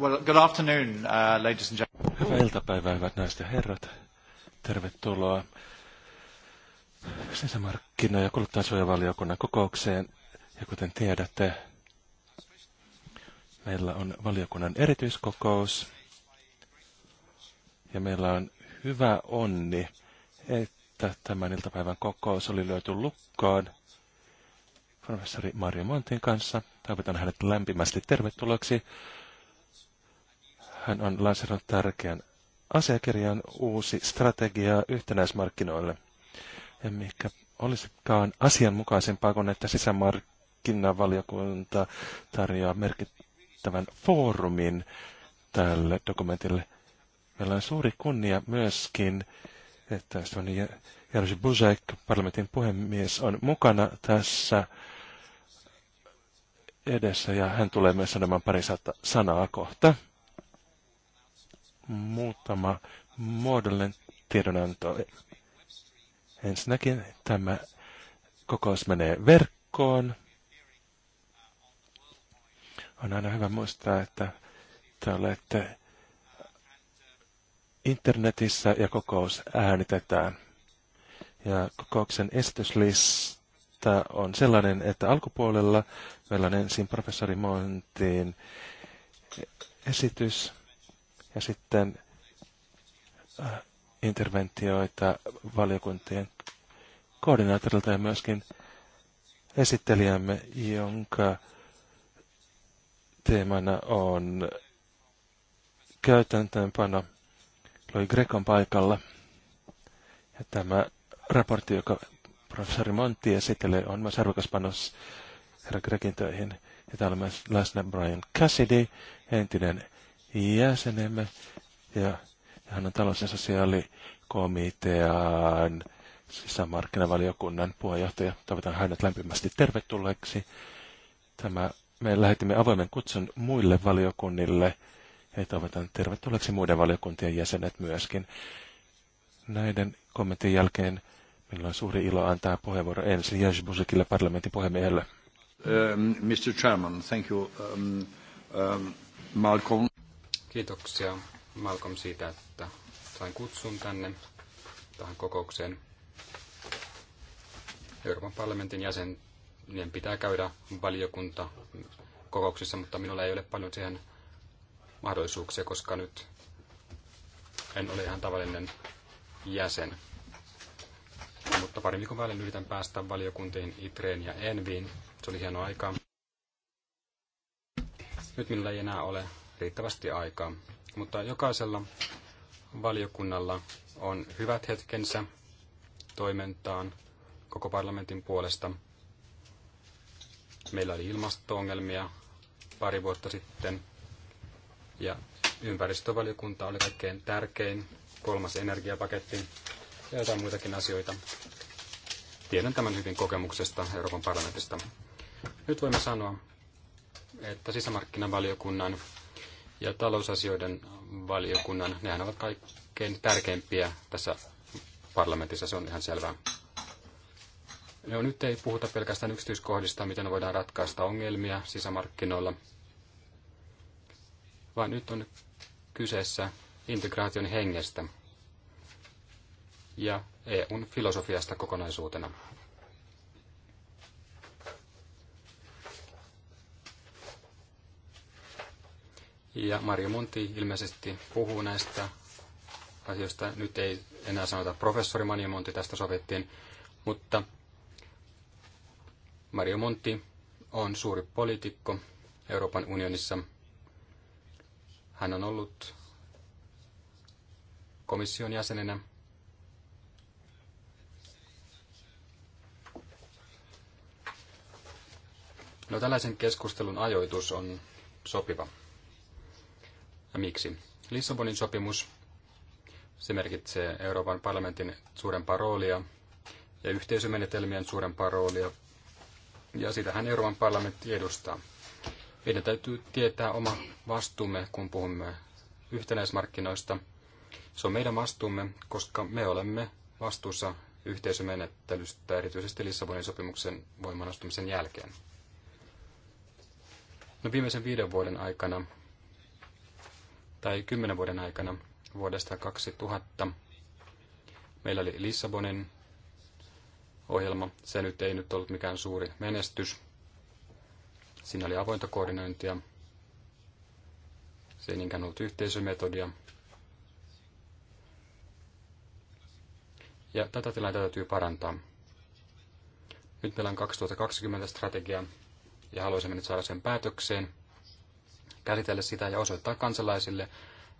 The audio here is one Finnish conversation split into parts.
Well, good afternoon, uh, ladies and gentlemen. Hyvää iltapäivää, hyvät naiset ja herrat. Tervetuloa sisämarkkina- ja kuluttajansuojavaliokunnan kokoukseen. Ja kuten tiedätte, meillä on valiokunnan erityiskokous. Ja meillä on hyvä onni, että tämän iltapäivän kokous oli löyty lukkoon professori Mario Montin kanssa. Toivotan hänet lämpimästi tervetulleeksi hän on lanserannut tärkeän asiakirjan uusi strategia yhtenäismarkkinoille. Ja mikä olisikaan asianmukaisempaa kuin että sisämarkkinavaliokunta tarjoaa merkittävän foorumin tälle dokumentille. Meillä on suuri kunnia myöskin, että Jarosi Buzek, parlamentin puhemies, on mukana tässä edessä ja hän tulee myös sanomaan pari sanaa kohta muutama muodollinen tiedonanto. Ensinnäkin tämä kokous menee verkkoon. On aina hyvä muistaa, että te olette internetissä ja kokous äänitetään. Ja kokouksen esityslista on sellainen, että alkupuolella meillä on ensin professori Montin esitys, ja sitten äh, interventioita valiokuntien koordinaattorilta ja myöskin esittelijämme, jonka teemana on käytäntöönpano. Loi Grekon paikalla. Ja tämä raportti, joka professori Montti esittelee, on myös arvokas panos herra Grekin töihin. Ja täällä on myös läsnä Brian Cassidy, entinen jäsenemme ja, ja hän on talous- ja sosiaalikomitean sisämarkkinavaliokunnan puheenjohtaja. Toivotan hänet lämpimästi tervetulleeksi. Tämä, me lähetimme avoimen kutsun muille valiokunnille ja toivotan tervetulleeksi muiden valiokuntien jäsenet myöskin. Näiden kommentin jälkeen minulla on suuri ilo antaa puheenvuoro ensin Jerzy Buzikille parlamentin puhemiehelle. Um, Mr. Chairman, thank you. Um, um, Malcolm. Kiitoksia Malcolm siitä, että sain kutsun tänne tähän kokoukseen. Euroopan parlamentin jäsenien pitää käydä valiokunta kokouksissa, mutta minulla ei ole paljon siihen mahdollisuuksia, koska nyt en ole ihan tavallinen jäsen. Mutta parin viikon välein yritän päästä valiokuntiin ITREen ja ENVIin. Se oli hieno aika. Nyt minulla ei enää ole riittävästi aikaa. Mutta jokaisella valiokunnalla on hyvät hetkensä toimintaan koko parlamentin puolesta. Meillä oli ilmasto-ongelmia pari vuotta sitten ja ympäristövaliokunta oli kaikkein tärkein, kolmas energiapaketti ja jotain muitakin asioita. Tiedän tämän hyvin kokemuksesta Euroopan parlamentista. Nyt voimme sanoa, että sisämarkkinavaliokunnan ja talousasioiden valiokunnan, nehän ovat kaikkein tärkeimpiä tässä parlamentissa, se on ihan selvää. No, nyt ei puhuta pelkästään yksityiskohdista, miten voidaan ratkaista ongelmia sisämarkkinoilla, vaan nyt on kyseessä integraation hengestä ja EUn filosofiasta kokonaisuutena. Ja Mario Monti ilmeisesti puhuu näistä asioista. Nyt ei enää sanota professori Mario Monti, tästä sovittiin. Mutta Mario Monti on suuri poliitikko Euroopan unionissa. Hän on ollut komission jäsenenä. No tällaisen keskustelun ajoitus on sopiva. Ja miksi? Lissabonin sopimus, se merkitsee Euroopan parlamentin suurempaa roolia ja yhteisömenetelmien suurempaa roolia. Ja sitähän Euroopan parlamentti edustaa. Meidän täytyy tietää oma vastuumme, kun puhumme yhtenäismarkkinoista. Se on meidän vastuumme, koska me olemme vastuussa yhteisömenettelystä, erityisesti Lissabonin sopimuksen voimaanastumisen jälkeen. No viimeisen viiden vuoden aikana tai kymmenen vuoden aikana vuodesta 2000. Meillä oli Lissabonin ohjelma. Se nyt ei nyt ollut mikään suuri menestys. Siinä oli avointa koordinointia. Se ei niinkään ollut yhteisömetodia. Ja tätä tilannetta täytyy parantaa. Nyt meillä on 2020 strategia ja haluaisimme nyt saada sen päätökseen käsitellä sitä ja osoittaa kansalaisille,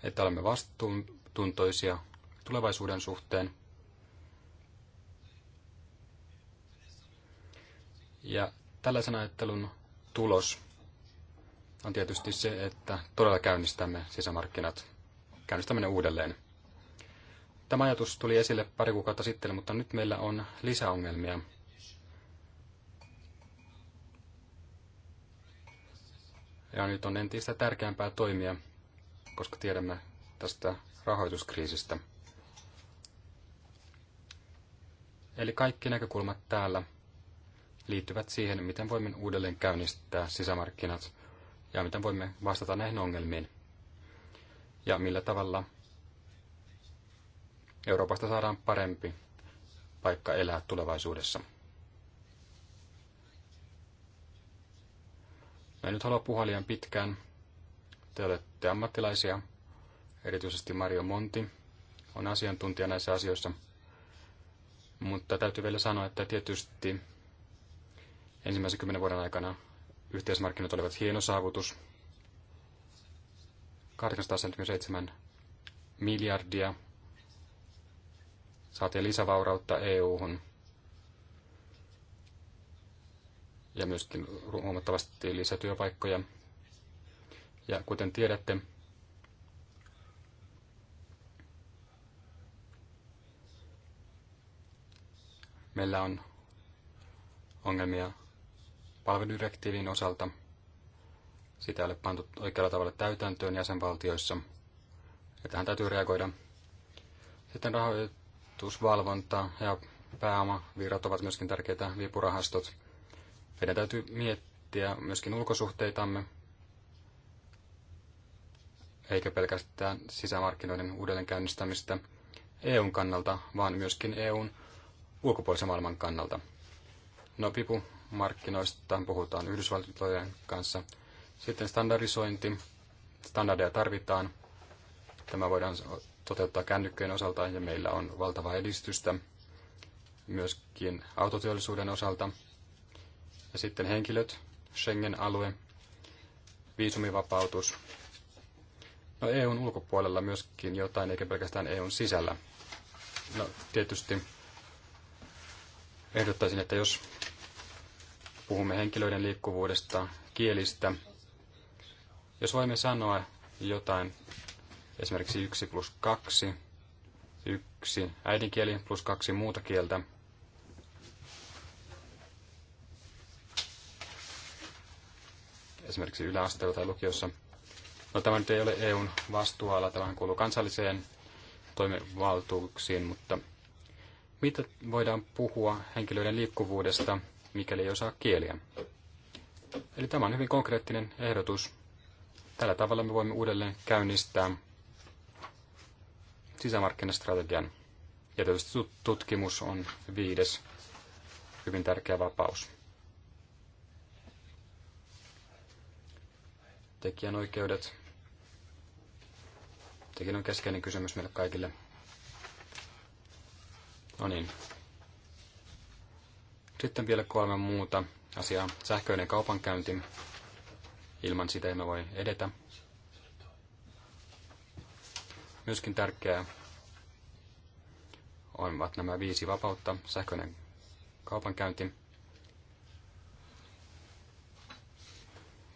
että olemme vastuuntuntoisia tulevaisuuden suhteen. Ja tällaisen ajattelun tulos on tietysti se, että todella käynnistämme sisämarkkinat, käynnistämme ne uudelleen. Tämä ajatus tuli esille pari kuukautta sitten, mutta nyt meillä on lisäongelmia. Ja nyt on entistä tärkeämpää toimia, koska tiedämme tästä rahoituskriisistä. Eli kaikki näkökulmat täällä liittyvät siihen, miten voimme uudelleen käynnistää sisämarkkinat ja miten voimme vastata näihin ongelmiin. Ja millä tavalla Euroopasta saadaan parempi paikka elää tulevaisuudessa. Mä en nyt halua puhua liian pitkään. Te olette ammattilaisia, erityisesti Mario Monti on asiantuntija näissä asioissa. Mutta täytyy vielä sanoa, että tietysti ensimmäisen kymmenen vuoden aikana yhteismarkkinat olivat hieno saavutus. 877 miljardia saatiin lisävaurautta EU-hun – ja myöskin huomattavasti lisätyöpaikkoja. Ja kuten tiedätte, meillä on ongelmia palveludirektiivin osalta. Sitä ei ole pantu oikealla tavalla täytäntöön jäsenvaltioissa. Ja tähän täytyy reagoida. Sitten rahoitusvalvonta ja pääomavirrat ovat myöskin tärkeitä vipurahastot. Meidän täytyy miettiä myöskin ulkosuhteitamme, eikä pelkästään sisämarkkinoiden uudelleenkäynnistämistä EUn kannalta, vaan myöskin EUn ulkopuolisen maailman kannalta. No pipumarkkinoista puhutaan Yhdysvaltojen kanssa. Sitten standardisointi. Standardeja tarvitaan. Tämä voidaan toteuttaa kännykköjen osalta ja meillä on valtavaa edistystä myöskin autoteollisuuden osalta – ja sitten henkilöt, Schengen-alue, viisumivapautus. No EUn ulkopuolella myöskin jotain, eikä pelkästään EUn sisällä. No tietysti ehdottaisin, että jos puhumme henkilöiden liikkuvuudesta, kielistä, jos voimme sanoa jotain, esimerkiksi 1 plus 2, yksi äidinkieli plus kaksi muuta kieltä, esimerkiksi yläasteella tai lukiossa. No tämä nyt ei ole EUn vastuualla, tämähän kuuluu kansalliseen toimivaltuuksiin, mutta mitä voidaan puhua henkilöiden liikkuvuudesta, mikäli ei osaa kieliä? Eli tämä on hyvin konkreettinen ehdotus. Tällä tavalla me voimme uudelleen käynnistää sisämarkkinastrategian. Ja tietysti tutkimus on viides hyvin tärkeä vapaus. tekijänoikeudet. Tekin on keskeinen kysymys meille kaikille. No niin. Sitten vielä kolme muuta asiaa. Sähköinen kaupankäynti. Ilman sitä emme voi edetä. Myöskin tärkeää ovat nämä viisi vapautta. Sähköinen kaupankäynti,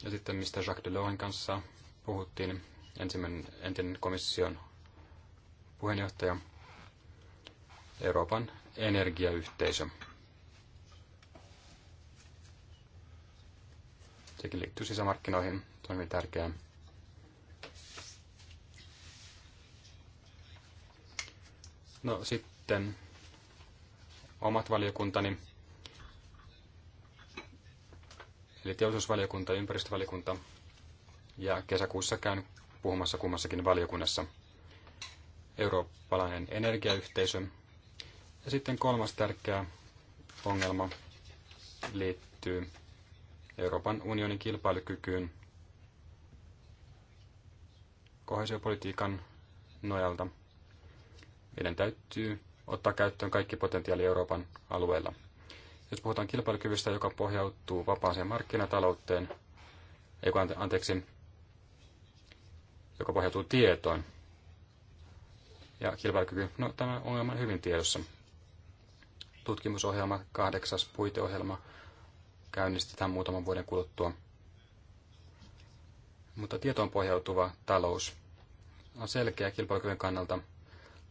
Ja sitten mistä Jacques Delorsin kanssa puhuttiin, ensimmäinen entinen komission puheenjohtaja, Euroopan energiayhteisö. Sekin liittyy sisämarkkinoihin, se on hyvin tärkeää. No sitten omat valiokuntani eli teollisuusvaliokunta ja ympäristövaliokunta. Ja kesäkuussa käyn puhumassa kummassakin valiokunnassa. Eurooppalainen energiayhteisö. Ja sitten kolmas tärkeä ongelma liittyy Euroopan unionin kilpailukykyyn kohesiopolitiikan nojalta. Meidän täytyy ottaa käyttöön kaikki potentiaali Euroopan alueella. Jos puhutaan kilpailukyvystä, joka pohjautuu vapaaseen markkinatalouteen, ei kun ante, anteeksi, joka pohjautuu tietoon, ja kilpailukyky, no tämä ongelma on hyvin tiedossa. Tutkimusohjelma, kahdeksas puiteohjelma, käynnistetään muutaman vuoden kuluttua. Mutta tietoon pohjautuva talous on selkeä kilpailukyvyn kannalta,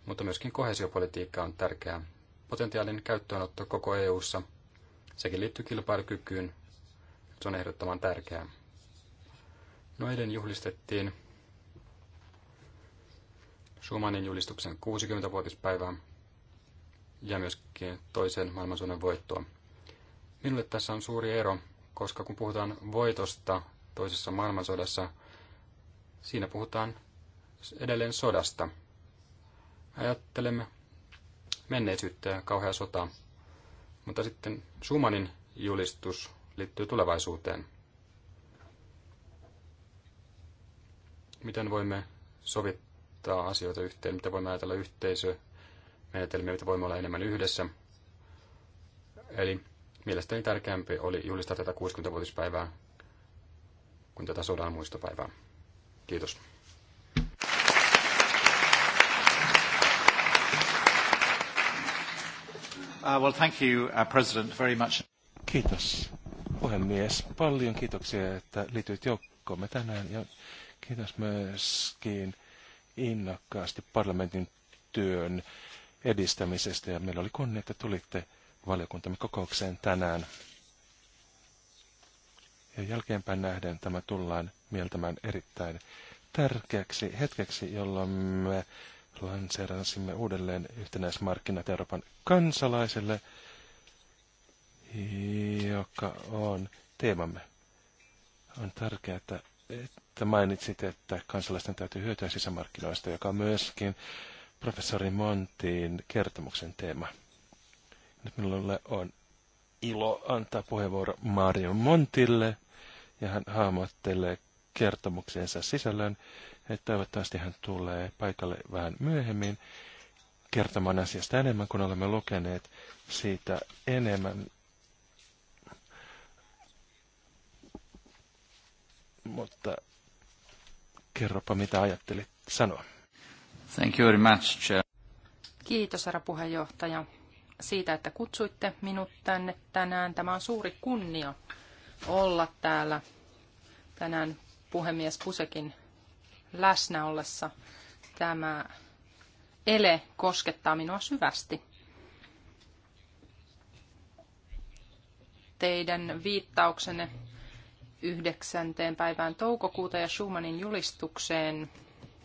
mutta myöskin kohesiopolitiikka on tärkeää. Potentiaalin käyttöönotto koko EU:ssa Sekin liittyy kilpailukykyyn. Se on ehdottoman tärkeää. No eilen juhlistettiin Schumannin julistuksen 60-vuotispäivää ja myöskin toisen maailmansodan voittoa. Minulle tässä on suuri ero, koska kun puhutaan voitosta toisessa maailmansodassa, siinä puhutaan edelleen sodasta. Ajattelemme menneisyyttä ja kauhea sotaa. Mutta sitten Schumannin julistus liittyy tulevaisuuteen. Miten voimme sovittaa asioita yhteen, miten voimme ajatella yhteisömenetelmiä, miten voimme olla enemmän yhdessä. Eli mielestäni tärkeämpi oli julistaa tätä 60-vuotispäivää kuin tätä sodan muistopäivää. Kiitos. Uh, well, thank you, uh, President, very much. Kiitos, puhemies. Paljon kiitoksia, että liityit joukkoomme tänään ja kiitos myöskin innokkaasti parlamentin työn edistämisestä ja meillä oli kunnia, että tulitte valiokuntamme kokoukseen tänään. Ja jälkeenpäin nähden tämä tullaan mieltämään erittäin tärkeäksi hetkeksi, jolloin me lanseerasimme uudelleen yhtenäismarkkinat Euroopan kansalaiselle, joka on teemamme. On tärkeää, että, että mainitsit, että kansalaisten täytyy hyötyä sisämarkkinoista, joka on myöskin professori Montin kertomuksen teema. Nyt minulle on ilo antaa puheenvuoro Mario Montille, ja hän hahmottelee kertomukseensa sisällön, että toivottavasti hän tulee paikalle vähän myöhemmin kertomaan asiasta enemmän, kun olemme lukeneet siitä enemmän. Mutta kerropa, mitä ajattelit sanoa. Thank you very much, Chair. Kiitos, herra puheenjohtaja, siitä, että kutsuitte minut tänne tänään. Tämä on suuri kunnia olla täällä tänään puhemies Pusekin läsnä ollessa tämä ele koskettaa minua syvästi. Teidän viittauksenne yhdeksänteen päivään toukokuuta ja Schumannin julistukseen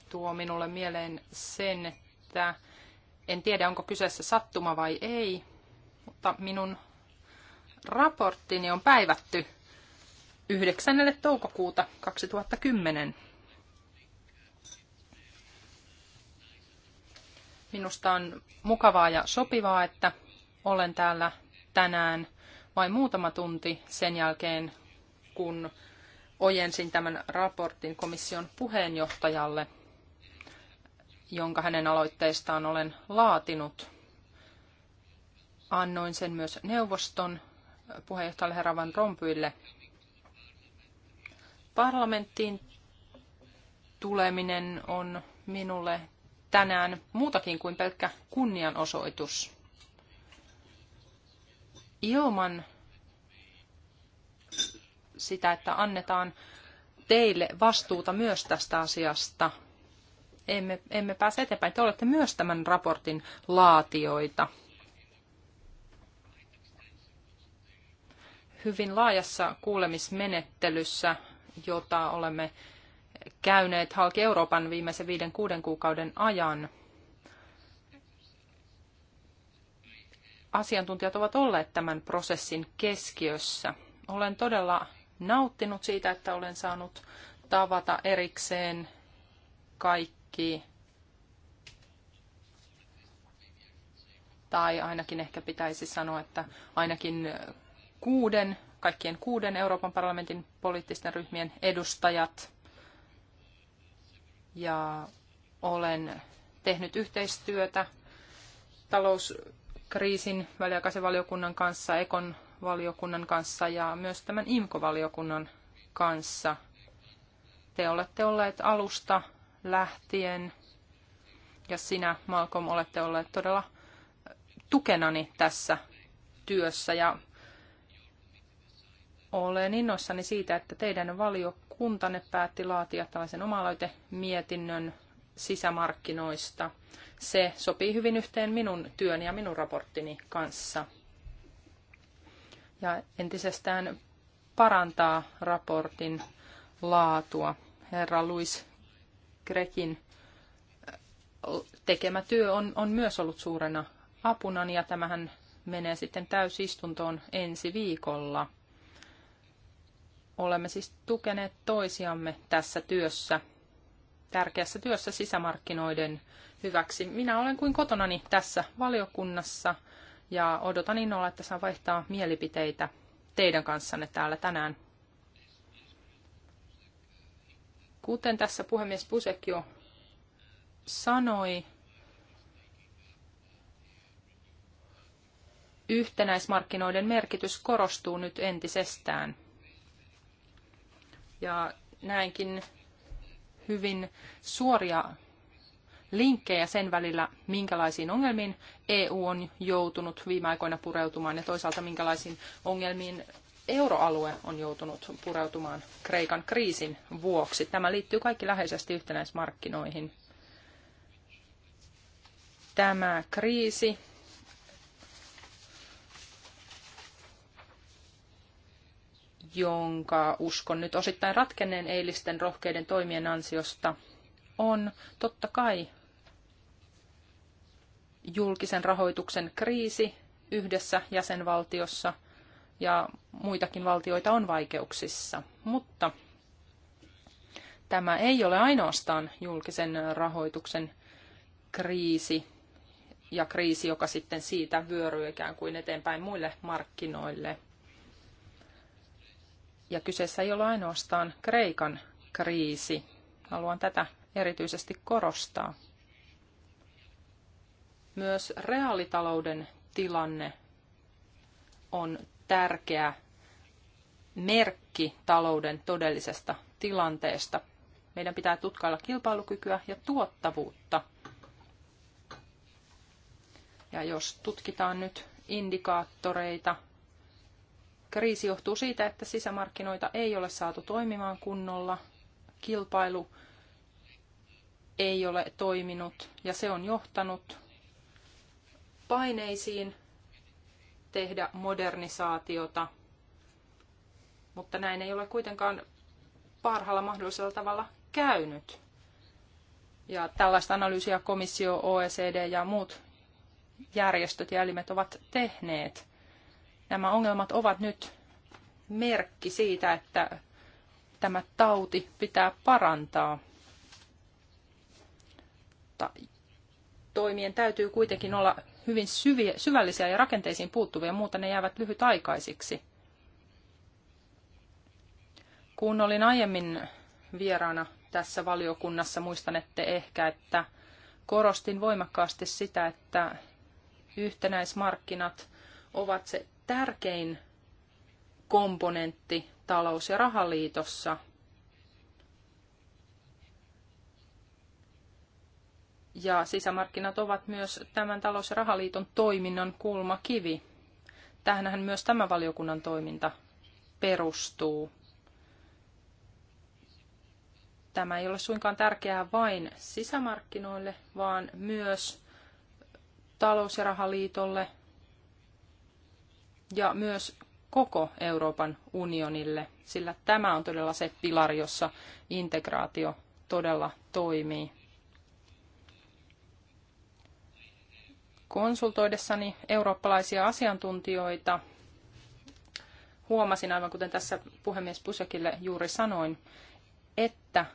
tuo minulle mieleen sen, että en tiedä onko kyseessä sattuma vai ei, mutta minun raporttini on päivätty 9. toukokuuta 2010. Minusta on mukavaa ja sopivaa, että olen täällä tänään vain muutama tunti sen jälkeen, kun ojensin tämän raportin komission puheenjohtajalle, jonka hänen aloitteestaan olen laatinut. Annoin sen myös neuvoston puheenjohtajalle herra Van Rompyille Parlamenttiin tuleminen on minulle tänään muutakin kuin pelkkä kunnianosoitus. Ilman sitä, että annetaan teille vastuuta myös tästä asiasta, emme, emme pääse eteenpäin. Te olette myös tämän raportin laatioita. Hyvin laajassa kuulemismenettelyssä jota olemme käyneet halki Euroopan viimeisen viiden kuuden kuukauden ajan. Asiantuntijat ovat olleet tämän prosessin keskiössä. Olen todella nauttinut siitä, että olen saanut tavata erikseen kaikki, tai ainakin ehkä pitäisi sanoa, että ainakin kuuden kaikkien kuuden Euroopan parlamentin poliittisten ryhmien edustajat. Ja olen tehnyt yhteistyötä talouskriisin väliaikaisen valiokunnan kanssa, Ekon valiokunnan kanssa ja myös tämän IMKO-valiokunnan kanssa. Te olette olleet alusta lähtien ja sinä, Malcolm, olette olleet todella tukenani tässä työssä ja olen innoissani siitä, että teidän valiokuntanne päätti laatia tällaisen mietinnön sisämarkkinoista. Se sopii hyvin yhteen minun työn ja minun raporttini kanssa. Ja entisestään parantaa raportin laatua. Herra Luis Grekin äh, tekemä työ on, on myös ollut suurena apunani ja tämähän menee sitten täysistuntoon ensi viikolla – Olemme siis tukeneet toisiamme tässä työssä, tärkeässä työssä sisämarkkinoiden hyväksi. Minä olen kuin kotonani tässä valiokunnassa ja odotan innolla, että saan vaihtaa mielipiteitä teidän kanssanne täällä tänään. Kuten tässä puhemies Pusek jo sanoi, yhtenäismarkkinoiden merkitys korostuu nyt entisestään – ja näinkin hyvin suoria linkkejä sen välillä, minkälaisiin ongelmiin EU on joutunut viime aikoina pureutumaan ja toisaalta minkälaisiin ongelmiin euroalue on joutunut pureutumaan Kreikan kriisin vuoksi. Tämä liittyy kaikki läheisesti yhtenäismarkkinoihin. Tämä kriisi jonka uskon nyt osittain ratkenneen eilisten rohkeiden toimien ansiosta, on totta kai julkisen rahoituksen kriisi yhdessä jäsenvaltiossa ja muitakin valtioita on vaikeuksissa. Mutta tämä ei ole ainoastaan julkisen rahoituksen kriisi ja kriisi, joka sitten siitä vyöryy ikään kuin eteenpäin muille markkinoille – ja kyseessä ei ole ainoastaan Kreikan kriisi. Haluan tätä erityisesti korostaa. Myös reaalitalouden tilanne on tärkeä merkki talouden todellisesta tilanteesta. Meidän pitää tutkailla kilpailukykyä ja tuottavuutta. Ja jos tutkitaan nyt indikaattoreita – Kriisi johtuu siitä, että sisämarkkinoita ei ole saatu toimimaan kunnolla, kilpailu ei ole toiminut ja se on johtanut paineisiin tehdä modernisaatiota, mutta näin ei ole kuitenkaan parhaalla mahdollisella tavalla käynyt. Ja tällaista analyysiä komissio, OECD ja muut järjestöt ja elimet ovat tehneet. Nämä ongelmat ovat nyt merkki siitä, että tämä tauti pitää parantaa. Toimien täytyy kuitenkin olla hyvin syviä, syvällisiä ja rakenteisiin puuttuvia, muuta ne jäävät lyhytaikaisiksi. Kun olin aiemmin vieraana tässä valiokunnassa, muistanette ehkä, että korostin voimakkaasti sitä, että yhtenäismarkkinat ovat se tärkein komponentti talous- ja rahaliitossa. Ja sisämarkkinat ovat myös tämän talous- ja rahaliiton toiminnan kulmakivi. Tähänhän myös tämä valiokunnan toiminta perustuu. Tämä ei ole suinkaan tärkeää vain sisämarkkinoille, vaan myös talous- ja rahaliitolle ja myös koko Euroopan unionille, sillä tämä on todella se pilari, jossa integraatio todella toimii. Konsultoidessani eurooppalaisia asiantuntijoita huomasin, aivan kuten tässä puhemies Pusekille juuri sanoin, että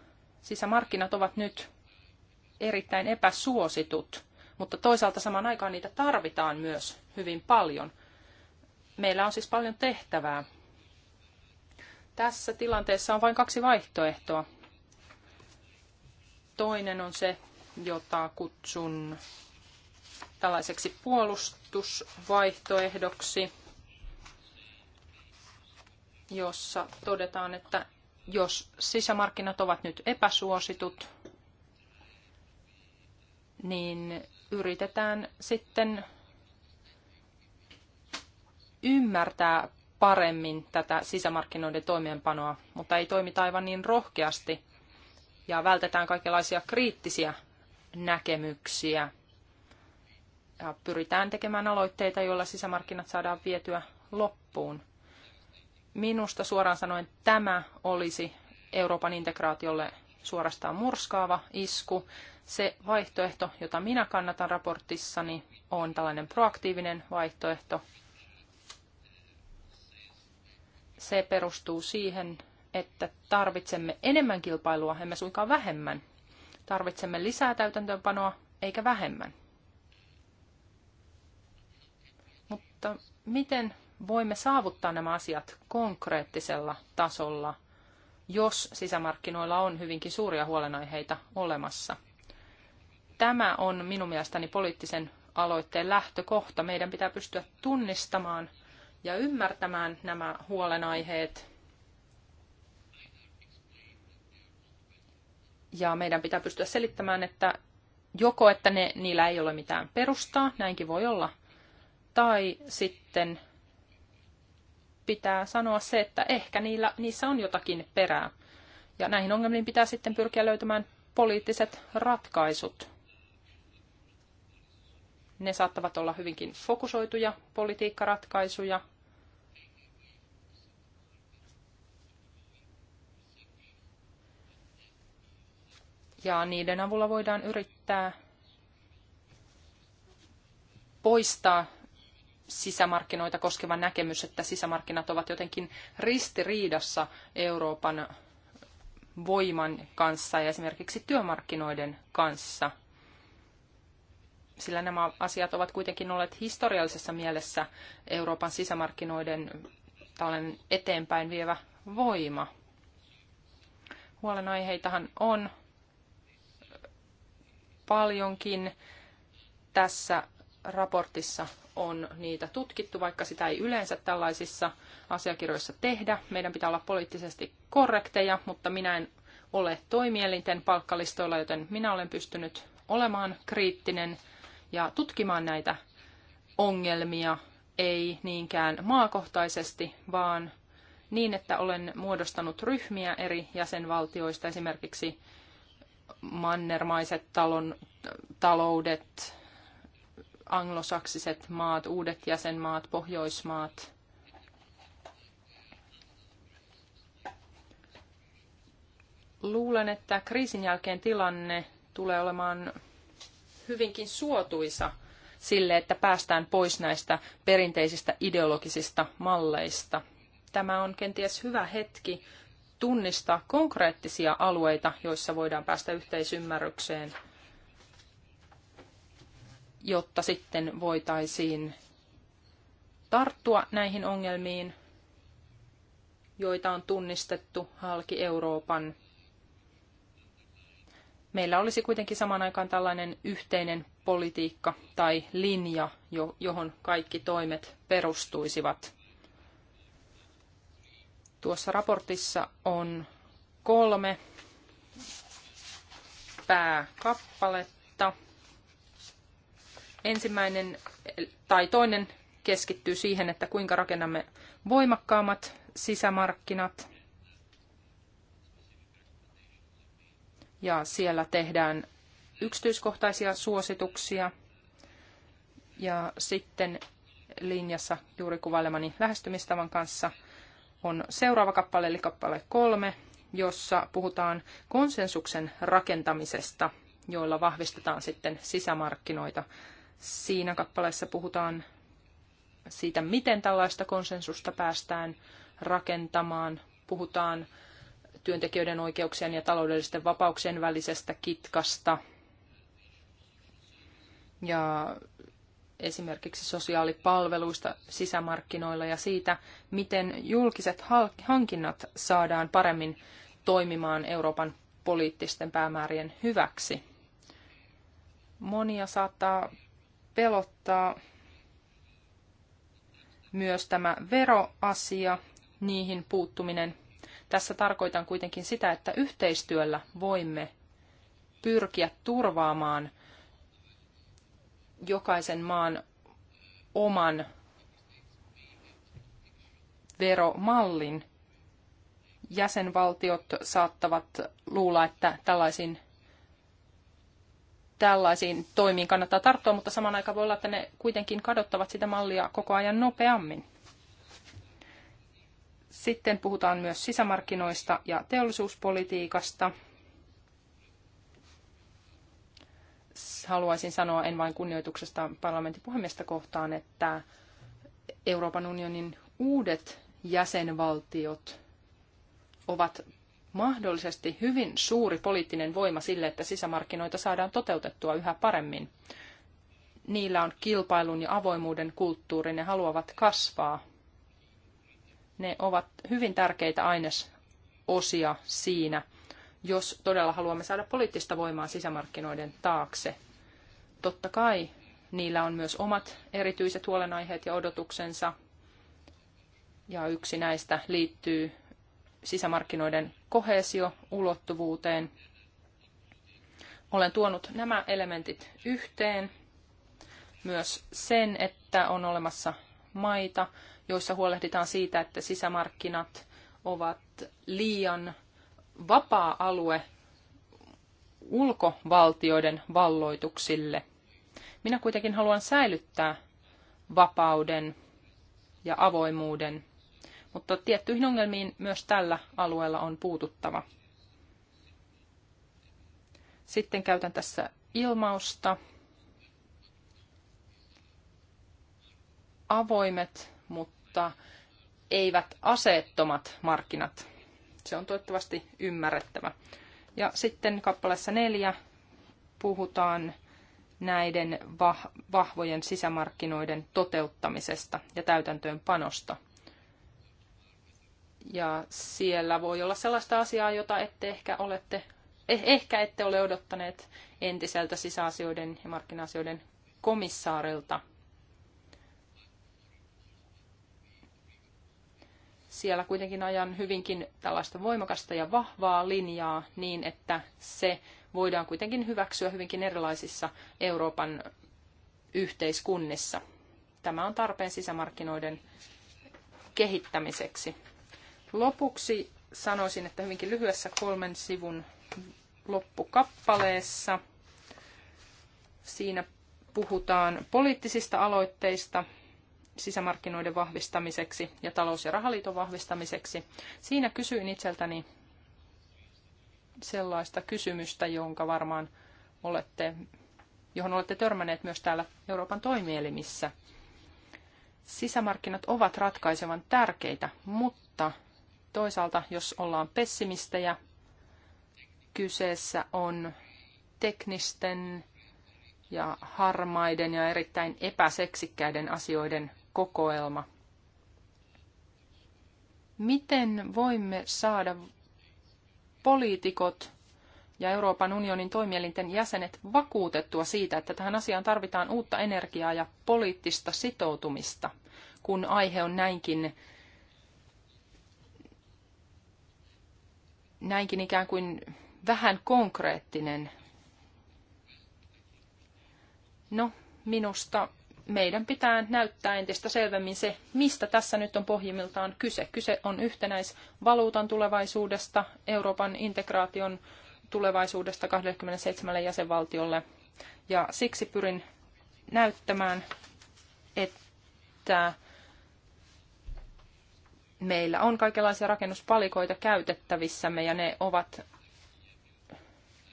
sisämarkkinat ovat nyt erittäin epäsuositut, mutta toisaalta samaan aikaan niitä tarvitaan myös hyvin paljon – Meillä on siis paljon tehtävää. Tässä tilanteessa on vain kaksi vaihtoehtoa. Toinen on se, jota kutsun tällaiseksi puolustusvaihtoehdoksi, jossa todetaan, että jos sisämarkkinat ovat nyt epäsuositut, niin yritetään sitten ymmärtää paremmin tätä sisämarkkinoiden toimeenpanoa, mutta ei toimita aivan niin rohkeasti ja vältetään kaikenlaisia kriittisiä näkemyksiä. Ja pyritään tekemään aloitteita, joilla sisämarkkinat saadaan vietyä loppuun. Minusta suoraan sanoen tämä olisi Euroopan integraatiolle suorastaan murskaava isku. Se vaihtoehto, jota minä kannatan raportissani, on tällainen proaktiivinen vaihtoehto, se perustuu siihen, että tarvitsemme enemmän kilpailua, emme suinkaan vähemmän. Tarvitsemme lisää täytäntöönpanoa, eikä vähemmän. Mutta miten voimme saavuttaa nämä asiat konkreettisella tasolla, jos sisämarkkinoilla on hyvinkin suuria huolenaiheita olemassa? Tämä on minun mielestäni poliittisen aloitteen lähtökohta. Meidän pitää pystyä tunnistamaan – ja ymmärtämään nämä huolenaiheet. Ja meidän pitää pystyä selittämään, että joko että ne, niillä ei ole mitään perustaa, näinkin voi olla, tai sitten pitää sanoa se, että ehkä niillä, niissä on jotakin perää. Ja näihin ongelmiin pitää sitten pyrkiä löytämään poliittiset ratkaisut. Ne saattavat olla hyvinkin fokusoituja politiikkaratkaisuja, ja niiden avulla voidaan yrittää poistaa sisämarkkinoita koskeva näkemys, että sisämarkkinat ovat jotenkin ristiriidassa Euroopan voiman kanssa ja esimerkiksi työmarkkinoiden kanssa. Sillä nämä asiat ovat kuitenkin olleet historiallisessa mielessä Euroopan sisämarkkinoiden tällainen eteenpäin vievä voima. Huolenaiheitahan on paljonkin. Tässä raportissa on niitä tutkittu, vaikka sitä ei yleensä tällaisissa asiakirjoissa tehdä. Meidän pitää olla poliittisesti korrekteja, mutta minä en ole toimielinten palkkalistoilla, joten minä olen pystynyt olemaan kriittinen ja tutkimaan näitä ongelmia, ei niinkään maakohtaisesti, vaan niin, että olen muodostanut ryhmiä eri jäsenvaltioista, esimerkiksi mannermaiset talon, taloudet, anglosaksiset maat, uudet jäsenmaat, pohjoismaat. Luulen, että kriisin jälkeen tilanne tulee olemaan hyvinkin suotuisa sille, että päästään pois näistä perinteisistä ideologisista malleista. Tämä on kenties hyvä hetki tunnistaa konkreettisia alueita, joissa voidaan päästä yhteisymmärrykseen, jotta sitten voitaisiin tarttua näihin ongelmiin, joita on tunnistettu halki Euroopan. Meillä olisi kuitenkin samaan aikaan tällainen yhteinen politiikka tai linja, johon kaikki toimet perustuisivat. Tuossa raportissa on kolme pääkappaletta. Ensimmäinen tai toinen keskittyy siihen, että kuinka rakennamme voimakkaammat sisämarkkinat. Ja siellä tehdään yksityiskohtaisia suosituksia. Ja sitten linjassa juuri kuvailemani lähestymistavan kanssa – on seuraava kappale, eli kappale kolme, jossa puhutaan konsensuksen rakentamisesta, joilla vahvistetaan sitten sisämarkkinoita. Siinä kappaleessa puhutaan siitä, miten tällaista konsensusta päästään rakentamaan. Puhutaan työntekijöiden oikeuksien ja taloudellisten vapauksien välisestä kitkasta ja esimerkiksi sosiaalipalveluista sisämarkkinoilla ja siitä, miten julkiset hankinnat saadaan paremmin toimimaan Euroopan poliittisten päämäärien hyväksi. Monia saattaa pelottaa myös tämä veroasia, niihin puuttuminen. Tässä tarkoitan kuitenkin sitä, että yhteistyöllä voimme pyrkiä turvaamaan – jokaisen maan oman veromallin. Jäsenvaltiot saattavat luulla, että tällaisiin, tällaisiin toimiin kannattaa tarttua, mutta saman aikaan voi olla, että ne kuitenkin kadottavat sitä mallia koko ajan nopeammin. Sitten puhutaan myös sisämarkkinoista ja teollisuuspolitiikasta – haluaisin sanoa, en vain kunnioituksesta parlamentin puhemiestä kohtaan, että Euroopan unionin uudet jäsenvaltiot ovat mahdollisesti hyvin suuri poliittinen voima sille, että sisämarkkinoita saadaan toteutettua yhä paremmin. Niillä on kilpailun ja avoimuuden kulttuuri, ne haluavat kasvaa. Ne ovat hyvin tärkeitä ainesosia siinä, jos todella haluamme saada poliittista voimaa sisämarkkinoiden taakse. Totta kai niillä on myös omat erityiset huolenaiheet ja odotuksensa, ja yksi näistä liittyy sisämarkkinoiden koheesio-ulottuvuuteen. Olen tuonut nämä elementit yhteen, myös sen, että on olemassa maita, joissa huolehditaan siitä, että sisämarkkinat ovat liian vapaa-alue ulkovaltioiden valloituksille. Minä kuitenkin haluan säilyttää vapauden ja avoimuuden, mutta tiettyihin ongelmiin myös tällä alueella on puututtava. Sitten käytän tässä ilmausta. Avoimet, mutta eivät aseettomat markkinat se on toivottavasti ymmärrettävä. Ja sitten kappaleessa neljä puhutaan näiden vahvojen sisämarkkinoiden toteuttamisesta ja täytäntöönpanosta. Ja siellä voi olla sellaista asiaa, jota ette ehkä, olette, eh, ehkä ette ole odottaneet entiseltä sisäasioiden ja markkina-asioiden komissaarilta – Siellä kuitenkin ajan hyvinkin tällaista voimakasta ja vahvaa linjaa niin, että se voidaan kuitenkin hyväksyä hyvinkin erilaisissa Euroopan yhteiskunnissa. Tämä on tarpeen sisämarkkinoiden kehittämiseksi. Lopuksi sanoisin, että hyvinkin lyhyessä kolmen sivun loppukappaleessa siinä puhutaan poliittisista aloitteista, sisämarkkinoiden vahvistamiseksi ja talous- ja rahaliiton vahvistamiseksi. Siinä kysyin itseltäni sellaista kysymystä, jonka varmaan olette, johon olette törmänneet myös täällä Euroopan toimielimissä. Sisämarkkinat ovat ratkaisevan tärkeitä, mutta toisaalta, jos ollaan pessimistejä, kyseessä on teknisten ja harmaiden ja erittäin epäseksikkäiden asioiden kokoelma. Miten voimme saada poliitikot ja Euroopan unionin toimielinten jäsenet vakuutettua siitä, että tähän asiaan tarvitaan uutta energiaa ja poliittista sitoutumista, kun aihe on näinkin, näinkin ikään kuin vähän konkreettinen. No, minusta meidän pitää näyttää entistä selvemmin se, mistä tässä nyt on pohjimmiltaan kyse. Kyse on yhtenäisvaluutan tulevaisuudesta, Euroopan integraation tulevaisuudesta 27 jäsenvaltiolle. Ja siksi pyrin näyttämään, että meillä on kaikenlaisia rakennuspalikoita käytettävissämme ja ne ovat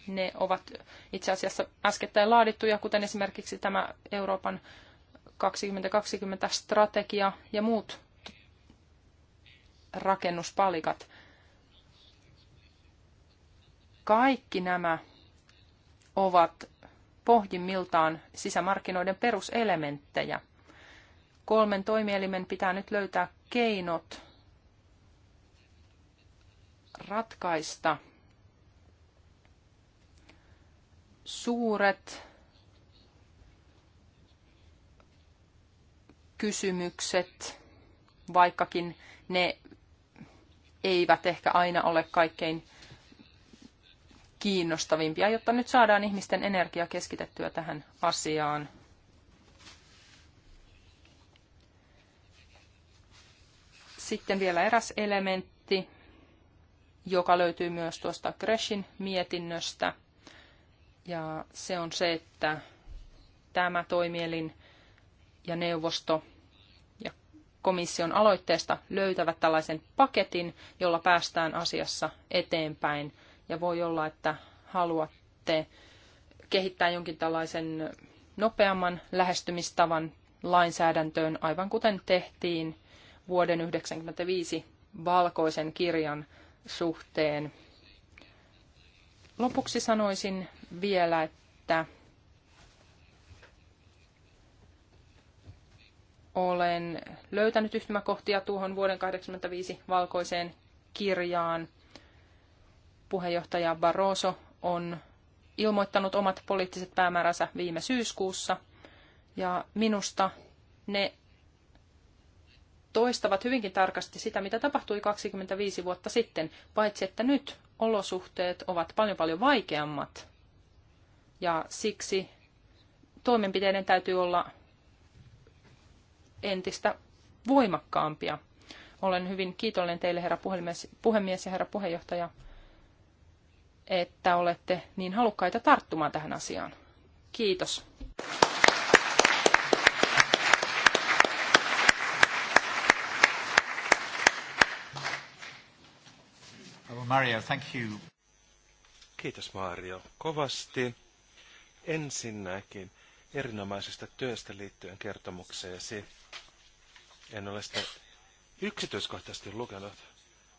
ne ovat itse asiassa äskettäin laadittuja, kuten esimerkiksi tämä Euroopan 2020 strategia ja muut rakennuspalikat. Kaikki nämä ovat pohjimmiltaan sisämarkkinoiden peruselementtejä. Kolmen toimielimen pitää nyt löytää keinot ratkaista suuret kysymykset, vaikkakin ne eivät ehkä aina ole kaikkein kiinnostavimpia, jotta nyt saadaan ihmisten energia keskitettyä tähän asiaan. Sitten vielä eräs elementti, joka löytyy myös tuosta Greshin mietinnöstä. Ja se on se, että tämä toimielin – ja neuvosto ja komission aloitteesta löytävät tällaisen paketin, jolla päästään asiassa eteenpäin. Ja voi olla, että haluatte kehittää jonkin tällaisen nopeamman lähestymistavan lainsäädäntöön, aivan kuten tehtiin vuoden 1995 valkoisen kirjan suhteen. Lopuksi sanoisin vielä, että olen löytänyt yhtymäkohtia tuohon vuoden 1985 valkoiseen kirjaan. Puheenjohtaja Barroso on ilmoittanut omat poliittiset päämääränsä viime syyskuussa, ja minusta ne toistavat hyvinkin tarkasti sitä, mitä tapahtui 25 vuotta sitten, paitsi että nyt olosuhteet ovat paljon paljon vaikeammat, ja siksi toimenpiteiden täytyy olla entistä voimakkaampia. Olen hyvin kiitollinen teille, herra puhemies ja herra puheenjohtaja, että olette niin halukkaita tarttumaan tähän asiaan. Kiitos. Oh, Mario, thank you. Kiitos Mario kovasti. Ensinnäkin erinomaisesta työstä liittyen kertomukseesi. En ole sitä yksityiskohtaisesti lukenut,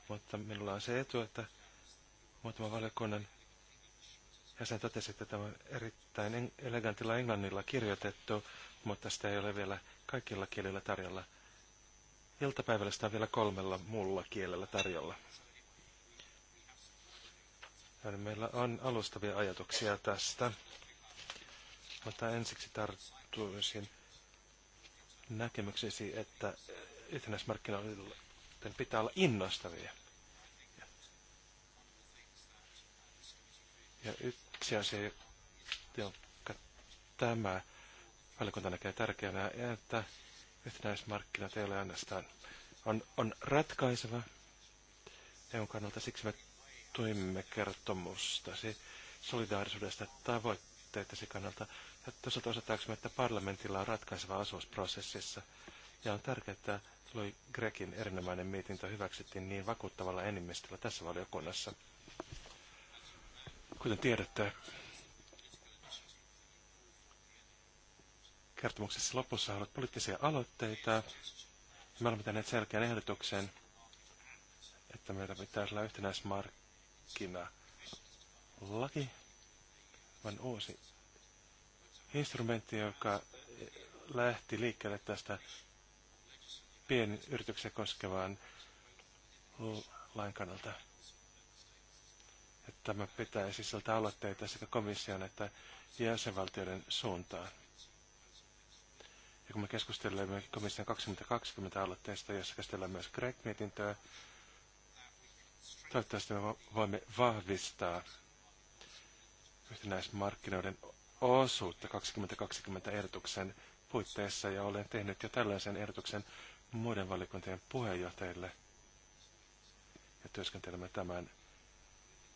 mutta minulla on se etu, että muutama valiokunnan jäsen totesi, että tämä on erittäin elegantilla englannilla kirjoitettu, mutta sitä ei ole vielä kaikilla kielillä tarjolla. Iltapäivällä sitä on vielä kolmella muulla kielellä tarjolla. meillä on alustavia ajatuksia tästä, mutta ensiksi tarttuisin näkemyksesi, että yhtenäismarkkinoiden pitää olla innostavia. Ja yksi asia, jonka tämä valiokunta näkee tärkeänä, että yhtenäismarkkinat ei ole ainoastaan on, on ratkaiseva EUn kannalta. Siksi me tuimme kertomustasi solidaarisuudesta tavoitteitasi kannalta ja toisaalta osoittaaksemme, että parlamentilla on ratkaiseva asuus prosessissa. Ja on tärkeää, että Louis Grekin erinomainen mietintö hyväksyttiin niin vakuuttavalla enemmistöllä tässä valiokunnassa. Kuten tiedätte, kertomuksessa lopussa on ollut poliittisia aloitteita. Me olemme tehneet selkeän ehdotuksen, että meillä pitää olla yhtenäismarkkina laki, vaan uusi instrumentti, joka lähti liikkeelle tästä pienyrityksiä koskevaan lain kannalta. Että tämä pitää sisältää aloitteita sekä komission että jäsenvaltioiden suuntaan. Ja kun me keskustelemme komission 2020 aloitteesta, jossa käsitellään myös greg mietintöä toivottavasti me voimme vahvistaa yhtenäismarkkinoiden osuutta 2020 ehdotuksen puitteissa ja olen tehnyt jo tällaisen ehdotuksen muiden valikuntien puheenjohtajille ja työskentelemme tämän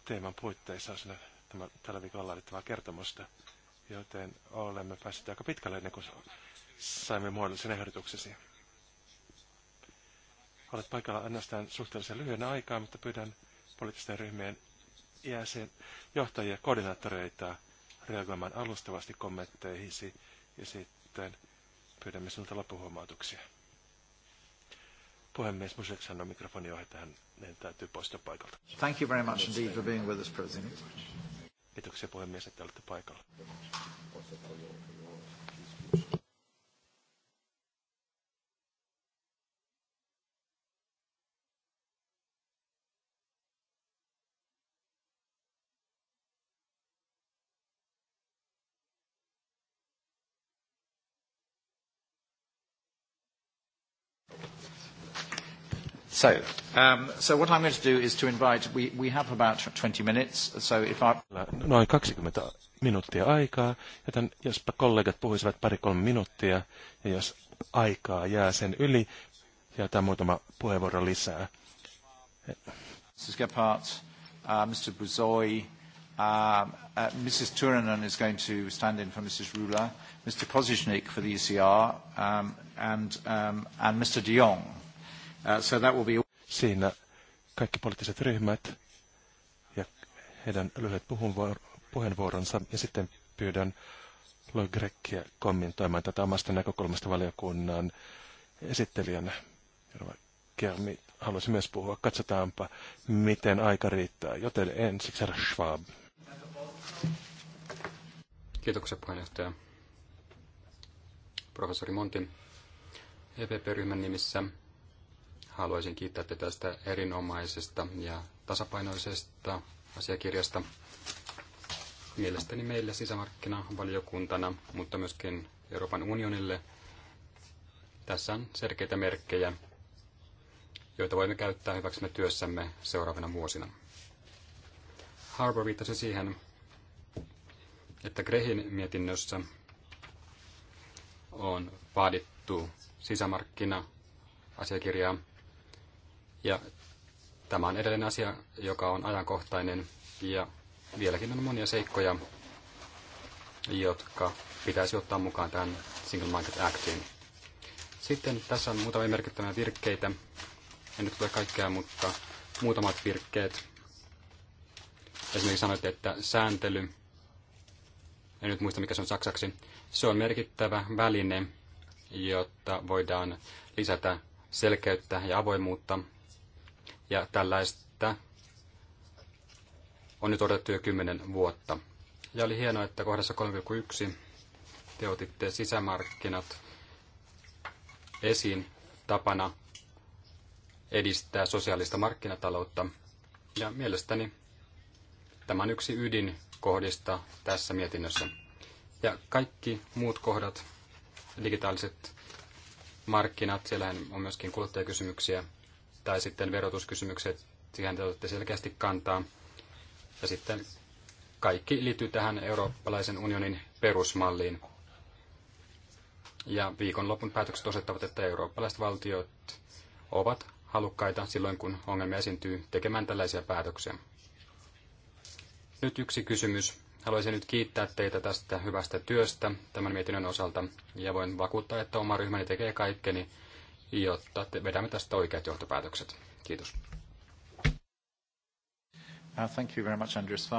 teeman puitteissa osana tämän, tällä viikolla laadittavaa kertomusta, joten olemme päässeet aika pitkälle ennen kuin saimme muodollisen ehdotuksesi. Olet paikalla ainoastaan suhteellisen lyhyen aikaa, mutta pyydän poliittisten ryhmien jäsen, johtajia, koordinaattoreita reagoimaan alustavasti kommentteihisi ja sitten pyydämme sinulta loppuhuomautuksia. Puhemies Musek sanoi mikrofoni ohi, että niin täytyy poistua paikalta. Thank you very much indeed for being with us, President. Kiitoksia puhemies, että olette paikalla. So, um, so what I'm going to do is to invite, we, we have about 20 minutes, so if I... Noin 20 minuuttia aikaa, joten jospa kollegat puhuisivat pari-kolme minuuttia, ja jos aikaa jää sen yli, jätän muutama puheenvuoro lisää. Mrs. Gephardt, uh, Mr. Buzoi, um, uh, uh, Mrs. Turanen is going to stand in for Mrs. Ruler, Mr. Kozicnik for the ECR, um, and, um, and Mr. de Jong. Uh, so that will be... Siinä kaikki poliittiset ryhmät ja heidän lyhyet puheenvuoronsa ja sitten pyydän Lloyd Grekkiä kommentoimaan tätä omasta näkökulmasta valiokunnan esittelijänä. Kermi haluaisi myös puhua. Katsotaanpa, miten aika riittää. Joten ensiksi herra Schwab. Kiitoksia puheenjohtaja. Professori Montin EPP-ryhmän nimissä haluaisin kiittää teitä tästä erinomaisesta ja tasapainoisesta asiakirjasta. Mielestäni meille sisämarkkinavaliokuntana, mutta myöskin Euroopan unionille tässä on selkeitä merkkejä, joita voimme käyttää hyväksymme työssämme seuraavina vuosina. Harbour viittasi siihen, että Grehin mietinnössä on vaadittu sisämarkkina-asiakirjaa, ja tämä on edellinen asia, joka on ajankohtainen ja vieläkin on monia seikkoja, jotka pitäisi ottaa mukaan tähän Single Market Actiin. Sitten tässä on muutamia merkittäviä virkkeitä. En nyt tule kaikkea, mutta muutamat virkkeet. Esimerkiksi sanoitte, että sääntely, en nyt muista mikä se on saksaksi, se on merkittävä väline, jotta voidaan lisätä selkeyttä ja avoimuutta ja tällaista on nyt odotettu jo kymmenen vuotta. Ja oli hienoa, että kohdassa 3.1 te otitte sisämarkkinat esiin tapana edistää sosiaalista markkinataloutta. Ja mielestäni tämä on yksi ydinkohdista tässä mietinnössä. Ja kaikki muut kohdat, digitaaliset markkinat, siellä on myöskin kuluttajakysymyksiä tai sitten verotuskysymykset, siihen te otatte selkeästi kantaa. Ja sitten kaikki liittyy tähän eurooppalaisen unionin perusmalliin. Ja viikonlopun päätökset osoittavat, että eurooppalaiset valtiot ovat halukkaita silloin, kun ongelmia esiintyy tekemään tällaisia päätöksiä. Nyt yksi kysymys. Haluaisin nyt kiittää teitä tästä hyvästä työstä tämän mietinnön osalta ja voin vakuuttaa, että oma ryhmäni tekee kaikkeni, jotta te vedämme tästä oikeat johtopäätökset. Kiitos. Uh, thank you very much, Andreas.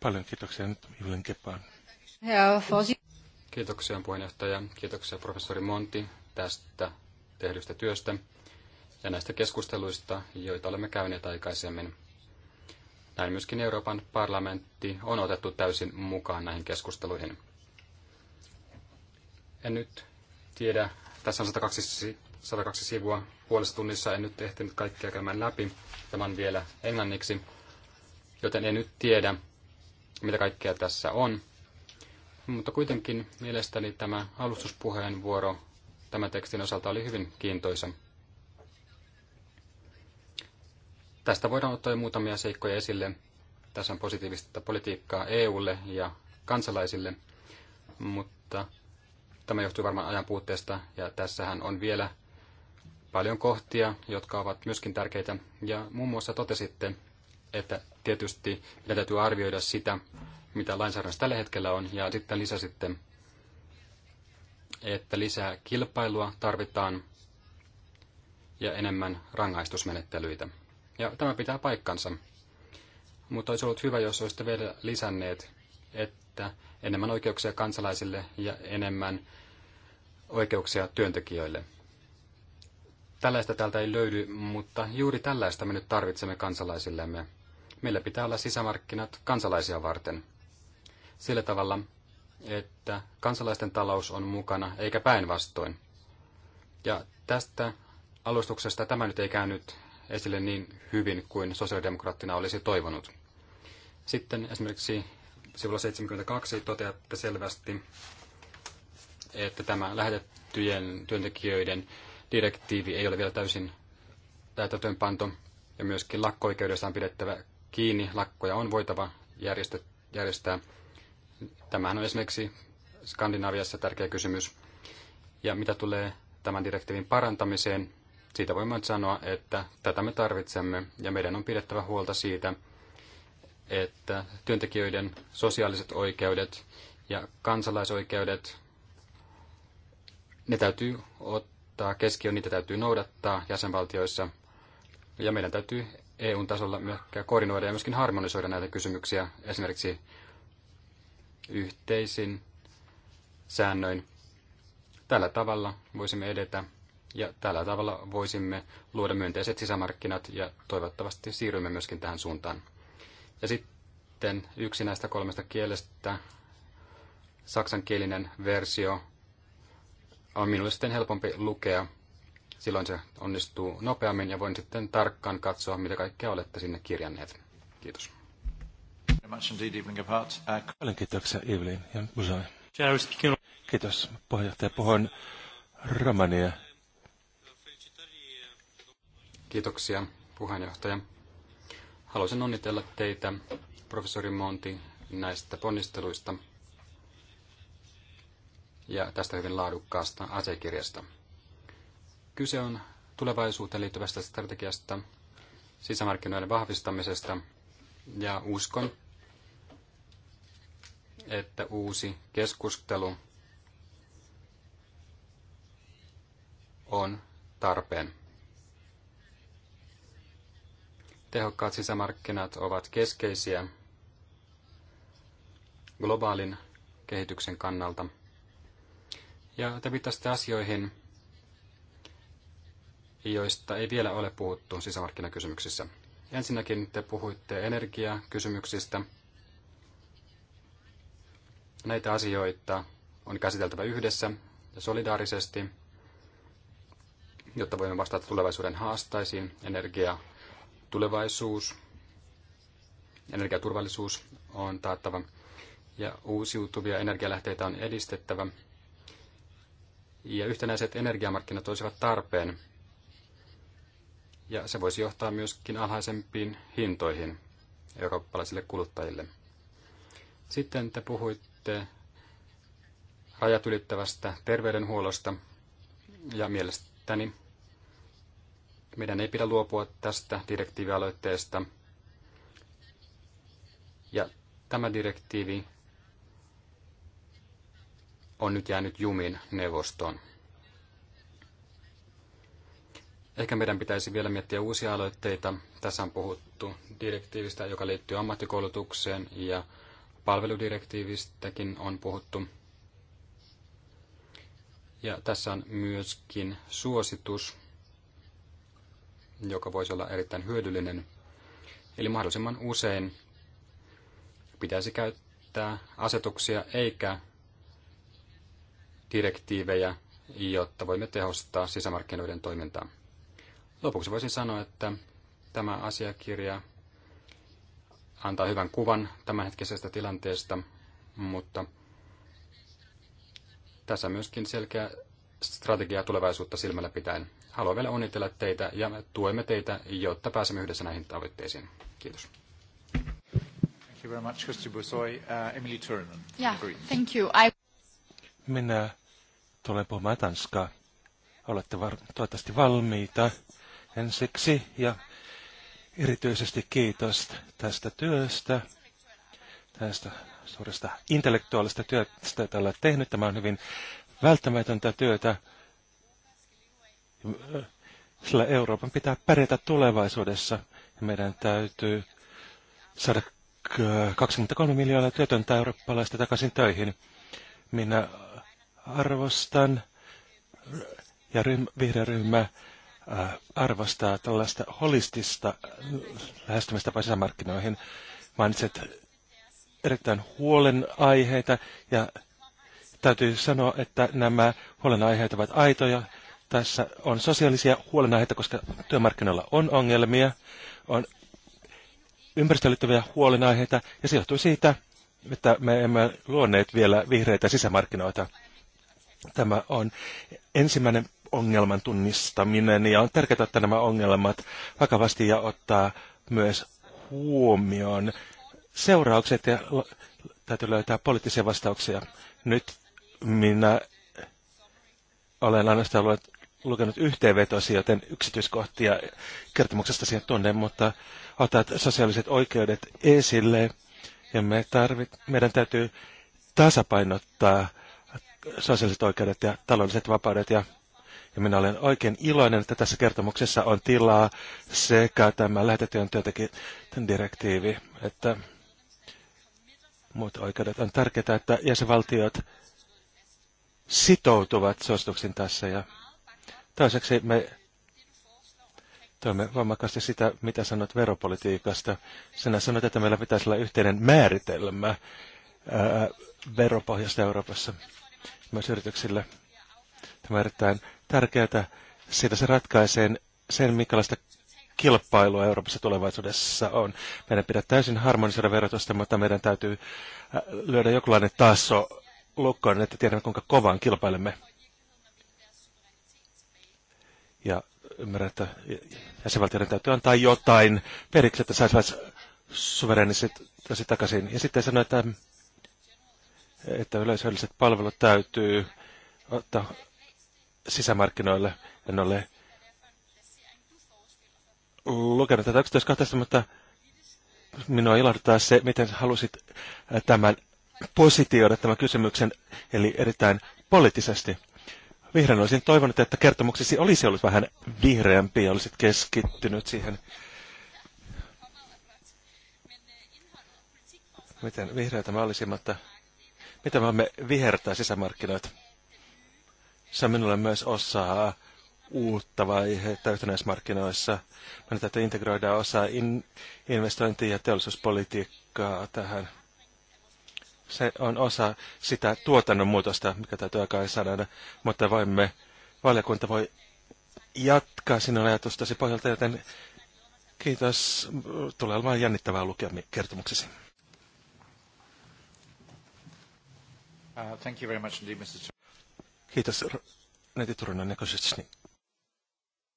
Paljon kiitoksia nyt Julen Kepaan. Kiitoksia puheenjohtaja, kiitoksia professori Monti tästä tehdystä työstä ja näistä keskusteluista, joita olemme käyneet aikaisemmin. Näin myöskin Euroopan parlamentti on otettu täysin mukaan näihin keskusteluihin. En nyt tiedä, tässä on 102 102 sivua puolessa tunnissa. En nyt ehtinyt kaikkea käymään läpi. Tämän vielä englanniksi. Joten en nyt tiedä, mitä kaikkea tässä on. Mutta kuitenkin mielestäni tämä alustuspuheenvuoro tämän tekstin osalta oli hyvin kiintoisa. Tästä voidaan ottaa jo muutamia seikkoja esille. Tässä on positiivista politiikkaa EUlle ja kansalaisille, mutta tämä johtuu varmaan ajan puutteesta ja tässähän on vielä paljon kohtia, jotka ovat myöskin tärkeitä. Ja muun muassa totesitte, että tietysti meidän täytyy arvioida sitä, mitä lainsäädännössä tällä hetkellä on, ja sitten lisäsitte, että lisää kilpailua tarvitaan ja enemmän rangaistusmenettelyitä. Ja tämä pitää paikkansa. Mutta olisi ollut hyvä, jos olisitte vielä lisänneet, että enemmän oikeuksia kansalaisille ja enemmän oikeuksia työntekijöille. Tällaista täältä ei löydy, mutta juuri tällaista me nyt tarvitsemme kansalaisillemme. Meillä pitää olla sisämarkkinat kansalaisia varten. Sillä tavalla, että kansalaisten talous on mukana, eikä päinvastoin. Ja tästä alustuksesta tämä nyt ei käynyt esille niin hyvin kuin sosiaalidemokraattina olisi toivonut. Sitten esimerkiksi sivulla 72 toteatte selvästi, että tämä lähetettyjen työntekijöiden direktiivi ei ole vielä täysin täytäntöönpanto ja myöskin lakko-oikeudesta on pidettävä kiinni. Lakkoja on voitava järjestää. Tämähän on esimerkiksi Skandinaviassa tärkeä kysymys. Ja mitä tulee tämän direktiivin parantamiseen, siitä voimme sanoa, että tätä me tarvitsemme ja meidän on pidettävä huolta siitä, että työntekijöiden sosiaaliset oikeudet ja kansalaisoikeudet, ne täytyy ottaa ottaa keskiö niitä täytyy noudattaa jäsenvaltioissa. Ja meidän täytyy eu tasolla koordinoida ja myöskin harmonisoida näitä kysymyksiä esimerkiksi yhteisin säännöin. Tällä tavalla voisimme edetä ja tällä tavalla voisimme luoda myönteiset sisämarkkinat ja toivottavasti siirrymme myöskin tähän suuntaan. Ja sitten yksi näistä kolmesta kielestä, saksankielinen versio on minulle sitten helpompi lukea. Silloin se onnistuu nopeammin ja voin sitten tarkkaan katsoa, mitä kaikkea olette sinne kirjanneet. Kiitos. Uh, Paljon kiitoksia Evelyn ja Musai. Kiitos puheenjohtaja. Puhun Romania. Kiitoksia puheenjohtaja. Haluaisin onnitella teitä, professori Monti, näistä ponnisteluista – ja tästä hyvin laadukkaasta asiakirjasta. Kyse on tulevaisuuteen liittyvästä strategiasta, sisämarkkinoiden vahvistamisesta ja uskon, että uusi keskustelu on tarpeen. Tehokkaat sisämarkkinat ovat keskeisiä globaalin kehityksen kannalta – ja te viittasitte asioihin, joista ei vielä ole puhuttu sisämarkkinakysymyksissä. Ensinnäkin te puhuitte energiakysymyksistä. Näitä asioita on käsiteltävä yhdessä ja solidaarisesti, jotta voimme vastata tulevaisuuden haastaisiin. Energia, tulevaisuus, energiaturvallisuus on taattava ja uusiutuvia energialähteitä on edistettävä ja yhtenäiset energiamarkkinat olisivat tarpeen. Ja se voisi johtaa myöskin alhaisempiin hintoihin eurooppalaisille kuluttajille. Sitten te puhuitte rajat ylittävästä terveydenhuollosta ja mielestäni meidän ei pidä luopua tästä direktiivialoitteesta. Ja tämä direktiivi on nyt jäänyt jumiin neuvostoon. Ehkä meidän pitäisi vielä miettiä uusia aloitteita. Tässä on puhuttu direktiivistä, joka liittyy ammattikoulutukseen ja palveludirektiivistäkin on puhuttu. Ja tässä on myöskin suositus, joka voisi olla erittäin hyödyllinen. Eli mahdollisimman usein pitäisi käyttää asetuksia eikä direktiivejä, jotta voimme tehostaa sisämarkkinoiden toimintaa. Lopuksi voisin sanoa, että tämä asiakirja antaa hyvän kuvan tämänhetkisestä tilanteesta, mutta tässä myöskin selkeä strategia tulevaisuutta silmällä pitäen. Haluan vielä onnitella teitä ja tuemme teitä, jotta pääsemme yhdessä näihin tavoitteisiin. Kiitos. Thank you very much, Christy Busoy, Uh, Emily Turunen. Yeah, thank you. I... Minä Tulen puhumaan Tanskaa. Olette var- toivottavasti valmiita ensiksi ja erityisesti kiitos tästä työstä, tästä suuresta intellektuaalista työstä, jota olet tehnyt. Tämä on hyvin välttämätöntä työtä, sillä Euroopan pitää pärjätä tulevaisuudessa ja meidän täytyy saada 23 miljoonaa työtöntä eurooppalaista takaisin töihin. Minä arvostan ja vihreä ryhmä äh, arvostaa tällaista holistista lähestymistapaa sisämarkkinoihin. Mainitset erittäin huolenaiheita ja täytyy sanoa, että nämä huolenaiheet ovat aitoja. Tässä on sosiaalisia huolenaiheita, koska työmarkkinoilla on ongelmia, on ympäristöön huolenaiheita ja se johtuu siitä, että me emme luoneet vielä vihreitä sisämarkkinoita. Tämä on ensimmäinen ongelman tunnistaminen ja on tärkeää ottaa nämä ongelmat vakavasti ja ottaa myös huomioon seuraukset ja täytyy löytää poliittisia vastauksia. Nyt minä olen ainoastaan lukenut yhteenvetosi, joten yksityiskohtia kertomuksesta siihen tunne, mutta otat sosiaaliset oikeudet esille ja me tarvit, meidän täytyy tasapainottaa sosiaaliset oikeudet ja taloudelliset vapaudet. Ja, ja minä olen oikein iloinen, että tässä kertomuksessa on tilaa sekä tämä lähetetyön työntekijän direktiivi, että muut oikeudet. On tärkeää, että jäsenvaltiot sitoutuvat suosituksiin tässä. Ja toiseksi me toimme voimakkaasti sitä, mitä sanot veropolitiikasta. Sinä sanot, että meillä pitäisi olla yhteinen määritelmä ää, veropohjasta Euroopassa myös yrityksille. Tämä on erittäin tärkeää, siitä se ratkaisee sen, minkälaista kilpailua Euroopassa tulevaisuudessa on. Meidän pitää täysin harmonisoida verotusta, mutta meidän täytyy äh, löydä jokinlainen taso lukkoon, että tiedämme kuinka kovaan kilpailemme. Ja ymmärrän, että jäsenvaltioiden täytyy antaa jotain periksi, että saisivat suvereniset takaisin. Ja sitten sanoin, että että yleisölliset palvelut täytyy ottaa sisämarkkinoille. En ole lukenut tätä yksityiskohtaista, mutta minua ilahduttaa se, miten halusit tämän positioida tämän kysymyksen, eli erittäin poliittisesti. Vihreän olisin toivonut, että kertomuksesi olisi ollut vähän vihreämpi ja olisit keskittynyt siihen. Miten vihreä tämä olisi, mutta mitä voimme vihertää sisämarkkinoita? Se on minulle myös osa uutta vaihetta yhtenäismarkkinoissa. nyt täytyy integroida osa in, investointi- ja teollisuuspolitiikkaa tähän. Se on osa sitä tuotannon muutosta, mikä täytyy aikaan saada, mutta voimme, valiokunta voi jatkaa sinun ajatustasi pohjalta, joten kiitos. Tulee olemaan jännittävää lukea kertomuksesi. Uh, thank you very much indeed, Mr. Kiitos, Neti Turunen ja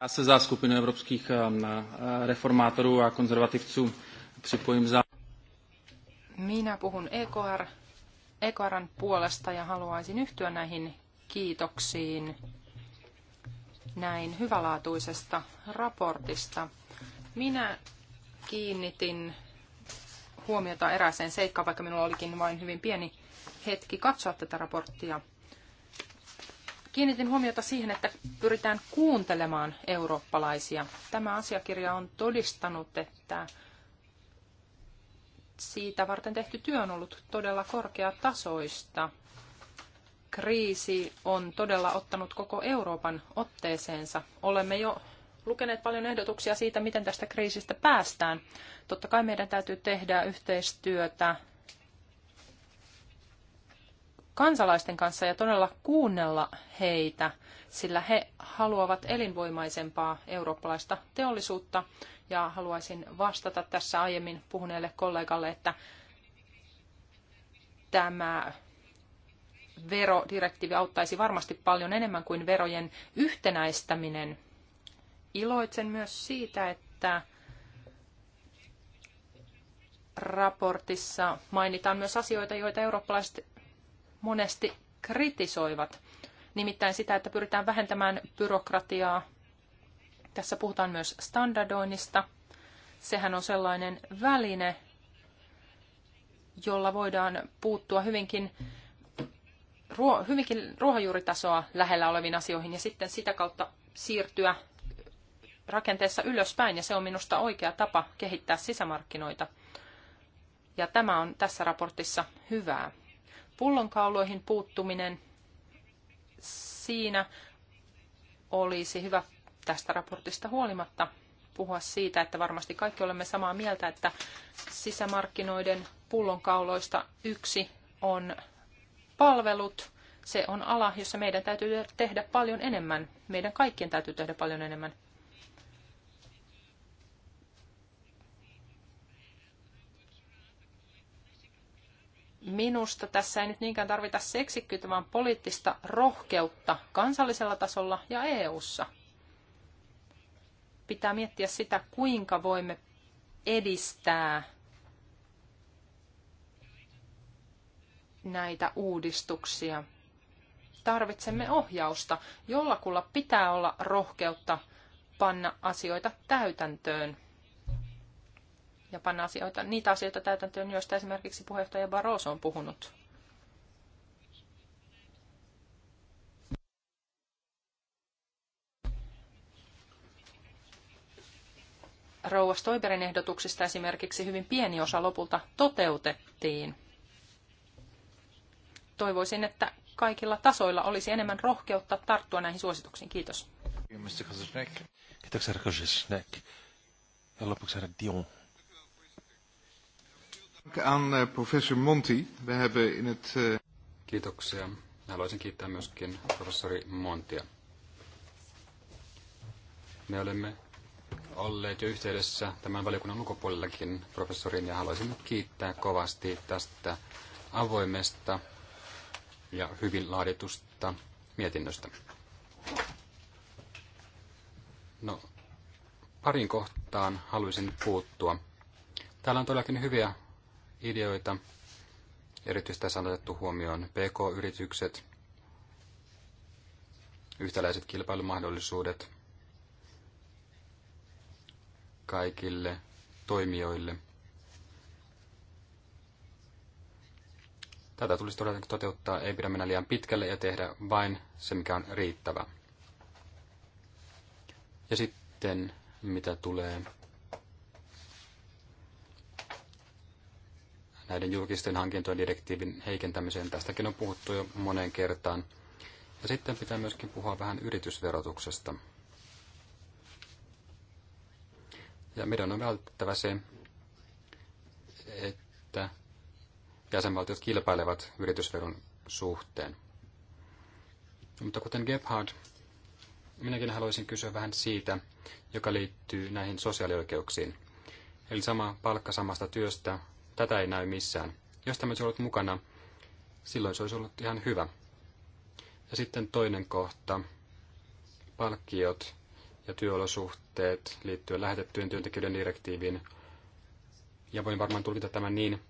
Já se za skupinu evropských um, uh, reformátorů a konzervativců připojím za... Minä puhun EKR, EKRn puolesta ja haluaisin yhtyä näihin kiitoksiin näin hyvälaatuisesta raportista. Minä kiinnitin huomiota erääseen seikkaan, vaikka minulla olikin vain hyvin pieni hetki katsoa tätä raporttia. Kiinnitin huomiota siihen, että pyritään kuuntelemaan eurooppalaisia. Tämä asiakirja on todistanut, että siitä varten tehty työ on ollut todella korkeatasoista. Kriisi on todella ottanut koko Euroopan otteeseensa. Olemme jo lukeneet paljon ehdotuksia siitä, miten tästä kriisistä päästään. Totta kai meidän täytyy tehdä yhteistyötä kansalaisten kanssa ja todella kuunnella heitä, sillä he haluavat elinvoimaisempaa eurooppalaista teollisuutta. Ja haluaisin vastata tässä aiemmin puhuneelle kollegalle, että tämä verodirektiivi auttaisi varmasti paljon enemmän kuin verojen yhtenäistäminen. Iloitsen myös siitä, että raportissa mainitaan myös asioita, joita eurooppalaiset monesti kritisoivat. Nimittäin sitä, että pyritään vähentämään byrokratiaa. Tässä puhutaan myös standardoinnista. Sehän on sellainen väline, jolla voidaan puuttua hyvinkin, ruo, hyvinkin ruohonjuuritasoa lähellä oleviin asioihin ja sitten sitä kautta siirtyä rakenteessa ylöspäin ja se on minusta oikea tapa kehittää sisämarkkinoita. Ja tämä on tässä raportissa hyvää. Pullonkauloihin puuttuminen siinä olisi hyvä tästä raportista huolimatta puhua siitä, että varmasti kaikki olemme samaa mieltä, että sisämarkkinoiden pullonkauloista yksi on palvelut. Se on ala, jossa meidän täytyy tehdä paljon enemmän. Meidän kaikkien täytyy tehdä paljon enemmän. Minusta tässä ei nyt niinkään tarvita seksikkyyttä, vaan poliittista rohkeutta kansallisella tasolla ja EU:ssa. Pitää miettiä sitä, kuinka voimme edistää näitä uudistuksia. Tarvitsemme ohjausta. Jollakulla pitää olla rohkeutta panna asioita täytäntöön ja panna asioita, niitä asioita täytäntöön, joista esimerkiksi puheenjohtaja Barroso on puhunut. Rouva Stoiberin ehdotuksista esimerkiksi hyvin pieni osa lopulta toteutettiin. Toivoisin, että kaikilla tasoilla olisi enemmän rohkeutta tarttua näihin suosituksiin. Kiitos. Kiitoksia, Herra Kosisnek. Ja lopuksi Herra Dion. Aan eh, professor Monti. We hebben in het... Eh, Kiitoksia. Haluaisin kiittää myöskin professori Montia. Me olemme olleet jo yhteydessä tämän valiokunnan ulkopuolellakin professorin ja haluaisin kiittää kovasti tästä avoimesta ja hyvin laaditusta mietinnöstä. No, parin kohtaan haluaisin puuttua. Täällä on todellakin hyviä ideoita. Erityisesti tässä on otettu huomioon PK-yritykset, yhtäläiset kilpailumahdollisuudet kaikille toimijoille. Tätä tulisi todellakin toteuttaa, ei pidä mennä liian pitkälle ja tehdä vain se, mikä on riittävä. Ja sitten mitä tulee näiden julkisten hankintojen direktiivin heikentämiseen. Tästäkin on puhuttu jo moneen kertaan. Ja sitten pitää myöskin puhua vähän yritysverotuksesta. Ja meidän on välttävä se, että jäsenvaltiot kilpailevat yritysveron suhteen. Mutta kuten Gebhard, minäkin haluaisin kysyä vähän siitä, joka liittyy näihin sosiaalioikeuksiin. Eli sama palkka samasta työstä Tätä ei näy missään. Jos tämä olisi ollut mukana, silloin se olisi ollut ihan hyvä. Ja sitten toinen kohta, palkkiot ja työolosuhteet liittyen lähetettyjen työntekijöiden direktiiviin. Ja voin varmaan tulkita tämän niin,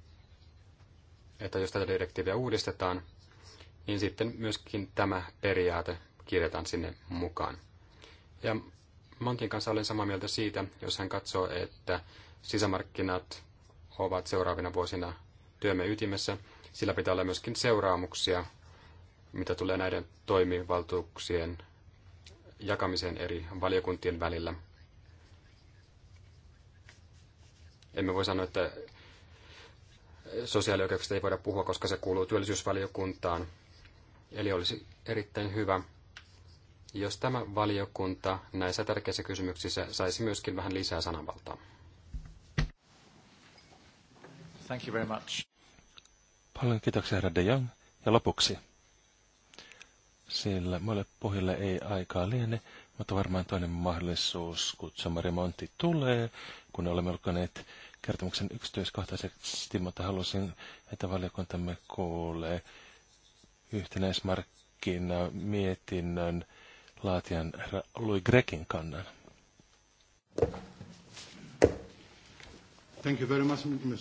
että jos tätä direktiiviä uudistetaan, niin sitten myöskin tämä periaate kirjataan sinne mukaan. Ja Montin kanssa olen samaa mieltä siitä, jos hän katsoo, että sisämarkkinat ovat seuraavina vuosina työmme ytimessä. Sillä pitää olla myöskin seuraamuksia, mitä tulee näiden toimivaltuuksien jakamiseen eri valiokuntien välillä. Emme voi sanoa, että sosiaalioikeuksista ei voida puhua, koska se kuuluu työllisyysvaliokuntaan. Eli olisi erittäin hyvä, jos tämä valiokunta näissä tärkeissä kysymyksissä saisi myöskin vähän lisää sananvaltaa. Thank you very much. Paljon kiitoksia, herra De Jong. Ja lopuksi, sillä mulle pohjille ei aikaa liene, mutta varmaan toinen mahdollisuus, kun remontti tulee, kun olemme alkaneet kertomuksen yksityiskohtaisesti, mutta halusin, että valiokuntamme kuulee yhtenäismarkkina mietinnön laatijan Louis Grekin kannan. Thank you very much, Mr.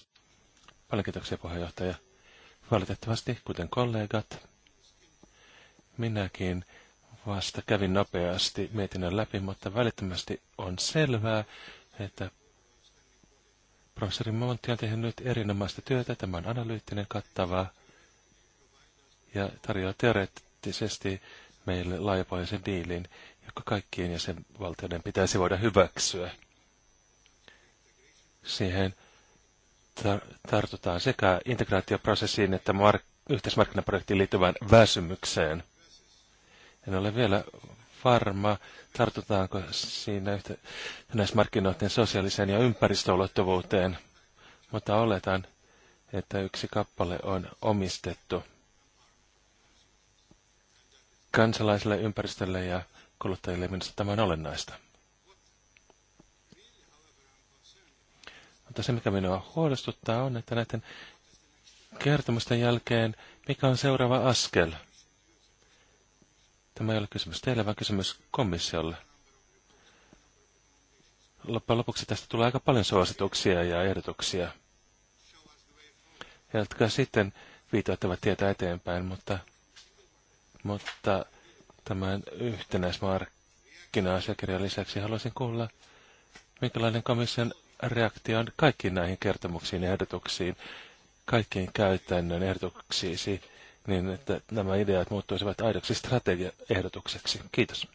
Paljon kiitoksia puheenjohtaja. Valitettavasti, kuten kollegat, minäkin vasta kävin nopeasti mietinnön läpi, mutta välittömästi on selvää, että professori Montti on tehnyt erinomaista työtä. Tämä on analyyttinen, kattava ja tarjoaa teoreettisesti meille laajapohjaisen diilin, joka kaikkien jäsenvaltioiden pitäisi voida hyväksyä. Siihen tartutaan sekä integraatioprosessiin että mark- yhteismarkkinaprojektiin liittyvään väsymykseen. En ole vielä varma, tartutaanko siinä yhteismarkkinoiden sosiaaliseen ja ympäristöulottuvuuteen, mutta oletan, että yksi kappale on omistettu kansalaisille, ympäristölle ja kuluttajille. Minusta tämä on olennaista. Mutta se, mikä minua huolestuttaa, on, että näiden kertomusten jälkeen, mikä on seuraava askel? Tämä ei ole kysymys teille, vaan kysymys komissiolle. Loppujen lopuksi tästä tulee aika paljon suosituksia ja ehdotuksia, jotka sitten viitoittavat tietä eteenpäin, mutta, mutta tämän yhtenäismarkkina-asiakirjan lisäksi haluaisin kuulla, minkälainen komission reaktion kaikkiin näihin kertomuksiin ja ehdotuksiin, kaikkiin käytännön ehdotuksiisi, niin että nämä ideat muuttuisivat aidoksi strategiaehdotukseksi. Kiitos.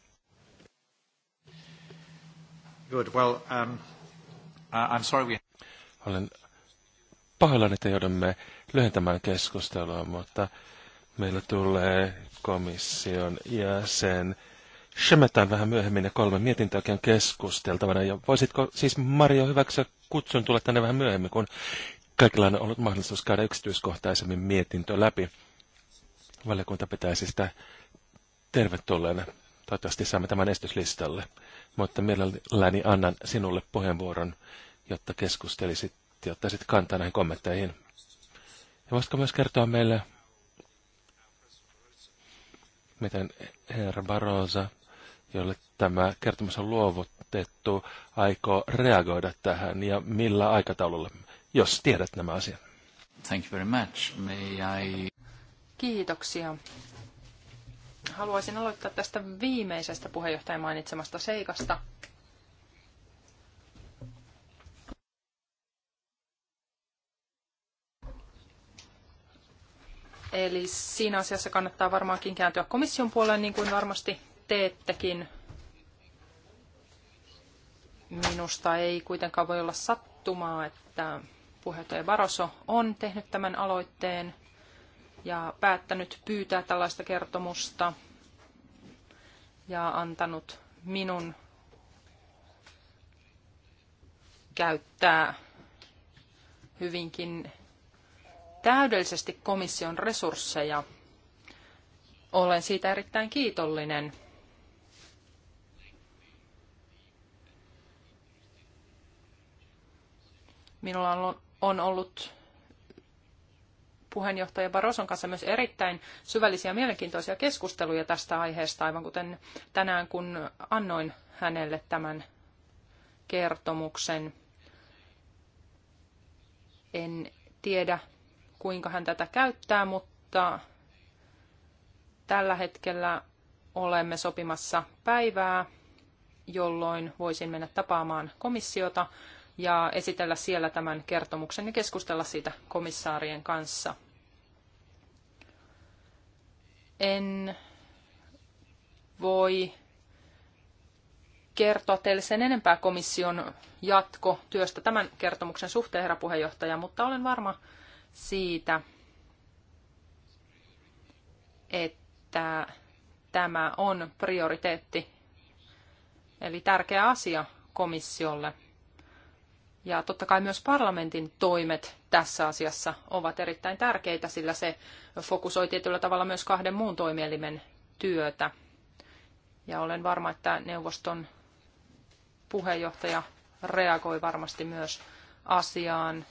Good. Well, um, uh, I'm sorry we... Olen pahoillani, että joudumme lyhentämään keskustelua, mutta meillä tulee komission jäsen shemetään vähän myöhemmin ja kolme mietintöäkin keskusteltavana. Ja voisitko siis Mario hyväksyä kutsun tulla tänne vähän myöhemmin, kun kaikilla on ollut mahdollisuus käydä yksityiskohtaisemmin mietintö läpi. Valiokunta pitäisi sitä tervetulleena. Toivottavasti saamme tämän estyslistalle. mutta mielelläni annan sinulle puheenvuoron, jotta keskustelisit ja ottaisit kantaa näihin kommentteihin. Ja voisitko myös kertoa meille, miten herra Barosa jolle tämä kertomus on luovutettu, aikoo reagoida tähän ja millä aikataululla, jos tiedät nämä asiat? Thank you very much. May I... Kiitoksia. Haluaisin aloittaa tästä viimeisestä puheenjohtajan mainitsemasta seikasta. Eli siinä asiassa kannattaa varmaankin kääntyä komission puoleen, niin kuin varmasti teettekin. Minusta ei kuitenkaan voi olla sattumaa, että puheenjohtaja Baroso on tehnyt tämän aloitteen ja päättänyt pyytää tällaista kertomusta ja antanut minun käyttää hyvinkin täydellisesti komission resursseja. Olen siitä erittäin kiitollinen. Minulla on ollut puheenjohtaja Baroson kanssa myös erittäin syvällisiä ja mielenkiintoisia keskusteluja tästä aiheesta, aivan kuten tänään, kun annoin hänelle tämän kertomuksen. En tiedä, kuinka hän tätä käyttää, mutta tällä hetkellä olemme sopimassa päivää, jolloin voisin mennä tapaamaan komissiota ja esitellä siellä tämän kertomuksen ja keskustella siitä komissaarien kanssa. En voi kertoa teille sen enempää komission jatko työstä tämän kertomuksen suhteen, herra puheenjohtaja, mutta olen varma siitä, että tämä on prioriteetti, eli tärkeä asia komissiolle – ja totta kai myös parlamentin toimet tässä asiassa ovat erittäin tärkeitä, sillä se fokusoi tietyllä tavalla myös kahden muun toimielimen työtä. Ja olen varma, että neuvoston puheenjohtaja reagoi varmasti myös asiaan.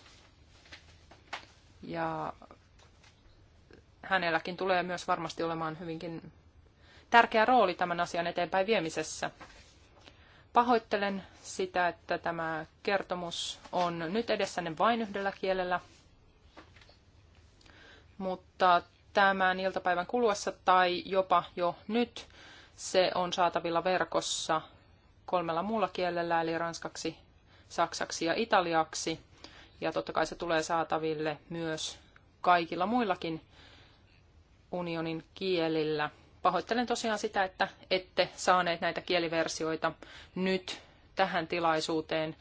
Ja hänelläkin tulee myös varmasti olemaan hyvinkin tärkeä rooli tämän asian eteenpäin viemisessä. Pahoittelen sitä, että tämä kertomus on nyt edessänne vain yhdellä kielellä, mutta tämän iltapäivän kuluessa tai jopa jo nyt se on saatavilla verkossa kolmella muulla kielellä, eli ranskaksi, saksaksi ja italiaksi. Ja totta kai se tulee saataville myös kaikilla muillakin unionin kielillä pahoittelen tosiaan sitä, että ette saaneet näitä kieliversioita nyt tähän tilaisuuteen.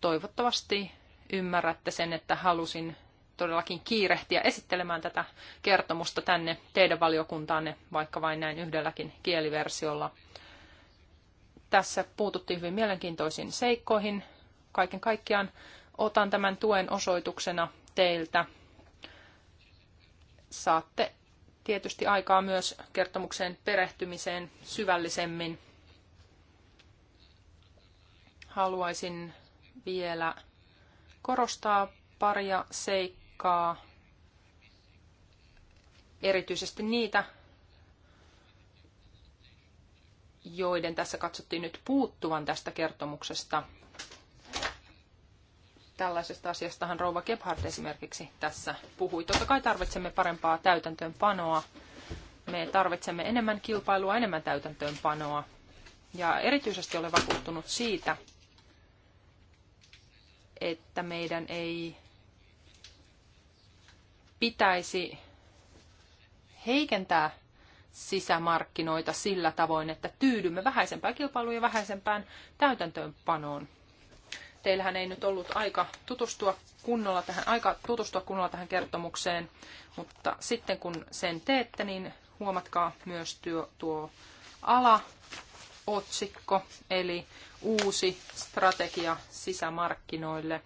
Toivottavasti ymmärrätte sen, että halusin todellakin kiirehtiä esittelemään tätä kertomusta tänne teidän valiokuntaanne, vaikka vain näin yhdelläkin kieliversiolla. Tässä puututtiin hyvin mielenkiintoisiin seikkoihin. Kaiken kaikkiaan otan tämän tuen osoituksena teiltä. Saatte tietysti aikaa myös kertomukseen perehtymiseen syvällisemmin. Haluaisin vielä korostaa paria seikkaa, erityisesti niitä, joiden tässä katsottiin nyt puuttuvan tästä kertomuksesta – Tällaisesta asiastahan Rouva Gebhardt esimerkiksi tässä puhui. Totta kai tarvitsemme parempaa täytäntöönpanoa. Me tarvitsemme enemmän kilpailua, enemmän täytäntöönpanoa. Ja erityisesti olen vakuuttunut siitä, että meidän ei pitäisi heikentää sisämarkkinoita sillä tavoin, että tyydymme vähäisempään kilpailuun ja vähäisempään täytäntöönpanoon. Teillähän ei nyt ollut aika tutustua kunnolla tähän, aika tutustua kunnolla tähän kertomukseen, mutta sitten kun sen teette, niin huomatkaa myös työ, tuo alaotsikko eli uusi strategia sisämarkkinoille.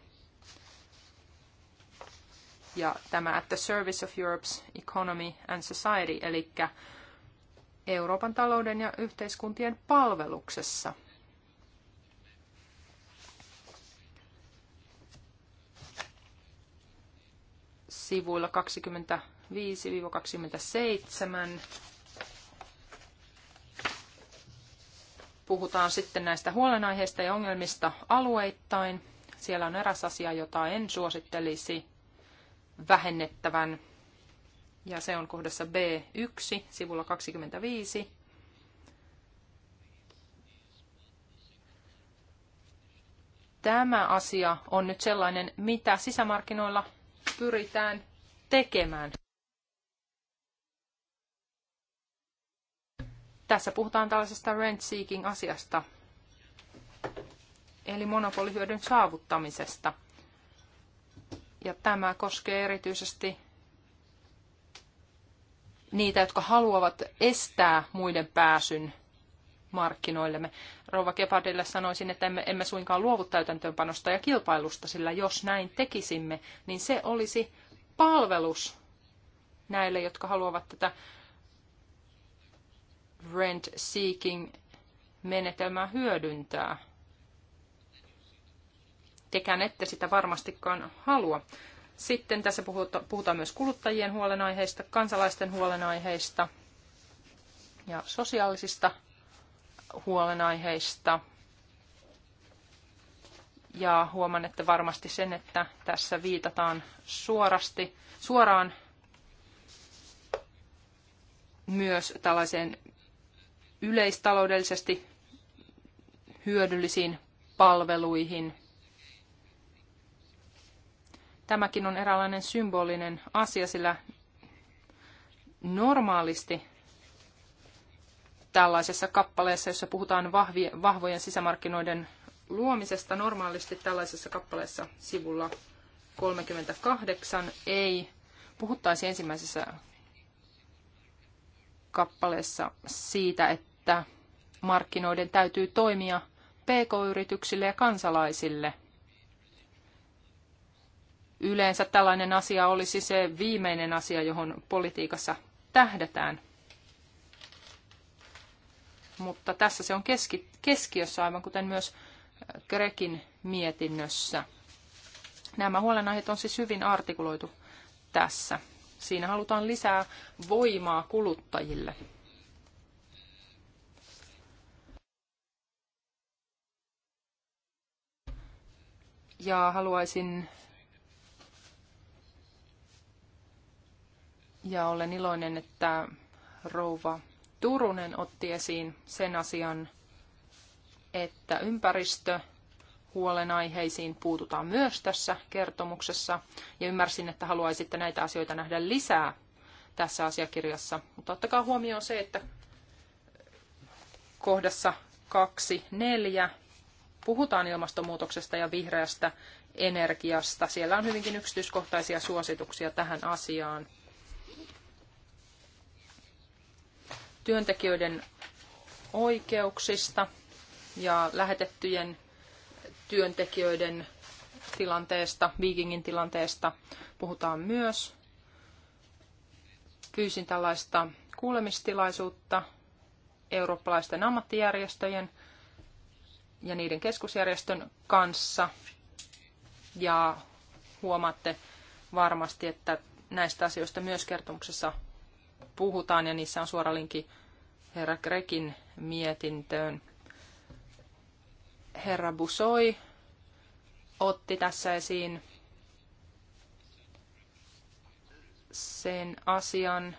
Ja tämä at the service of Europe's economy and society, eli Euroopan talouden ja yhteiskuntien palveluksessa – sivuilla 25-27 puhutaan sitten näistä huolenaiheista ja ongelmista alueittain. Siellä on eräs asia, jota en suosittelisi vähennettävän, ja se on kohdassa B1, sivulla 25. Tämä asia on nyt sellainen, mitä sisämarkkinoilla pyritään tekemään. Tässä puhutaan tällaisesta rent-seeking-asiasta, eli monopolihyödyn saavuttamisesta. Ja tämä koskee erityisesti niitä, jotka haluavat estää muiden pääsyn markkinoillemme. Rouva Gebhardille sanoisin, että emme, emme suinkaan luovu täytäntöönpanosta ja kilpailusta, sillä jos näin tekisimme, niin se olisi palvelus näille, jotka haluavat tätä rent seeking menetelmää hyödyntää. Tekään ette sitä varmastikaan halua. Sitten tässä puhutaan myös kuluttajien huolenaiheista, kansalaisten huolenaiheista ja sosiaalisista huolenaiheista. Ja huomannette varmasti sen, että tässä viitataan suorasti, suoraan myös tällaiseen yleistaloudellisesti hyödyllisiin palveluihin. Tämäkin on eräänlainen symbolinen asia, sillä normaalisti tällaisessa kappaleessa, jossa puhutaan vahvojen sisämarkkinoiden luomisesta. Normaalisti tällaisessa kappaleessa sivulla 38 ei puhuttaisi ensimmäisessä kappaleessa siitä, että markkinoiden täytyy toimia pk-yrityksille ja kansalaisille. Yleensä tällainen asia olisi se viimeinen asia, johon politiikassa tähdätään mutta tässä se on keski, keskiössä, aivan kuten myös äh, Grekin mietinnössä. Nämä huolenaiheet on siis hyvin artikuloitu tässä. Siinä halutaan lisää voimaa kuluttajille. Ja haluaisin ja olen iloinen, että rouva Turunen otti esiin sen asian, että ympäristö huolenaiheisiin puututaan myös tässä kertomuksessa. Ja ymmärsin, että haluaisitte näitä asioita nähdä lisää tässä asiakirjassa. Mutta ottakaa huomioon se, että kohdassa 2.4 puhutaan ilmastonmuutoksesta ja vihreästä energiasta. Siellä on hyvinkin yksityiskohtaisia suosituksia tähän asiaan. työntekijöiden oikeuksista ja lähetettyjen työntekijöiden tilanteesta, viikingin tilanteesta puhutaan myös. Pyysin tällaista kuulemistilaisuutta eurooppalaisten ammattijärjestöjen ja niiden keskusjärjestön kanssa. Ja huomaatte varmasti, että näistä asioista myös kertomuksessa puhutaan ja niissä on suora linkki herra Grekin mietintöön. Herra Busoi otti tässä esiin sen asian,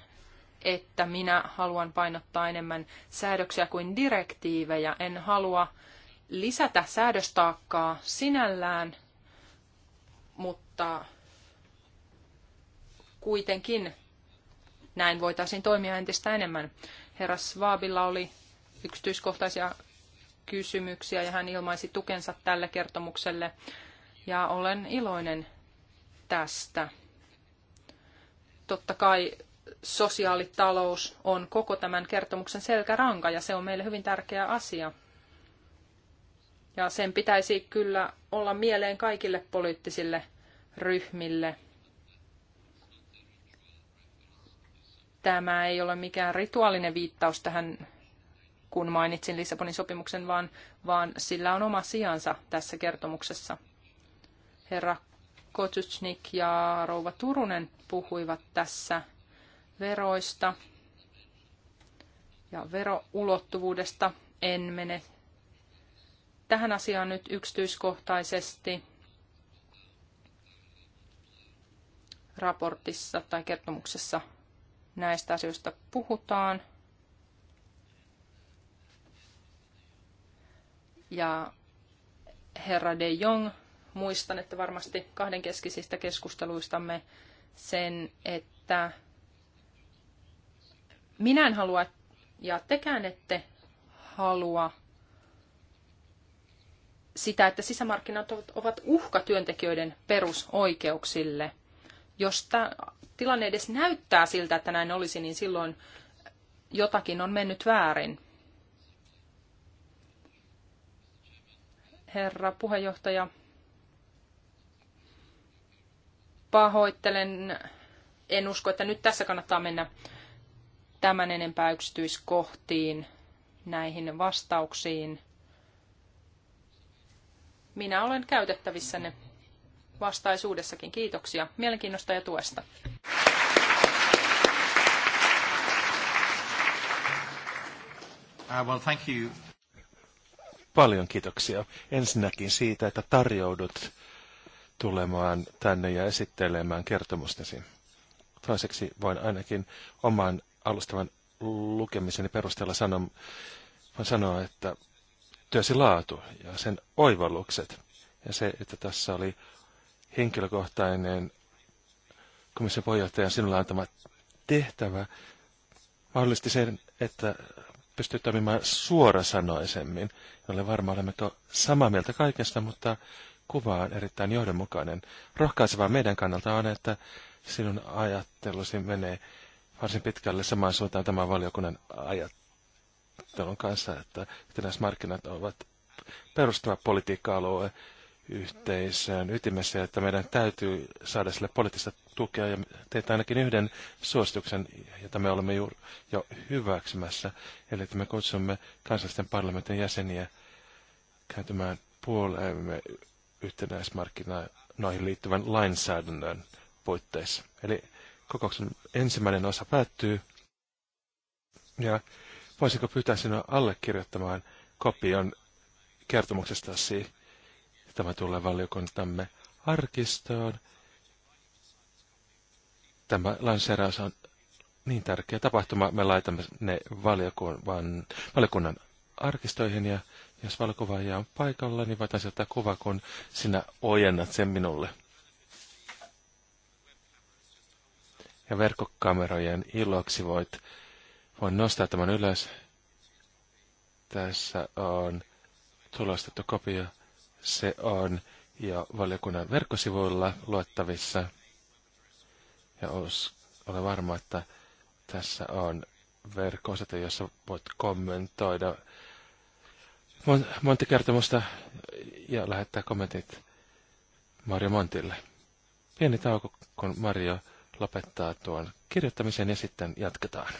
että minä haluan painottaa enemmän säädöksiä kuin direktiivejä. En halua lisätä säädöstaakkaa sinällään, mutta kuitenkin näin voitaisiin toimia entistä enemmän. Herra Svaabilla oli yksityiskohtaisia kysymyksiä ja hän ilmaisi tukensa tälle kertomukselle ja olen iloinen tästä. Totta kai sosiaalitalous on koko tämän kertomuksen selkäranka ja se on meille hyvin tärkeä asia. Ja sen pitäisi kyllä olla mieleen kaikille poliittisille ryhmille – tämä ei ole mikään rituaalinen viittaus tähän, kun mainitsin Lissabonin sopimuksen, vaan, vaan sillä on oma sijansa tässä kertomuksessa. Herra Kotsutsnik ja rouva Turunen puhuivat tässä veroista ja veroulottuvuudesta. En mene tähän asiaan nyt yksityiskohtaisesti. Raportissa tai kertomuksessa näistä asioista puhutaan. Ja herra de Jong, muistan, että varmasti kahdenkeskisistä keskusteluistamme sen, että minä en halua ja tekään ette halua sitä, että sisämarkkinat ovat uhka työntekijöiden perusoikeuksille. Jos tämä tilanne edes näyttää siltä, että näin olisi, niin silloin jotakin on mennyt väärin. Herra puheenjohtaja, pahoittelen. En usko, että nyt tässä kannattaa mennä tämän enempää yksityiskohtiin näihin vastauksiin. Minä olen käytettävissänne vastaisuudessakin. Kiitoksia mielenkiinnosta ja tuesta. Uh, well, thank you. Paljon kiitoksia ensinnäkin siitä, että tarjoudut tulemaan tänne ja esittelemään kertomustesi. Toiseksi voin ainakin oman alustavan lukemiseni perusteella sanoa, voin sanoa, että työsi laatu ja sen oivallukset ja se, että tässä oli henkilökohtainen komission puheenjohtajan sinulle antama tehtävä mahdollisti sen, että pystyy toimimaan suorasanoisemmin. En ole varma, olemmeko samaa mieltä kaikesta, mutta kuva on erittäin johdonmukainen. Rohkaisevaa meidän kannalta on, että sinun ajattelusi menee varsin pitkälle samaan suuntaan tämän valiokunnan ajattelun kanssa, että markkinat ovat perustava politiikka-alue, yhteisön ytimessä, että meidän täytyy saada sille poliittista tukea ja teitä ainakin yhden suosituksen, jota me olemme juuri jo hyväksymässä, eli että me kutsumme kansallisten parlamentin jäseniä kääntymään puoleemme yhtenäismarkkinoihin liittyvän lainsäädännön puitteissa. Eli kokouksen ensimmäinen osa päättyy ja voisiko pyytää sinua allekirjoittamaan kopion kertomuksestasi Tämä tulee valiokuntamme arkistoon. Tämä lanseeraus on niin tärkeä tapahtuma. Me laitamme ne valiokunnan, valiokunnan arkistoihin ja jos valokuvaaja on paikalla, niin voitaisiin sieltä kuva, kun sinä ojennat sen minulle. Ja verkkokamerojen iloksi voit, voin nostaa tämän ylös. Tässä on tulostettu kopio se on jo valiokunnan verkkosivuilla luettavissa. Ja olen varma, että tässä on verkko jossa voit kommentoida Monti kertomusta ja lähettää kommentit Mario Montille. Pieni tauko, kun Mario lopettaa tuon kirjoittamisen ja sitten jatketaan.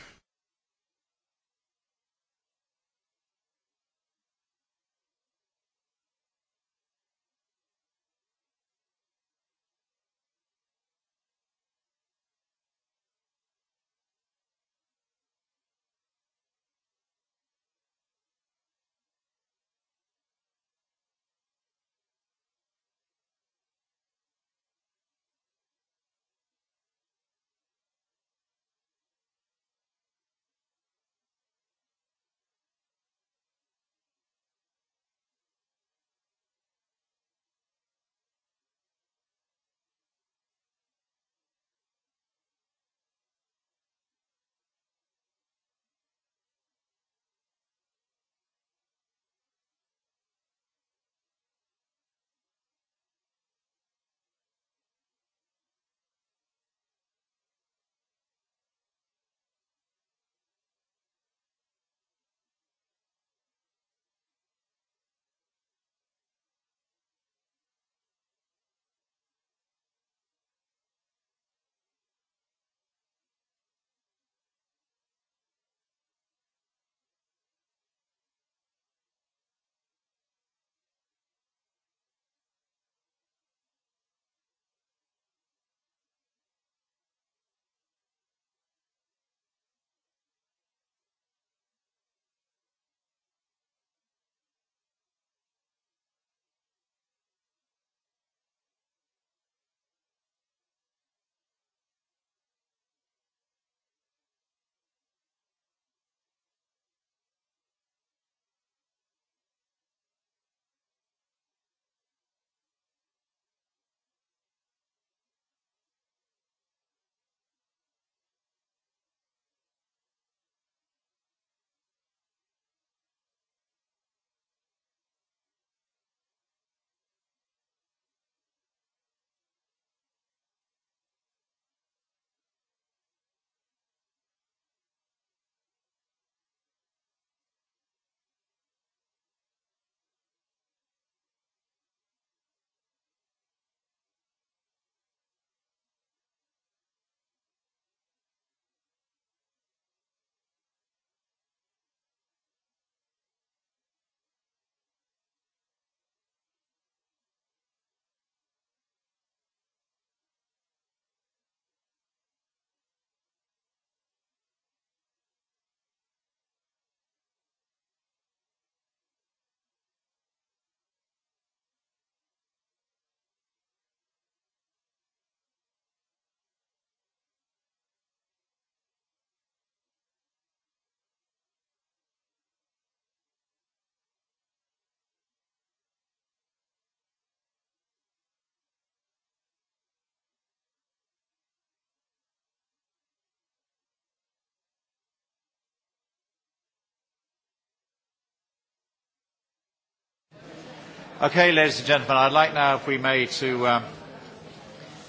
Okay, ladies and gentlemen, I'd like now, if we may, to, um,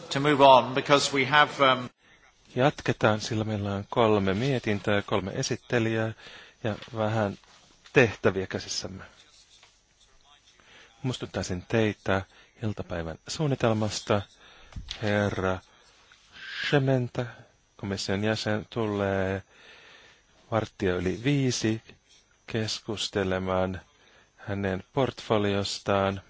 to move on, because we have... Um... Jatketaan, sillä meillä on kolme mietintää, kolme esittelijää ja vähän tehtäviä käsissämme. Muistuttaisin teitä iltapäivän suunnitelmasta. Herra Schementa, komission jäsen, tulee varttia yli viisi keskustelemaan – hänen portfoliostaan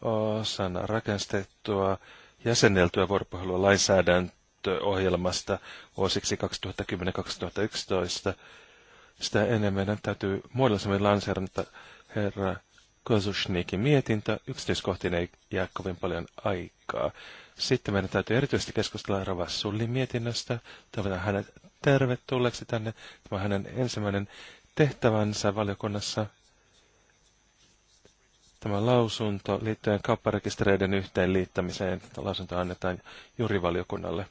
osana rakennettua jäsenneltyä vuoropuhelua lainsäädäntöohjelmasta vuosiksi 2010-2011. Sitä ennen meidän täytyy muodollisemmin lanseerata herra Kozushnikin mietintö. Yksityiskohtiin ei jää kovin paljon aikaa. Sitten meidän täytyy erityisesti keskustella Rava Sullin mietinnöstä. Toivotan hänet tervetulleeksi tänne. Tämä on hänen ensimmäinen tehtävänsä valiokunnassa. Tämä lausunto liittyen kaupparekistereiden yhteenliittämiseen, lausunto annetaan jurivaliokunnalle.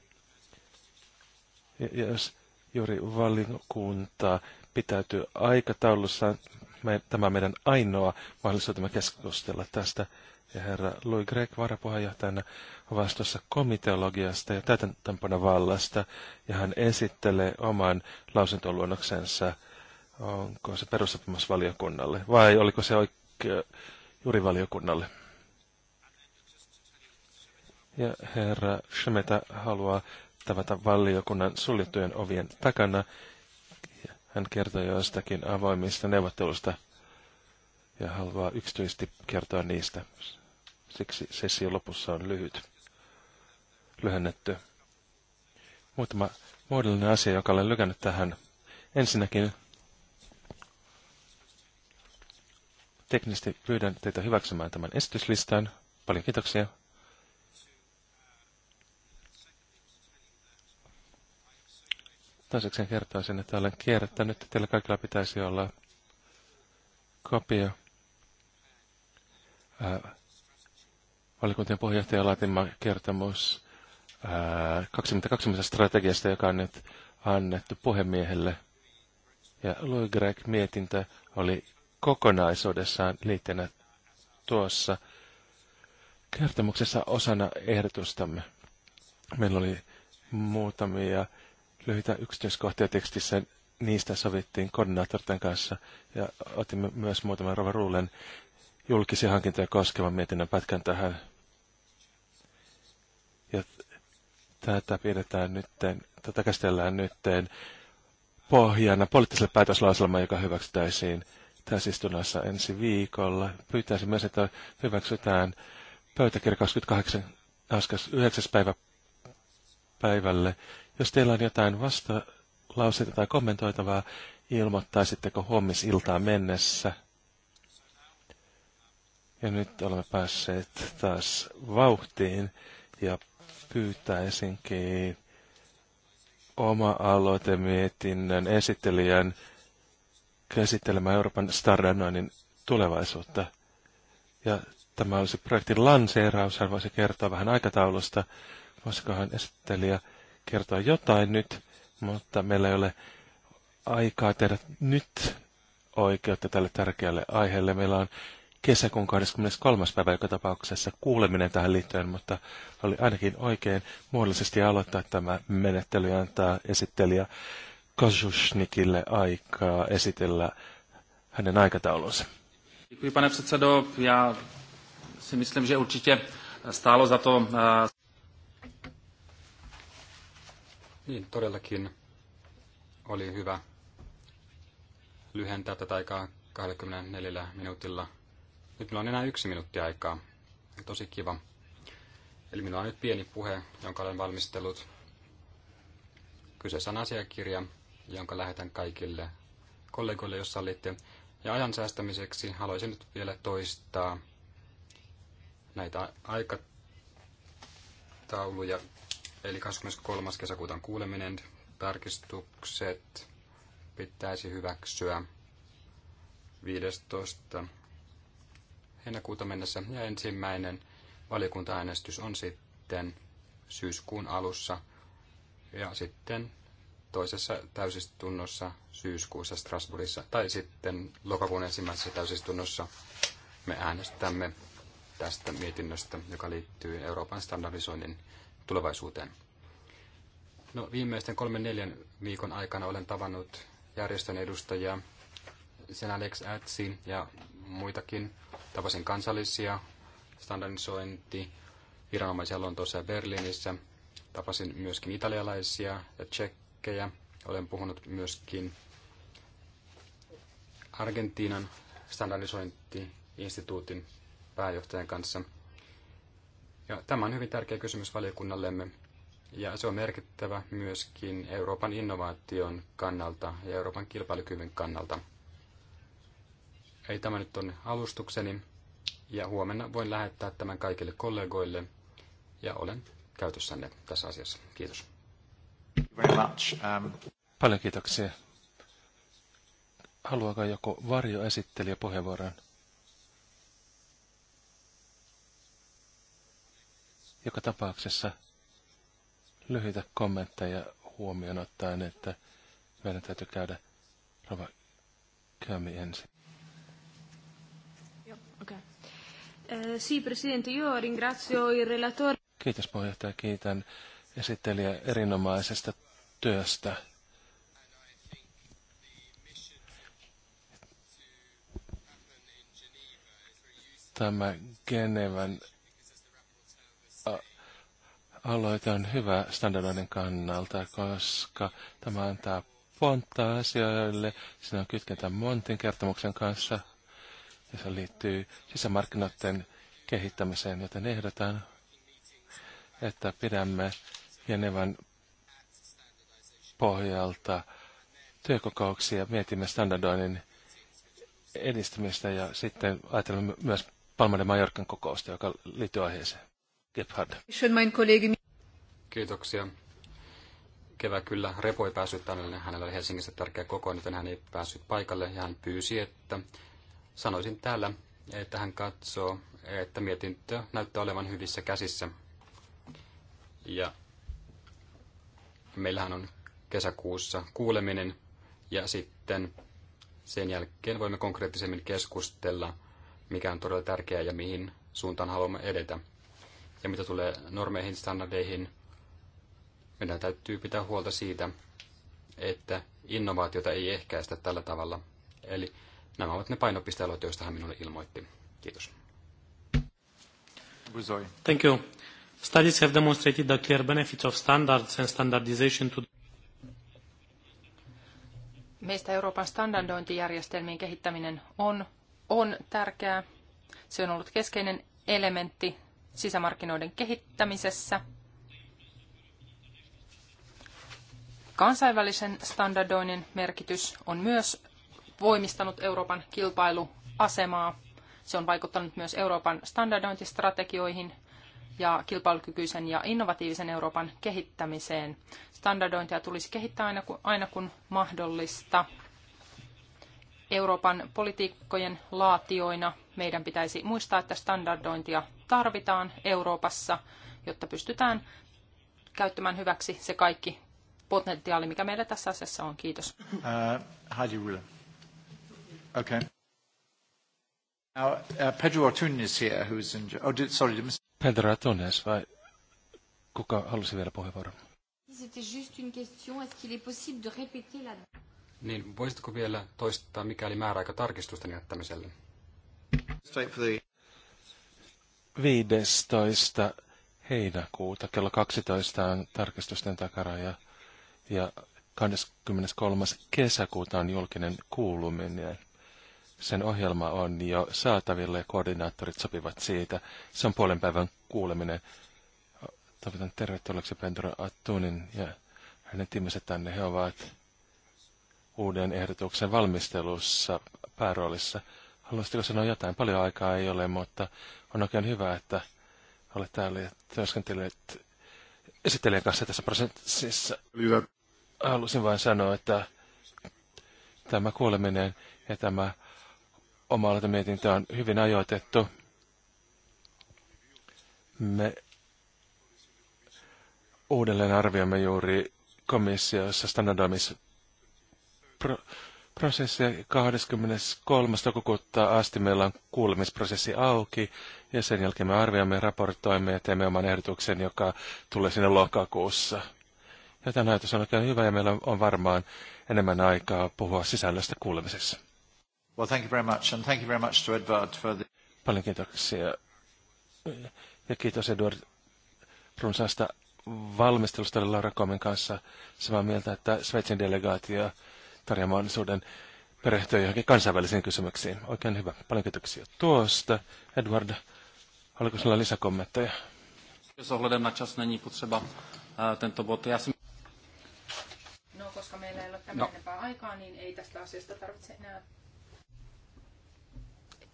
Jos jurivaliokunta pitäytyy aikataulussa, me, tämä on meidän ainoa mahdollisuutemme keskustella tästä. Ja herra Louis Gregg varapuheenjohtajana vastuussa komiteologiasta ja täytäntöönpana vallasta, ja hän esittelee oman lausuntoluonnoksensa, onko se perussopimusvaliokunnalle, vai oliko se oikea jurivaliokunnalle. Ja herra Shemeta haluaa tavata valiokunnan suljettujen ovien takana. Hän kertoi joistakin avoimista neuvottelusta ja haluaa yksityisesti kertoa niistä. Siksi sessio lopussa on lyhyt, lyhennetty. Muutama muodollinen asia, joka olen lykännyt tähän. Ensinnäkin teknisesti pyydän teitä hyväksymään tämän esityslistan. Paljon kiitoksia. Toisekseen kertoisin, että olen kierrättänyt, että teillä kaikilla pitäisi olla kopio ää, äh, valiokuntien puheenjohtajan laatima kertomus 22 äh, strategiasta, joka on nyt annettu puhemiehelle. Ja Louis Greg mietintö oli kokonaisuudessaan liitteenä tuossa kertomuksessa osana ehdotustamme. Meillä oli muutamia lyhyitä yksityiskohtia tekstissä. Niistä sovittiin koordinaattorten kanssa ja otimme myös muutaman Rova Ruulen julkisia hankintoja koskevan mietinnön pätkän tähän. Ja tätä pidetään nytten, tätä käsitellään nytten pohjana poliittiselle päätöslauselmalle, joka hyväksytäisiin täysistunnossa ensi viikolla. Pyytäisin myös, että hyväksytään pöytäkirja 28. 9. päivä päivälle. Jos teillä on jotain vastalauseita tai kommentoitavaa, ilmoittaisitteko huomisiltaan mennessä. Ja nyt olemme päässeet taas vauhtiin ja pyytäisinkin oma aloitemietinnön esittelijän käsittelemään Euroopan Stardanoinnin tulevaisuutta. Ja tämä olisi projektin lanseeraus. Hän voisi kertoa vähän aikataulusta. Voisikohan esittelijä kertoa jotain nyt, mutta meillä ei ole aikaa tehdä nyt oikeutta tälle tärkeälle aiheelle. Meillä on kesäkuun 23. päivä joka tapauksessa kuuleminen tähän liittyen, mutta oli ainakin oikein muodollisesti aloittaa tämä menettely ja antaa esittelijä Kozushnikille aikaa esitellä hänen aikataulunsa. Děkuji, pane předsedo. Já si myslím, že určitě stálo za to. Eh, niin, todellakin oli hyvä lyhentää tätä aikaa 24 minuutilla. Nyt minulla on enää yksi minuutti aikaa. Tosi kiva. Eli minulla on nyt pieni puhe, jonka olen valmistellut. Kyseessä on asiakirja, jonka lähetän kaikille kollegoille, jos sallitte. Ja ajan säästämiseksi haluaisin nyt vielä toistaa näitä aikatauluja, eli 23. kesäkuuta kuuleminen, tarkistukset pitäisi hyväksyä 15. heinäkuuta mennessä ja ensimmäinen valiokuntaäänestys on sitten syyskuun alussa ja sitten toisessa täysistunnossa syyskuussa Strasbourgissa tai sitten lokakuun ensimmäisessä täysistunnossa me äänestämme tästä mietinnöstä, joka liittyy Euroopan standardisoinnin tulevaisuuteen. No, viimeisten kolmen neljän viikon aikana olen tavannut järjestön edustajia, sen Alex Atsin ja muitakin. Tapasin kansallisia standardisointi viranomaisia Lontoossa ja Berliinissä. Tapasin myöskin italialaisia ja tsek, esimerkkejä. Olen puhunut myöskin Argentiinan standardisointiinstituutin pääjohtajan kanssa. Ja tämä on hyvin tärkeä kysymys valiokunnallemme, ja se on merkittävä myöskin Euroopan innovaation kannalta ja Euroopan kilpailukyvyn kannalta. Ei tämä nyt on alustukseni, ja huomenna voin lähettää tämän kaikille kollegoille, ja olen käytössänne tässä asiassa. Kiitos. Very much. Um... Paljon kiitoksia. Haluaako joku varjo esittelijä puheenvuoron? Joka tapauksessa lyhyitä kommentteja huomioon ottaen, että meidän täytyy käydä Rova Kömi ensin. Eh, Kiitos puheenjohtaja, kiitän esittelijä erinomaisesta työstä. Tämä Genevan aloite on hyvä standardoiden kannalta, koska tämä antaa pontta asioille. Siinä on kytkentä Montin kertomuksen kanssa, ja se liittyy sisämarkkinoiden kehittämiseen, joten ehdotan, että pidämme Genevan pohjalta työkokouksia, mietimme standardoinnin edistämistä ja sitten ajattelemme myös Palma de Mallorcan kokousta, joka liittyy aiheeseen. Gebhard. Kiitoksia. Kevä kyllä repoi päässyt tänne. Niin hänellä oli Helsingissä tärkeä koko, joten hän ei päässyt paikalle ja hän pyysi, että sanoisin täällä, että hän katsoo, että mietintö näyttää olevan hyvissä käsissä. Ja meillähän on kesäkuussa kuuleminen ja sitten sen jälkeen voimme konkreettisemmin keskustella, mikä on todella tärkeää ja mihin suuntaan haluamme edetä. Ja mitä tulee normeihin, standardeihin, meidän täytyy pitää huolta siitä, että innovaatiota ei ehkäistä tällä tavalla. Eli nämä ovat ne painopistealueet, joista hän minulle ilmoitti. Kiitos. Thank you. Studies have demonstrated the clear benefits of standards and standardization to Meistä Euroopan standardointijärjestelmien kehittäminen on, on tärkeää. Se on ollut keskeinen elementti sisämarkkinoiden kehittämisessä. Kansainvälisen standardoinnin merkitys on myös voimistanut Euroopan kilpailuasemaa. Se on vaikuttanut myös Euroopan standardointistrategioihin ja kilpailukykyisen ja innovatiivisen Euroopan kehittämiseen. Standardointia tulisi kehittää aina kun, aina kun mahdollista. Euroopan politiikkojen laatioina meidän pitäisi muistaa, että standardointia tarvitaan Euroopassa, jotta pystytään käyttämään hyväksi se kaikki potentiaali, mikä meillä tässä asiassa on. Kiitos. Uh, Heidi Okay. Now, uh, Pedro Ortun is here, who's in... Oh, did, sorry, did Pedro Tunes vai kuka halusi vielä puheenvuoron? Siis niin, voisitko vielä toistaa, mikä oli määräaika tarkistusten jättämiselle? 15. heinäkuuta kello 12 on tarkistusten takaraja ja 23. kesäkuuta on julkinen kuuluminen. Sen ohjelma on jo saatavilla ja koordinaattorit sopivat siitä. Se on puolen päivän kuuleminen. Toivotan tervetulleeksi Pentro Attunin ja hänen tiimensä tänne. He ovat uuden ehdotuksen valmistelussa pääroolissa. Haluaisitko sanoa jotain? Paljon aikaa ei ole, mutta on oikein hyvä, että olet täällä ja työskentelet esittelijän kanssa tässä prosessissa. Halusin vain sanoa, että tämä kuuleminen ja tämä omalta mietintä on hyvin ajoitettu. Me uudelleen arvioimme juuri komissiossa standardoimisprosessia 23. toukokuuta asti meillä on kuulemisprosessi auki ja sen jälkeen me arvioimme, raportoimme ja teemme oman ehdotuksen, joka tulee sinne lokakuussa. tämä näytös on oikein hyvä ja meillä on varmaan enemmän aikaa puhua sisällöstä kuulemisessa. Well, thank you very much, and thank you very much to Edward for the... Paljon kiitoksia. Ja kiitos Edward runsaasta valmistelusta Laura Komen kanssa samaa mieltä, että Sveitsin delegaatio tarjoaa mahdollisuuden perehtyä johonkin kansainvälisiin kysymyksiin. Oikein hyvä. Paljon kiitoksia tuosta. Edward, oliko sinulla lisäkommentteja? S ohledem na čas není potřeba eh, tento bod. Já jsem... No, koska meillä ei ole tämän no. aikaa, niin ei tästä asiasta tarvitse enää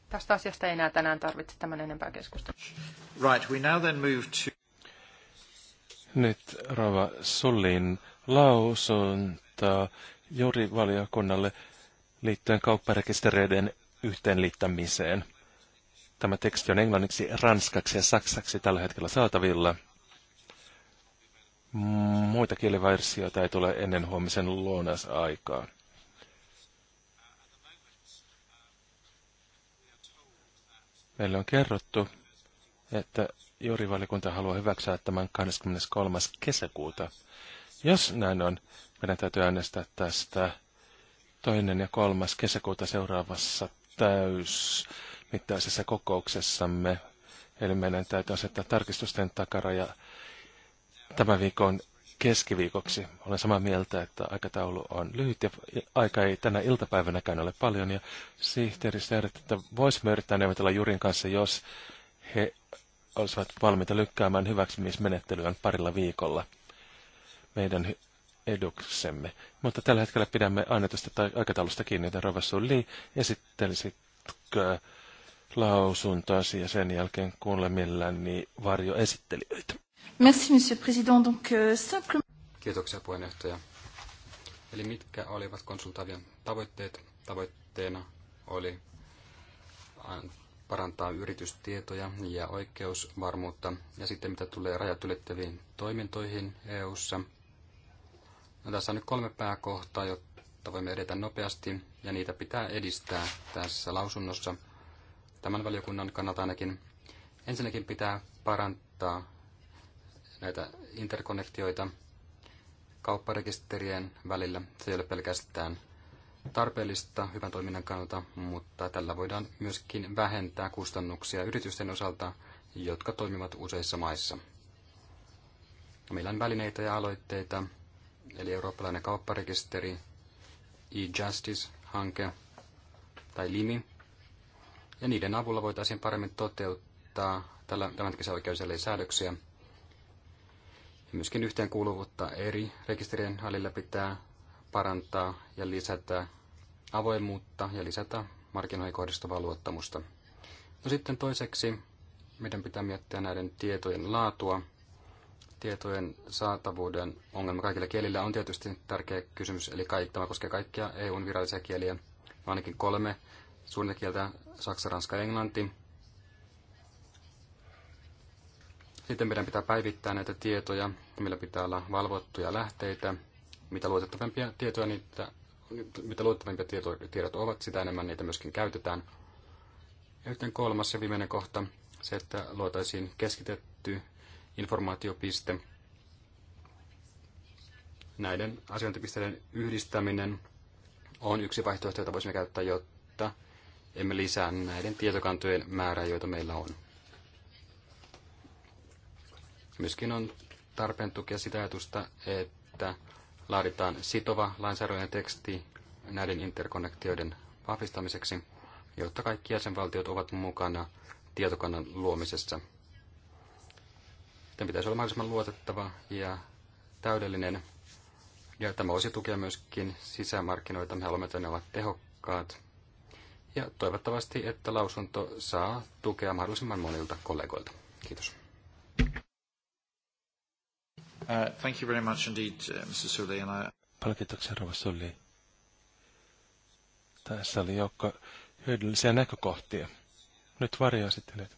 Tästä asiasta ei enää tänään tarvitse tämän enempää keskustella. Right, we now then move to... Nyt Rava Sullin lausunta juuri valiokunnalle liittyen kaupparekistereiden yhteenliittämiseen. Tämä teksti on englanniksi, ranskaksi ja saksaksi tällä hetkellä saatavilla. Muita kieliversioita ei tule ennen huomisen lounasaikaa. Meille on kerrottu, että juurivalikunta haluaa hyväksyä tämän 23. kesäkuuta. Jos näin on, meidän täytyy äänestää tästä toinen ja kolmas kesäkuuta seuraavassa täysmittaisessa kokouksessamme. Eli meidän täytyy asettaa tarkistusten takaraja tämän viikon keskiviikoksi. Olen samaa mieltä, että aikataulu on lyhyt ja aika ei tänä iltapäivänäkään ole paljon. Ja sihteeri ehdotti, että voisimme yrittää neuvotella Jurin kanssa, jos he olisivat valmiita lykkäämään hyväksymismenettelyä parilla viikolla meidän eduksemme. Mutta tällä hetkellä pidämme annetusta tai aikataulusta kiinni, että Rova Sulli, esittelisitkö lausuntoasi ja sen jälkeen kuulemillani varjoesittelijöitä? Merci, monsieur président. Donc, euh, Kiitoksia puheenjohtaja. Eli mitkä olivat konsultaavien tavoitteet? Tavoitteena oli parantaa yritystietoja ja oikeusvarmuutta. Ja sitten mitä tulee rajat ylittäviin toimintoihin EU-ssa. No, tässä on nyt kolme pääkohtaa, jotta voimme edetä nopeasti ja niitä pitää edistää tässä lausunnossa. Tämän valiokunnan kannalta ainakin. Ensinnäkin pitää parantaa näitä interkonnektioita kaupparekisterien välillä. Se ei ole pelkästään tarpeellista hyvän toiminnan kannalta, mutta tällä voidaan myöskin vähentää kustannuksia yritysten osalta, jotka toimivat useissa maissa. Meillä on välineitä ja aloitteita, eli eurooppalainen kaupparekisteri, e-justice-hanke tai LIMI, ja niiden avulla voitaisiin paremmin toteuttaa tällä tämänhetkisiä oikeudellisia säädöksiä – Myöskin yhteenkuuluvuutta eri rekisterien välillä pitää parantaa ja lisätä avoimuutta ja lisätä markkinoihin kohdistuvaa luottamusta. No sitten toiseksi meidän pitää miettiä näiden tietojen laatua. Tietojen saatavuuden ongelma kaikilla kielillä on tietysti tärkeä kysymys, eli kaikki, tämä koskee kaikkia EUn virallisia kieliä, ainakin kolme suunnitelkieltä, saksa, ranska ja englanti. Sitten meidän pitää päivittää näitä tietoja, meillä pitää olla valvottuja lähteitä. Mitä luotettavampia tietoja niitä, mitä luotettavampia tieto, tiedot ovat, sitä enemmän niitä myöskin käytetään. Ja sitten kolmas ja viimeinen kohta, se, että luotaisiin keskitetty informaatiopiste. Näiden asiointipisteiden yhdistäminen on yksi vaihtoehto, jota voisimme käyttää, jotta emme lisää näiden tietokantojen määrää, joita meillä on. Myöskin on tarpeen tukea sitä ajatusta, että laaditaan sitova lainsäädännön teksti näiden interkonnektioiden vahvistamiseksi, jotta kaikki jäsenvaltiot ovat mukana tietokannan luomisessa. Tämä pitäisi olla mahdollisimman luotettava ja täydellinen. Ja tämä voisi tukea myöskin sisämarkkinoita. Me haluamme, että ne ovat tehokkaat. Ja toivottavasti, että lausunto saa tukea mahdollisimman monilta kollegoilta. Kiitos. Uh, thank you very much indeed, uh, Mr. Sully. And I... Paljon kiitoksia, Rova Sully. Tässä oli joukko hyödyllisiä näkökohtia. Nyt varjoesittelijät.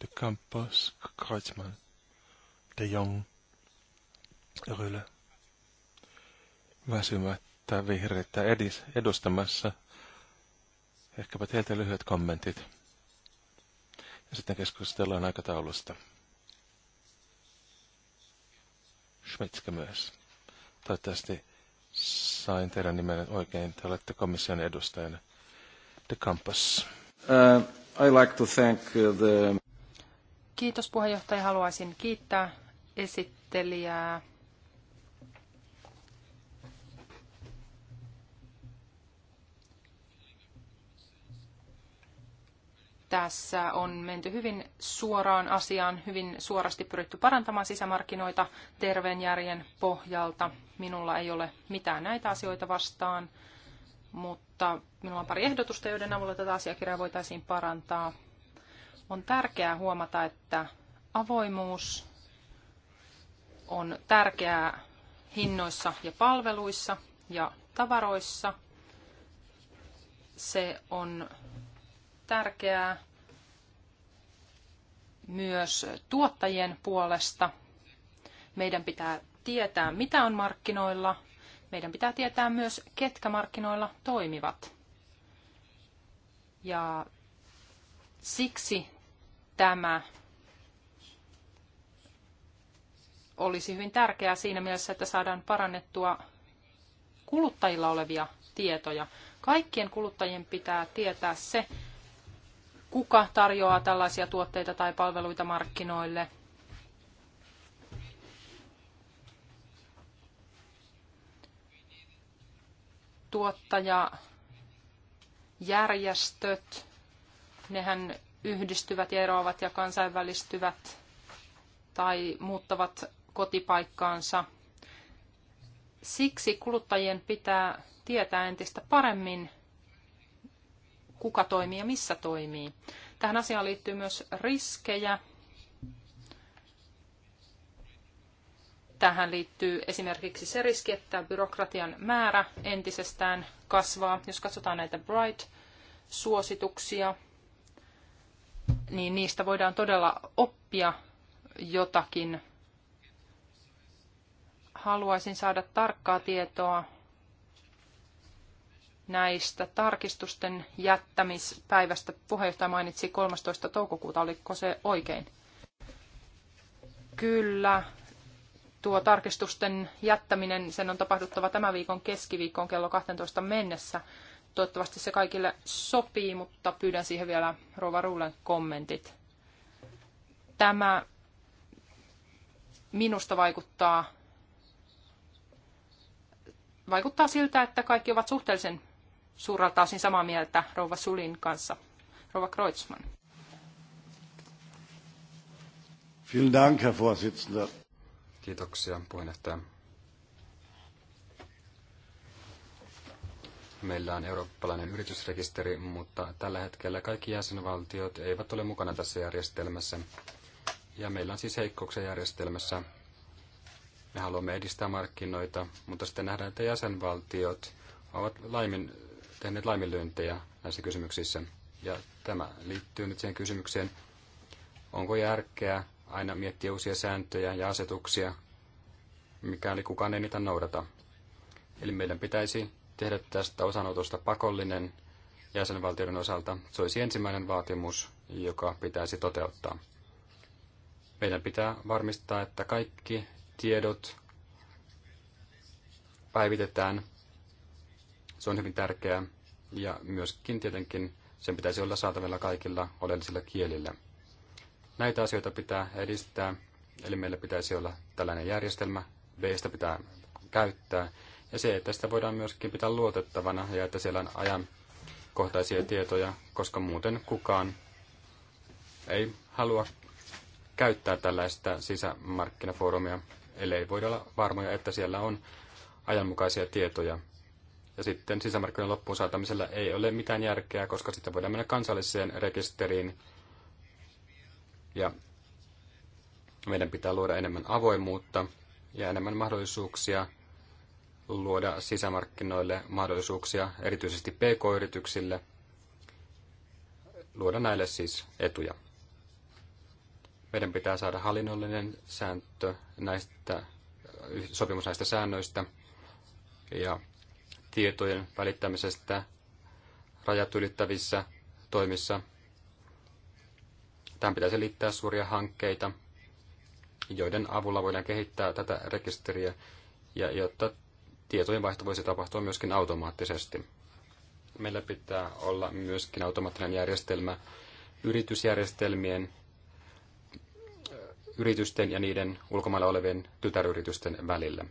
De Campos, Kreuzmann, De Jong, Ryle. Väsymättä vihreitä edis, edustamassa. Ehkäpä teiltä lyhyet kommentit. Ja sitten keskustellaan aikataulusta. Schmitzke myös. Toivottavasti sain teidän nimenne oikein. Te olette komission edustajana. The Campus. Uh, I like to thank uh, the... Kiitos puheenjohtaja. Haluaisin kiittää esittelijää Tässä on menty hyvin suoraan asiaan, hyvin suorasti pyritty parantamaan sisämarkkinoita terveen järjen pohjalta. Minulla ei ole mitään näitä asioita vastaan, mutta minulla on pari ehdotusta, joiden avulla tätä asiakirjaa voitaisiin parantaa. On tärkeää huomata, että avoimuus on tärkeää hinnoissa ja palveluissa ja tavaroissa. Se on tärkeää myös tuottajien puolesta. Meidän pitää tietää, mitä on markkinoilla. Meidän pitää tietää myös, ketkä markkinoilla toimivat. Ja siksi tämä olisi hyvin tärkeää siinä mielessä, että saadaan parannettua kuluttajilla olevia tietoja. Kaikkien kuluttajien pitää tietää se, kuka tarjoaa tällaisia tuotteita tai palveluita markkinoille. Tuottaja järjestöt, nehän yhdistyvät ja eroavat ja kansainvälistyvät tai muuttavat kotipaikkaansa. Siksi kuluttajien pitää tietää entistä paremmin, kuka toimii ja missä toimii. Tähän asiaan liittyy myös riskejä. Tähän liittyy esimerkiksi se riski, että byrokratian määrä entisestään kasvaa. Jos katsotaan näitä Bright-suosituksia, niin niistä voidaan todella oppia jotakin. Haluaisin saada tarkkaa tietoa näistä tarkistusten jättämispäivästä. Puheenjohtaja mainitsi 13. toukokuuta, oliko se oikein? Kyllä, tuo tarkistusten jättäminen, sen on tapahduttava tämän viikon keskiviikkoon kello 12 mennessä. Toivottavasti se kaikille sopii, mutta pyydän siihen vielä Rova Rullen kommentit. Tämä minusta vaikuttaa, vaikuttaa siltä, että kaikki ovat suhteellisen suurelta osin samaa mieltä rouva Sulin kanssa. Rouva Kreutzmann. Vielen Dank, Herr Vorsitzender. Kiitoksia, puheenjohtaja. Meillä on eurooppalainen yritysrekisteri, mutta tällä hetkellä kaikki jäsenvaltiot eivät ole mukana tässä järjestelmässä. Ja meillä on siis heikkouksia järjestelmässä. Me haluamme edistää markkinoita, mutta sitten nähdään, että jäsenvaltiot ovat laimin tehneet laiminlyöntejä näissä kysymyksissä. Ja tämä liittyy nyt siihen kysymykseen, onko järkeä aina miettiä uusia sääntöjä ja asetuksia, mikäli kukaan ei niitä noudata. Eli meidän pitäisi tehdä tästä osanotosta pakollinen jäsenvaltioiden osalta. Se olisi ensimmäinen vaatimus, joka pitäisi toteuttaa. Meidän pitää varmistaa, että kaikki tiedot päivitetään se on hyvin tärkeää ja myöskin tietenkin sen pitäisi olla saatavilla kaikilla oleellisilla kielillä. Näitä asioita pitää edistää, eli meillä pitäisi olla tällainen järjestelmä, b pitää käyttää, ja se, että sitä voidaan myöskin pitää luotettavana ja että siellä on ajankohtaisia tietoja, koska muuten kukaan ei halua käyttää tällaista sisämarkkinafoorumia, ellei voida olla varmoja, että siellä on ajanmukaisia tietoja. Ja sitten sisämarkkinoiden loppuun saatamisella ei ole mitään järkeä, koska sitten voidaan mennä kansalliseen rekisteriin. Ja meidän pitää luoda enemmän avoimuutta ja enemmän mahdollisuuksia luoda sisämarkkinoille mahdollisuuksia erityisesti pk-yrityksille, luoda näille siis etuja. Meidän pitää saada hallinnollinen sääntö näistä, sopimus näistä säännöistä ja tietojen välittämisestä rajat ylittävissä toimissa. Tämän pitäisi liittää suuria hankkeita, joiden avulla voidaan kehittää tätä rekisteriä, ja jotta tietojen vaihto voisi tapahtua myöskin automaattisesti. Meillä pitää olla myöskin automaattinen järjestelmä yritysjärjestelmien, yritysten ja niiden ulkomailla olevien tytäryritysten välillä.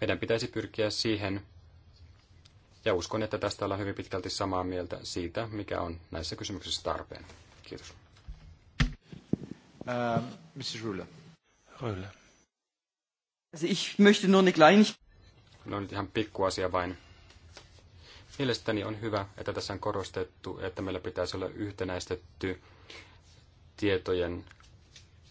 Meidän pitäisi pyrkiä siihen, ja uskon, että tästä ollaan hyvin pitkälti samaa mieltä siitä, mikä on näissä kysymyksissä tarpeen. Kiitos. Uh, Mrs. Rühle. No nyt ihan pikku asia vain. Mielestäni on hyvä, että tässä on korostettu, että meillä pitäisi olla yhtenäistetty tietojen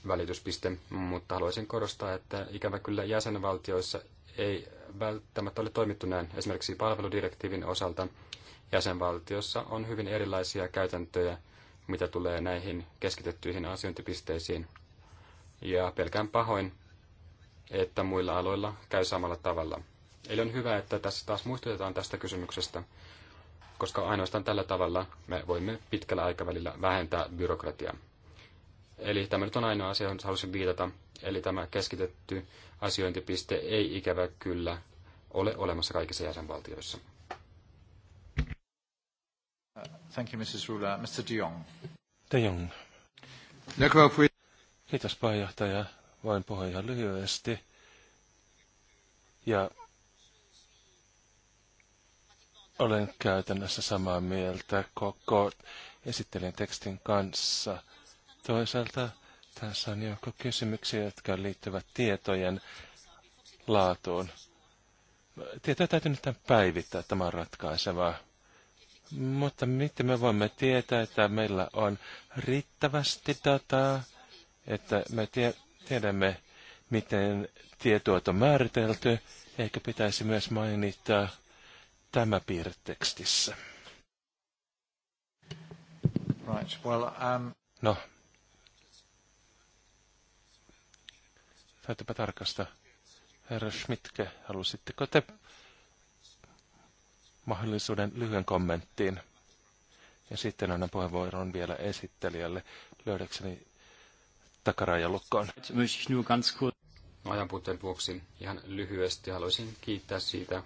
välityspiste, mutta haluaisin korostaa, että ikävä kyllä jäsenvaltioissa ei välttämättä ole toimittu näin. Esimerkiksi palveludirektiivin osalta jäsenvaltiossa on hyvin erilaisia käytäntöjä, mitä tulee näihin keskitettyihin asiointipisteisiin. Ja pelkään pahoin, että muilla aloilla käy samalla tavalla. Eli on hyvä, että tässä taas muistutetaan tästä kysymyksestä, koska ainoastaan tällä tavalla me voimme pitkällä aikavälillä vähentää byrokratiaa. Eli tämä nyt on ainoa asia, johon halusin viitata. Eli tämä keskitetty asiointipiste ei ikävä kyllä ole olemassa kaikissa jäsenvaltioissa. Thank you, Mrs. Rula. Mr. de Jong. De Jong. Kiitos pääjohtaja. Voin puhua ihan lyhyesti. Ja olen käytännössä samaa mieltä koko esittelijän tekstin kanssa – Toisaalta tässä on joukko kysymyksiä, jotka liittyvät tietojen laatuun. Tietoja täytyy nyt päivittää, tämä on ratkaisevaa. Mutta miten me voimme tietää, että meillä on riittävästi dataa, että me tie- tiedämme, miten tietoa on määritelty, eikä pitäisi myös mainita tämä piirre tekstissä. Right, well, um... No, Täytyypä tarkasta. Herra Schmidtke, halusitteko te mahdollisuuden lyhyen kommenttiin? Ja sitten annan puheenvuoron vielä esittelijälle löydäkseni takarajalukkoon. No, ajan vuoksi ihan lyhyesti haluaisin kiittää siitä,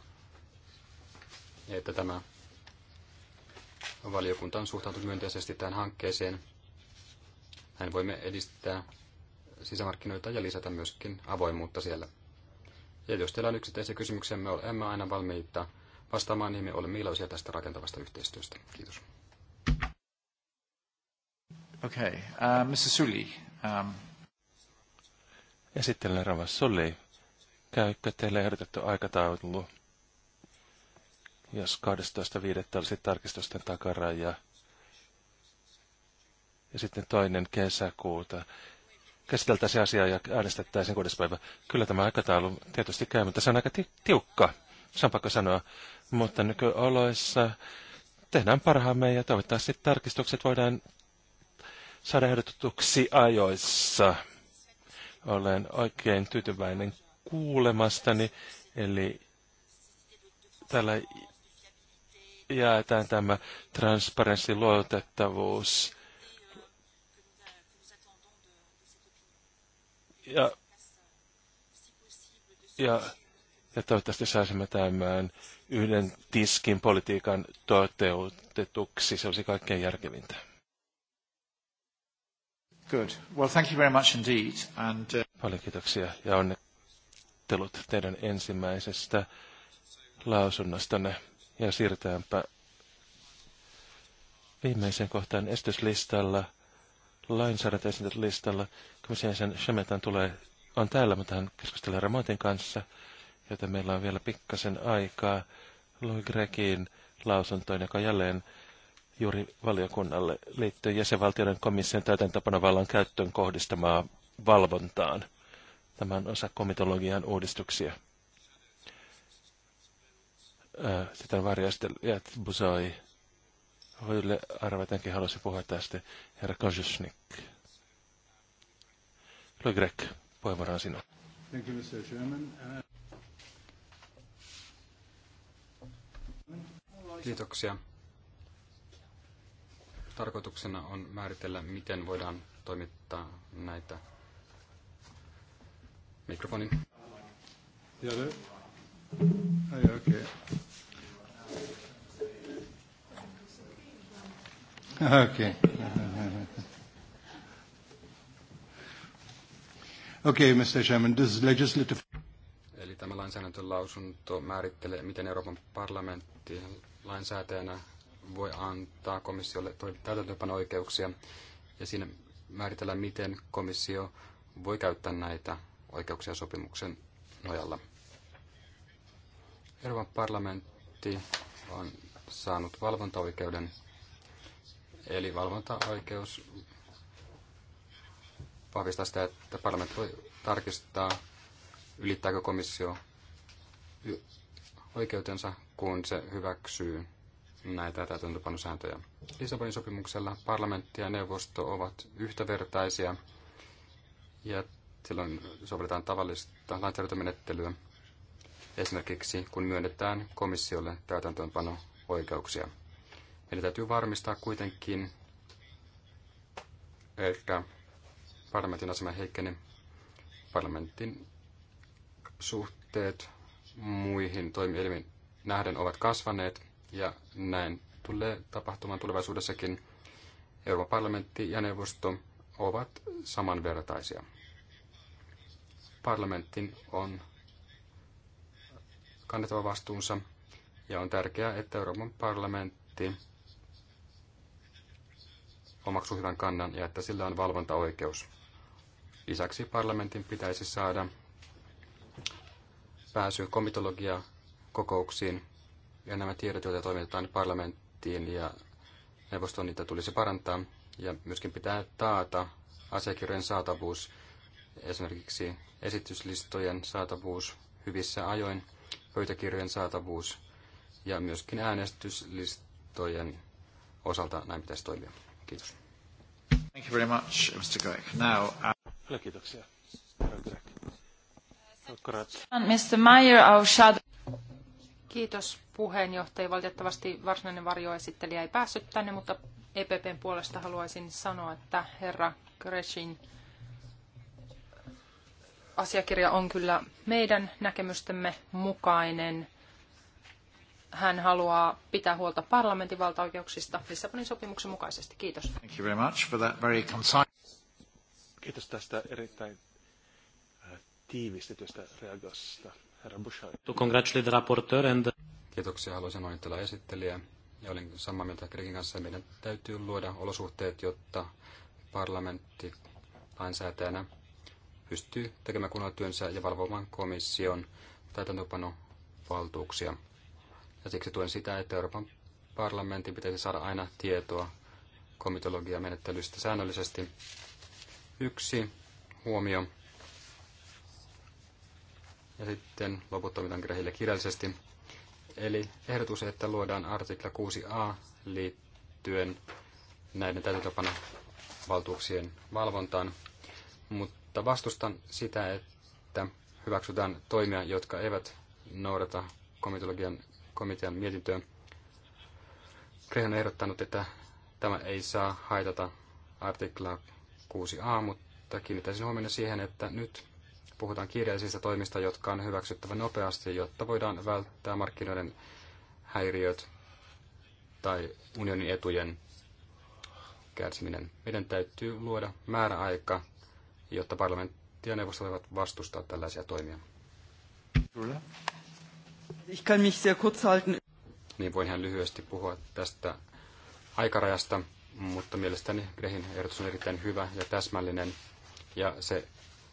että tämä valiokunta on suhtautunut myönteisesti tähän hankkeeseen. Hän voimme edistää sisämarkkinoita ja lisätä myöskin avoimuutta siellä. Ja jos teillä on yksittäisiä kysymyksiä, me olemme aina valmiita vastaamaan niihin. Me olemme iloisia tästä rakentavasta yhteistyöstä. Kiitos. Okei, okay. uh, Mr. Suli. Um... Esittelen Rava Sully. Käykö teille ehdotettu aikataulu? Jos 12.5. olisi tarkistusten takaraja. Ja sitten toinen kesäkuuta käsiteltäisiin asiaa ja äänestettäisiin kuudes päivä. Kyllä tämä aikataulu tietysti käy, mutta se on aika ti- tiukka, se on pakko sanoa. Mutta nykyoloissa tehdään parhaamme ja toivottavasti tarkistukset voidaan saada ehdotetuksi ajoissa. Olen oikein tyytyväinen kuulemastani, eli tällä jaetaan tämä transparenssi, luotettavuus, Ja, ja, ja toivottavasti saisimme tämän yhden tiskin politiikan toteutetuksi. Se olisi kaikkein järkevintä. Good. Well, thank you very much indeed. And, uh... Paljon kiitoksia ja onnittelut teidän ensimmäisestä lausunnostanne. Ja siirrytäänpä viimeiseen kohtaan estyslistalla – lainsäädäntöesityslistalla. Komission sen Shemetan tulee, on täällä, mutta hän keskustelee Ramotin kanssa, joten meillä on vielä pikkasen aikaa Louis Gregin lausuntoon, joka jälleen juuri valiokunnalle liittyy jäsenvaltioiden komission täytäntöpanovallan käyttöön kohdistamaa valvontaan. Tämä on osa komitologian uudistuksia. Sitä varjastelijat Busoi Ville arvatenkin halusi puhua tästä, herra Kajusnik. Le Grek, puheenvuoron sinua. Thank you, Mr. Chairman. Kiitoksia. Tarkoituksena on määritellä, miten voidaan toimittaa näitä mikrofonin. Yeah, okay. Okay. Okay, Mr. Chairman, this legislative... Eli tämä lainsäädäntölausunto määrittelee, miten Euroopan parlamentti lainsäätäjänä voi antaa komissiolle täytäntöönpano-oikeuksia, ja siinä määritellään, miten komissio voi käyttää näitä oikeuksia sopimuksen nojalla. Euroopan parlamentti on saanut valvontaoikeuden Eli valvontaoikeus vahvistaa sitä, että parlamentti voi tarkistaa, ylittääkö komissio oikeutensa, kun se hyväksyy näitä täytäntöpanosääntöjä. Lissabonin sopimuksella parlamentti ja neuvosto ovat yhtävertaisia ja silloin sovelletaan tavallista lainsäädäntömenettelyä, esimerkiksi kun myönnetään komissiolle täytäntöönpano-oikeuksia. Eli täytyy varmistaa kuitenkin, että parlamentin asema heikkeni. Parlamentin suhteet muihin toimielimiin nähden ovat kasvaneet ja näin tulee tapahtumaan tulevaisuudessakin. Euroopan parlamentti ja neuvosto ovat samanvertaisia. Parlamentin on kannettava vastuunsa ja on tärkeää, että Euroopan parlamentti omaksuu hyvän kannan ja että sillä on valvontaoikeus. Lisäksi parlamentin pitäisi saada pääsy komitologia kokouksiin ja nämä tiedot, joita toimitetaan parlamenttiin ja neuvoston, niitä tulisi parantaa. Ja myöskin pitää taata asiakirjojen saatavuus, esimerkiksi esityslistojen saatavuus hyvissä ajoin, pöytäkirjojen saatavuus ja myöskin äänestyslistojen osalta näin pitäisi toimia. Kiitos. Thank you very much, Mr. Greg. Now, uh... Kiitoksia, Mr. Kiitos puheenjohtaja. Valitettavasti varsinainen varjoesittelijä ei päässyt tänne, mutta EPPn puolesta haluaisin sanoa, että herra Greshin asiakirja on kyllä meidän näkemystemme mukainen – hän haluaa pitää huolta parlamentin valtaoikeuksista Lissabonin sopimuksen mukaisesti. Kiitos. Thank you very much for that very Kiitos tästä erittäin äh, tiivistetystä reagosta, herra Bouchard. and... Kiitoksia, haluaisin onnitella esittelijää. Ja olin samaa mieltä Krikin kanssa, meidän täytyy luoda olosuhteet, jotta parlamentti lainsäätäjänä pystyy tekemään kunnolla työnsä ja valvomaan komission täytäntöpanovaltuuksia. Ja siksi tuen sitä, että Euroopan parlamentin pitäisi saada aina tietoa komitologiamenettelystä säännöllisesti. Yksi huomio. Ja sitten loput toimitan kirjallisesti. Eli ehdotus, että luodaan artikla 6a liittyen näiden täytäntöpana valtuuksien valvontaan, mutta vastustan sitä, että hyväksytään toimia, jotka eivät noudata komitologian komitean mietintöä. Krehan on ehdottanut, että tämä ei saa haitata artiklaa 6a, mutta kiinnittäisin huomenna siihen, että nyt puhutaan kiireellisistä toimista, jotka on hyväksyttävä nopeasti, jotta voidaan välttää markkinoiden häiriöt tai unionin etujen kärsiminen. Meidän täytyy luoda määräaika, jotta parlamentti ja neuvosto voivat vastustaa tällaisia toimia. Kyllä. Ich kann mich sehr kurz halten. Niin voin ihan lyhyesti puhua tästä aikarajasta, mutta mielestäni Grehin ehdotus on erittäin hyvä ja täsmällinen ja se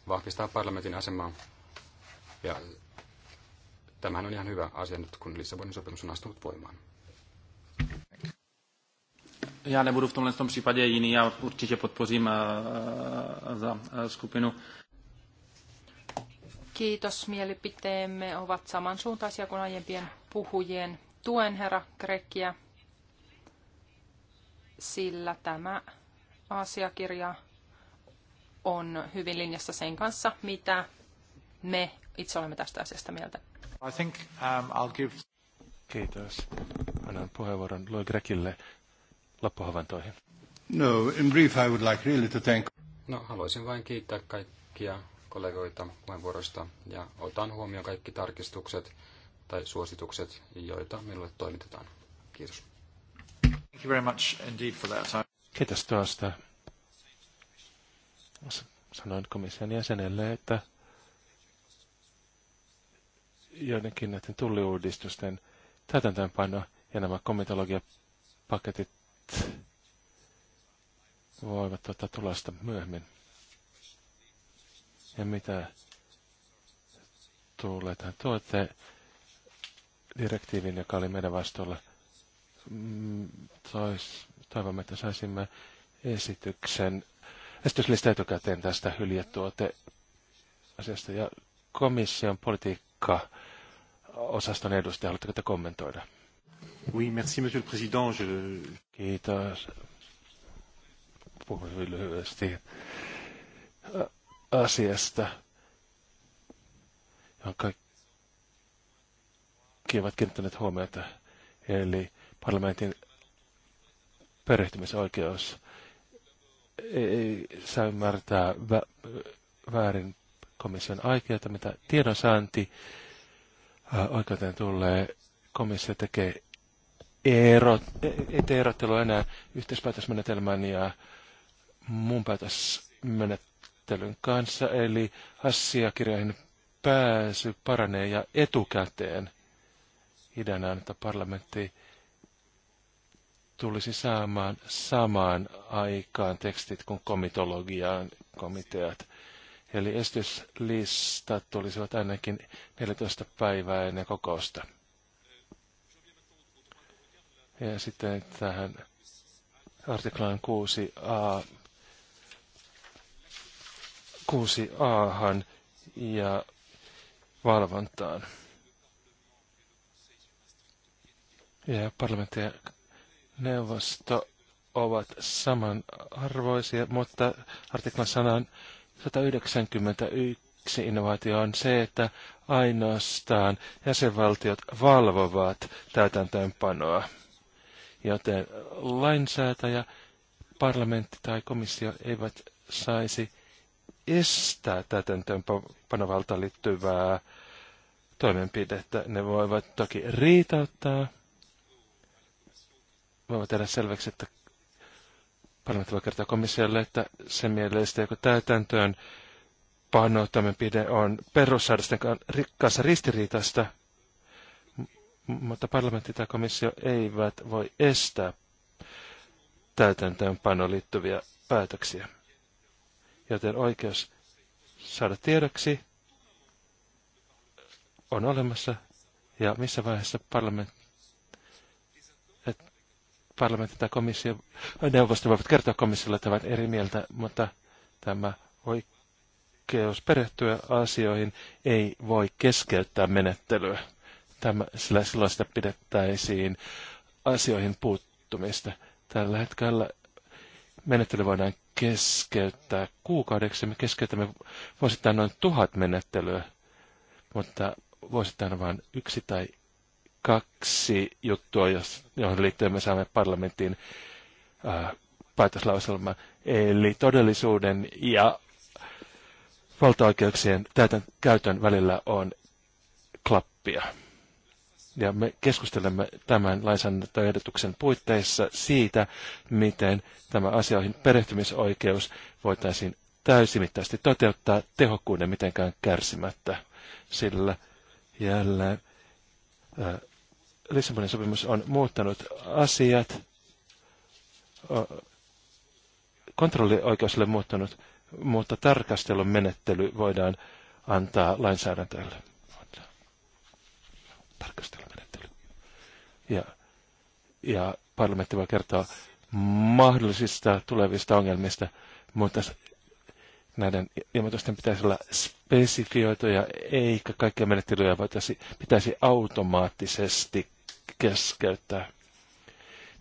vahvistaa parlamentin asemaa. Ja tämähän on ihan hyvä asia nyt, kun Lissabonin sopimus on astunut voimaan. Já nebudu v tomhle tom případě jiný, já určitě podpořím eh, eh, za eh, skupinu Kiitos, mielipiteemme ovat samansuuntaisia kuin aiempien puhujien. Tuen herra Grekkiä, sillä tämä asiakirja on hyvin linjassa sen kanssa, mitä me itse olemme tästä asiasta mieltä. I think, um, I'll give... Kiitos. Annan puheenvuoron Louis Grekille loppuhavaintoihin. No, in brief I would like really to thank... No, haluaisin vain kiittää kaikkia kollegoita puheenvuoroista ja otan huomioon kaikki tarkistukset tai suositukset, joita minulle toimitetaan. Kiitos. Thank you very much indeed for that. Kiitos tuosta. Sanoin komission jäsenelle, että joidenkin näiden tulliuudistusten täytäntöönpano ja nämä komitologiapaketit voivat ottaa tulosta myöhemmin. Ja mitä tulee tähän tuote direktiivin, joka oli meidän vastuulla, mm, tois, toivomme, että saisimme esityksen, esityslista etukäteen tästä hyljetuote asiasta ja komission politiikka osaston edustaja, haluatteko te kommentoida? Oui, merci, monsieur le président. Je... Kiitos. Puhun lyhyesti asiasta, johon kaikki ovat kiinnittäneet huomiota, eli parlamentin perehtymisoikeus ei saa ymmärtää vä- väärin komission aikeita, mitä tiedonsaanti oikeuteen tulee. Komissio tekee erot, ei erottelu enää yhteispäätösmenetelmän ja muun päätösmenetelmän käsittelyn kanssa, eli asiakirjoihin pääsy paranee ja etukäteen ideana on, että parlamentti tulisi saamaan samaan aikaan tekstit kuin komitologiaan komiteat. Eli esityslistat tulisivat ainakin 14 päivää ennen kokousta. Ja sitten tähän artiklaan 6a kuusi aahan ja valvontaan. Ja parlamentti ja neuvosto ovat samanarvoisia, mutta artiklan sanan 191 innovaatio on se, että ainoastaan jäsenvaltiot valvovat täytäntöönpanoa. Joten lainsäätäjä, parlamentti tai komissio eivät saisi estää täytäntöönpanovaltaan liittyvää toimenpidettä. Ne voivat toki riitauttaa, voivat tehdä selväksi, että parlamentti voi kertoa komissiolle, että sen mielestä joku täytäntöön panotoimenpide on perussäädösten kanssa ristiriitaista, mutta parlamentti tai komissio eivät voi estää täytäntöönpanoon liittyviä päätöksiä joten oikeus saada tiedoksi on olemassa ja missä vaiheessa parlamentti parlamentti tai komissio, neuvosto voivat kertoa komissiolle, että ovat eri mieltä, mutta tämä oikeus perehtyä asioihin ei voi keskeyttää menettelyä. Tämä, sillä silloin sitä pidettäisiin asioihin puuttumista. Tällä hetkellä menettely voidaan keskeyttää kuukaudeksi. Me keskeytämme vuosittain noin tuhat menettelyä, mutta vuosittain on vain yksi tai kaksi juttua, johon liittyen me saamme parlamentin päätöslauselman. Äh, päätöslauselma. Eli todellisuuden ja valtaoikeuksien täytön, käytön välillä on klappia ja me keskustelemme tämän lainsäädäntöehdotuksen puitteissa siitä, miten tämä asioihin perehtymisoikeus voitaisiin täysimittaisesti toteuttaa tehokkuuden mitenkään kärsimättä, sillä jälleen Lissabonin sopimus on muuttanut asiat, kontrollioikeuselle muuttanut, mutta tarkastelun menettely voidaan antaa lainsäädäntölle tarkastelumenettely. Ja, ja parlamentti voi kertoa mahdollisista tulevista ongelmista, mutta näiden ilmoitusten pitäisi olla spesifioituja, eikä kaikkia menettelyjä voitaisi, pitäisi automaattisesti keskeyttää.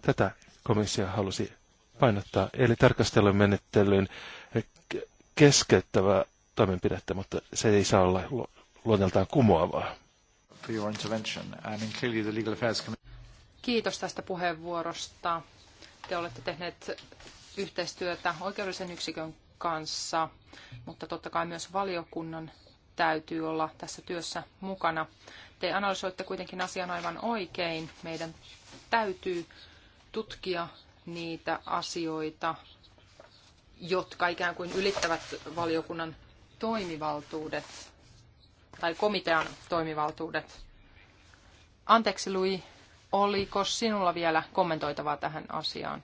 Tätä komissio halusi painottaa, eli tarkastelumenettelyn keskeyttävää toimenpidettä, mutta se ei saa olla luonteeltaan kumoavaa for your intervention. I mean, clearly the Legal Affairs Kiitos tästä puheenvuorosta. Te olette tehneet yhteistyötä oikeudellisen yksikön kanssa, mutta totta kai myös valiokunnan täytyy olla tässä työssä mukana. Te analysoitte kuitenkin asian aivan oikein. Meidän täytyy tutkia niitä asioita, jotka ikään kuin ylittävät valiokunnan toimivaltuudet tai komitean toimivaltuudet. Anteeksi, Lui, oliko sinulla vielä kommentoitavaa tähän asiaan?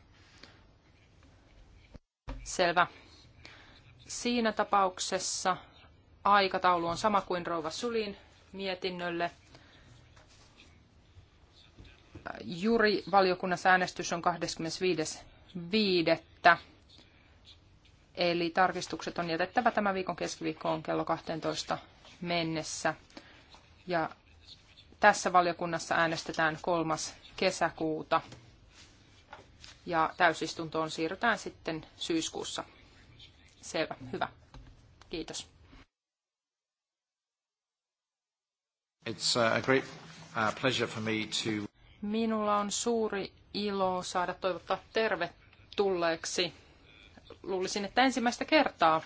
Selvä. Siinä tapauksessa aikataulu on sama kuin Rouva Sulin mietinnölle. Juri valiokunnassa äänestys on 25.5. Eli tarkistukset on jätettävä tämän viikon keskiviikkoon kello 12 mennessä. Ja tässä valiokunnassa äänestetään kolmas kesäkuuta ja täysistuntoon siirrytään sitten syyskuussa. Selvä, hyvä. Kiitos. It's uh, a great uh, pleasure for me to... Minulla on suuri ilo saada toivottaa tervetulleeksi. Luulisin, että ensimmäistä kertaa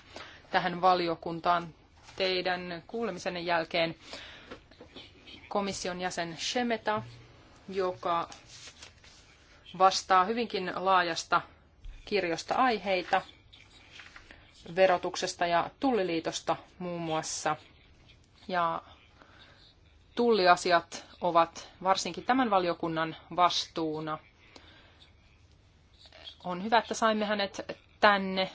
tähän valiokuntaan teidän kuulemisen jälkeen komission jäsen Shemeta, joka vastaa hyvinkin laajasta kirjosta aiheita verotuksesta ja tulliliitosta muun muassa. Ja tulliasiat ovat varsinkin tämän valiokunnan vastuuna. On hyvä, että saimme hänet tänne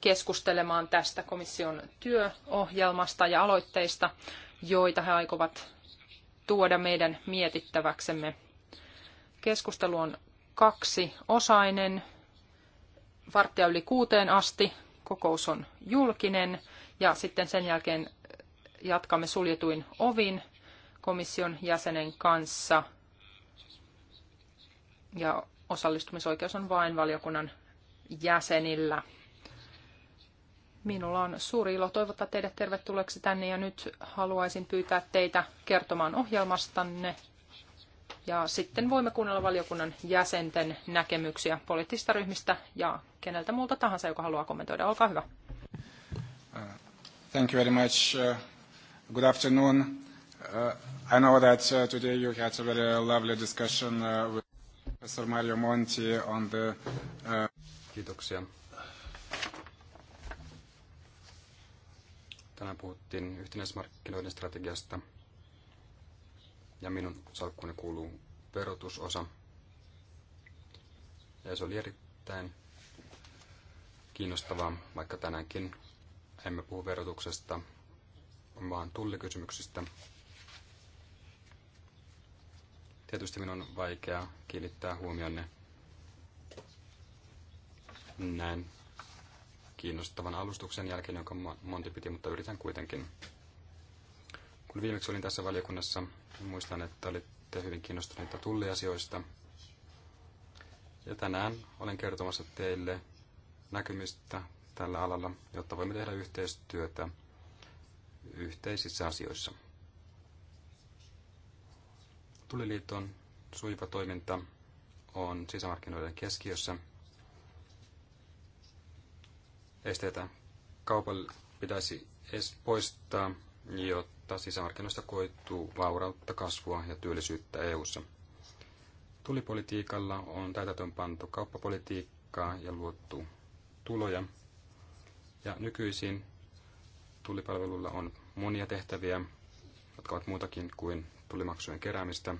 keskustelemaan tästä komission työohjelmasta ja aloitteista, joita he aikovat tuoda meidän mietittäväksemme. Keskustelu on kaksi osainen. Varttia yli kuuteen asti kokous on julkinen ja sitten sen jälkeen jatkamme suljetuin ovin komission jäsenen kanssa. Ja osallistumisoikeus on vain valiokunnan jäsenillä. Minulla on suuri ilo toivottaa teidät tervetulleeksi tänne ja nyt haluaisin pyytää teitä kertomaan ohjelmastanne. Ja sitten voimme kuunnella valiokunnan jäsenten näkemyksiä poliittisista ryhmistä ja keneltä muulta tahansa, joka haluaa kommentoida. Olkaa hyvä. Uh, thank you very much. Uh, good afternoon. Uh, I know that today you had a very lovely discussion with Professor Mario Monti on the... Kiitoksia. Tänään puhuttiin yhtenäismarkkinoiden strategiasta ja minun salkkuuni kuuluu verotusosa. Ja se oli erittäin kiinnostavaa, vaikka tänäänkin emme puhu verotuksesta, vaan tullikysymyksistä. Tietysti minun on vaikea kiinnittää huomionne näin kiinnostavan alustuksen jälkeen, jonka Monti piti, mutta yritän kuitenkin. Kun viimeksi olin tässä valiokunnassa, muistan, että olitte hyvin kiinnostuneita tulliasioista. Ja tänään olen kertomassa teille näkymistä tällä alalla, jotta voimme tehdä yhteistyötä yhteisissä asioissa. Tuliliiton sujuva toiminta on sisämarkkinoiden keskiössä – esteitä kaupalle pitäisi edes poistaa, jotta sisämarkkinoista koituu vaurautta, kasvua ja työllisyyttä EU:ssa. Tulipolitiikalla on pantu kauppapolitiikkaa ja luottu tuloja. Ja nykyisin tulipalvelulla on monia tehtäviä, jotka ovat muutakin kuin tulimaksujen keräämistä.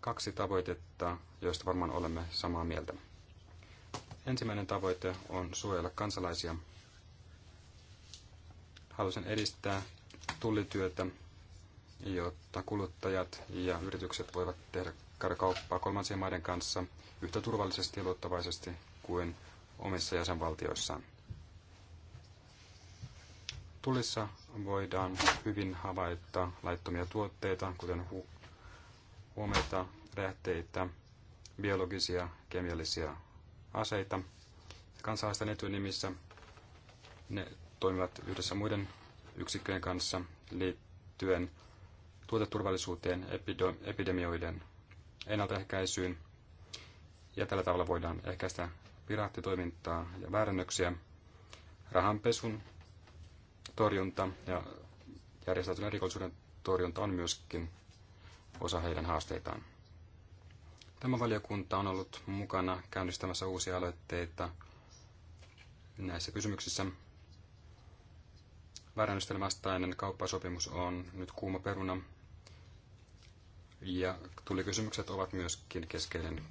Kaksi tavoitetta, joista varmaan olemme samaa mieltä. Ensimmäinen tavoite on suojella kansalaisia. Haluaisin edistää tullityötä, jotta kuluttajat ja yritykset voivat tehdä käydä kauppaa kolmansien maiden kanssa yhtä turvallisesti ja luottavaisesti kuin omissa jäsenvaltioissaan. Tulissa voidaan hyvin havaita laittomia tuotteita, kuten hu- huomeita, räjähteitä, biologisia, kemiallisia aseita kansalaisten nimissä Ne toimivat yhdessä muiden yksikköjen kanssa liittyen tuoteturvallisuuteen, epidemioiden ennaltaehkäisyyn. Ja tällä tavalla voidaan ehkäistä piraattitoimintaa ja väärännöksiä, rahanpesun torjunta ja järjestäytyneen rikollisuuden torjunta on myöskin osa heidän haasteitaan. Tämä valiokunta on ollut mukana käynnistämässä uusia aloitteita näissä kysymyksissä. Väärännysten vastainen kauppasopimus on nyt kuuma peruna. Ja tulikysymykset ovat myöskin keskeinen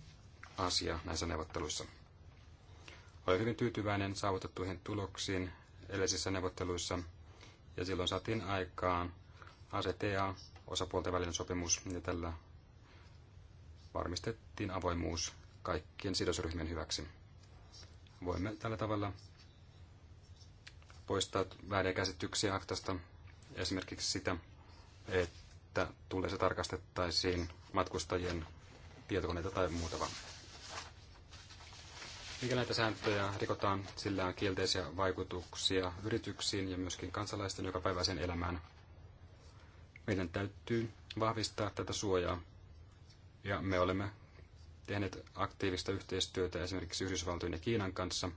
asia näissä neuvotteluissa. Olen hyvin tyytyväinen saavutettuihin tuloksiin edellisissä neuvotteluissa, ja silloin saatiin aikaan ACTA, osapuolten välinen sopimus, ja tällä varmistettiin avoimuus kaikkien sidosryhmien hyväksi. Voimme tällä tavalla poistaa vääriä käsityksiä aktasta, esimerkiksi sitä, että tulee se tarkastettaisiin matkustajien tietokoneita tai muuta vaan. Mikä näitä sääntöjä rikotaan, sillä on kielteisiä vaikutuksia yrityksiin ja myöskin kansalaisten jokapäiväiseen elämään. Meidän täytyy vahvistaa tätä suojaa ja me olemme tehneet aktiivista yhteistyötä esimerkiksi Yhdysvaltojen ja Kiinan kanssa.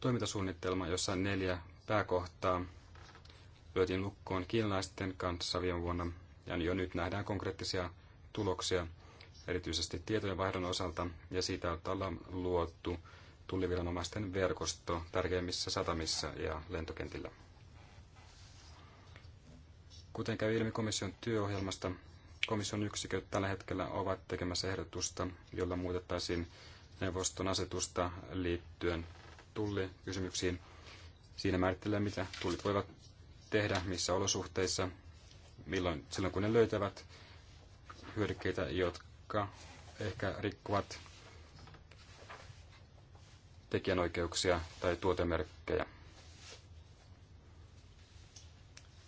Toimintasuunnitelma, jossa on neljä pääkohtaa löytiin lukkoon kiinalaisten kanssa viime vuonna, ja jo nyt nähdään konkreettisia tuloksia, erityisesti tietojenvaihdon osalta, ja siitä, että ollaan luotu tulliviranomaisten verkosto tärkeimmissä satamissa ja lentokentillä. Kuten kävi ilmi komission työohjelmasta, komission yksiköt tällä hetkellä ovat tekemässä ehdotusta, jolla muutettaisiin neuvoston asetusta liittyen tullikysymyksiin. Siinä määrittelee, mitä tullit voivat tehdä, missä olosuhteissa, milloin, silloin kun ne löytävät hyödykkeitä, jotka ehkä rikkovat tekijänoikeuksia tai tuotemerkkejä.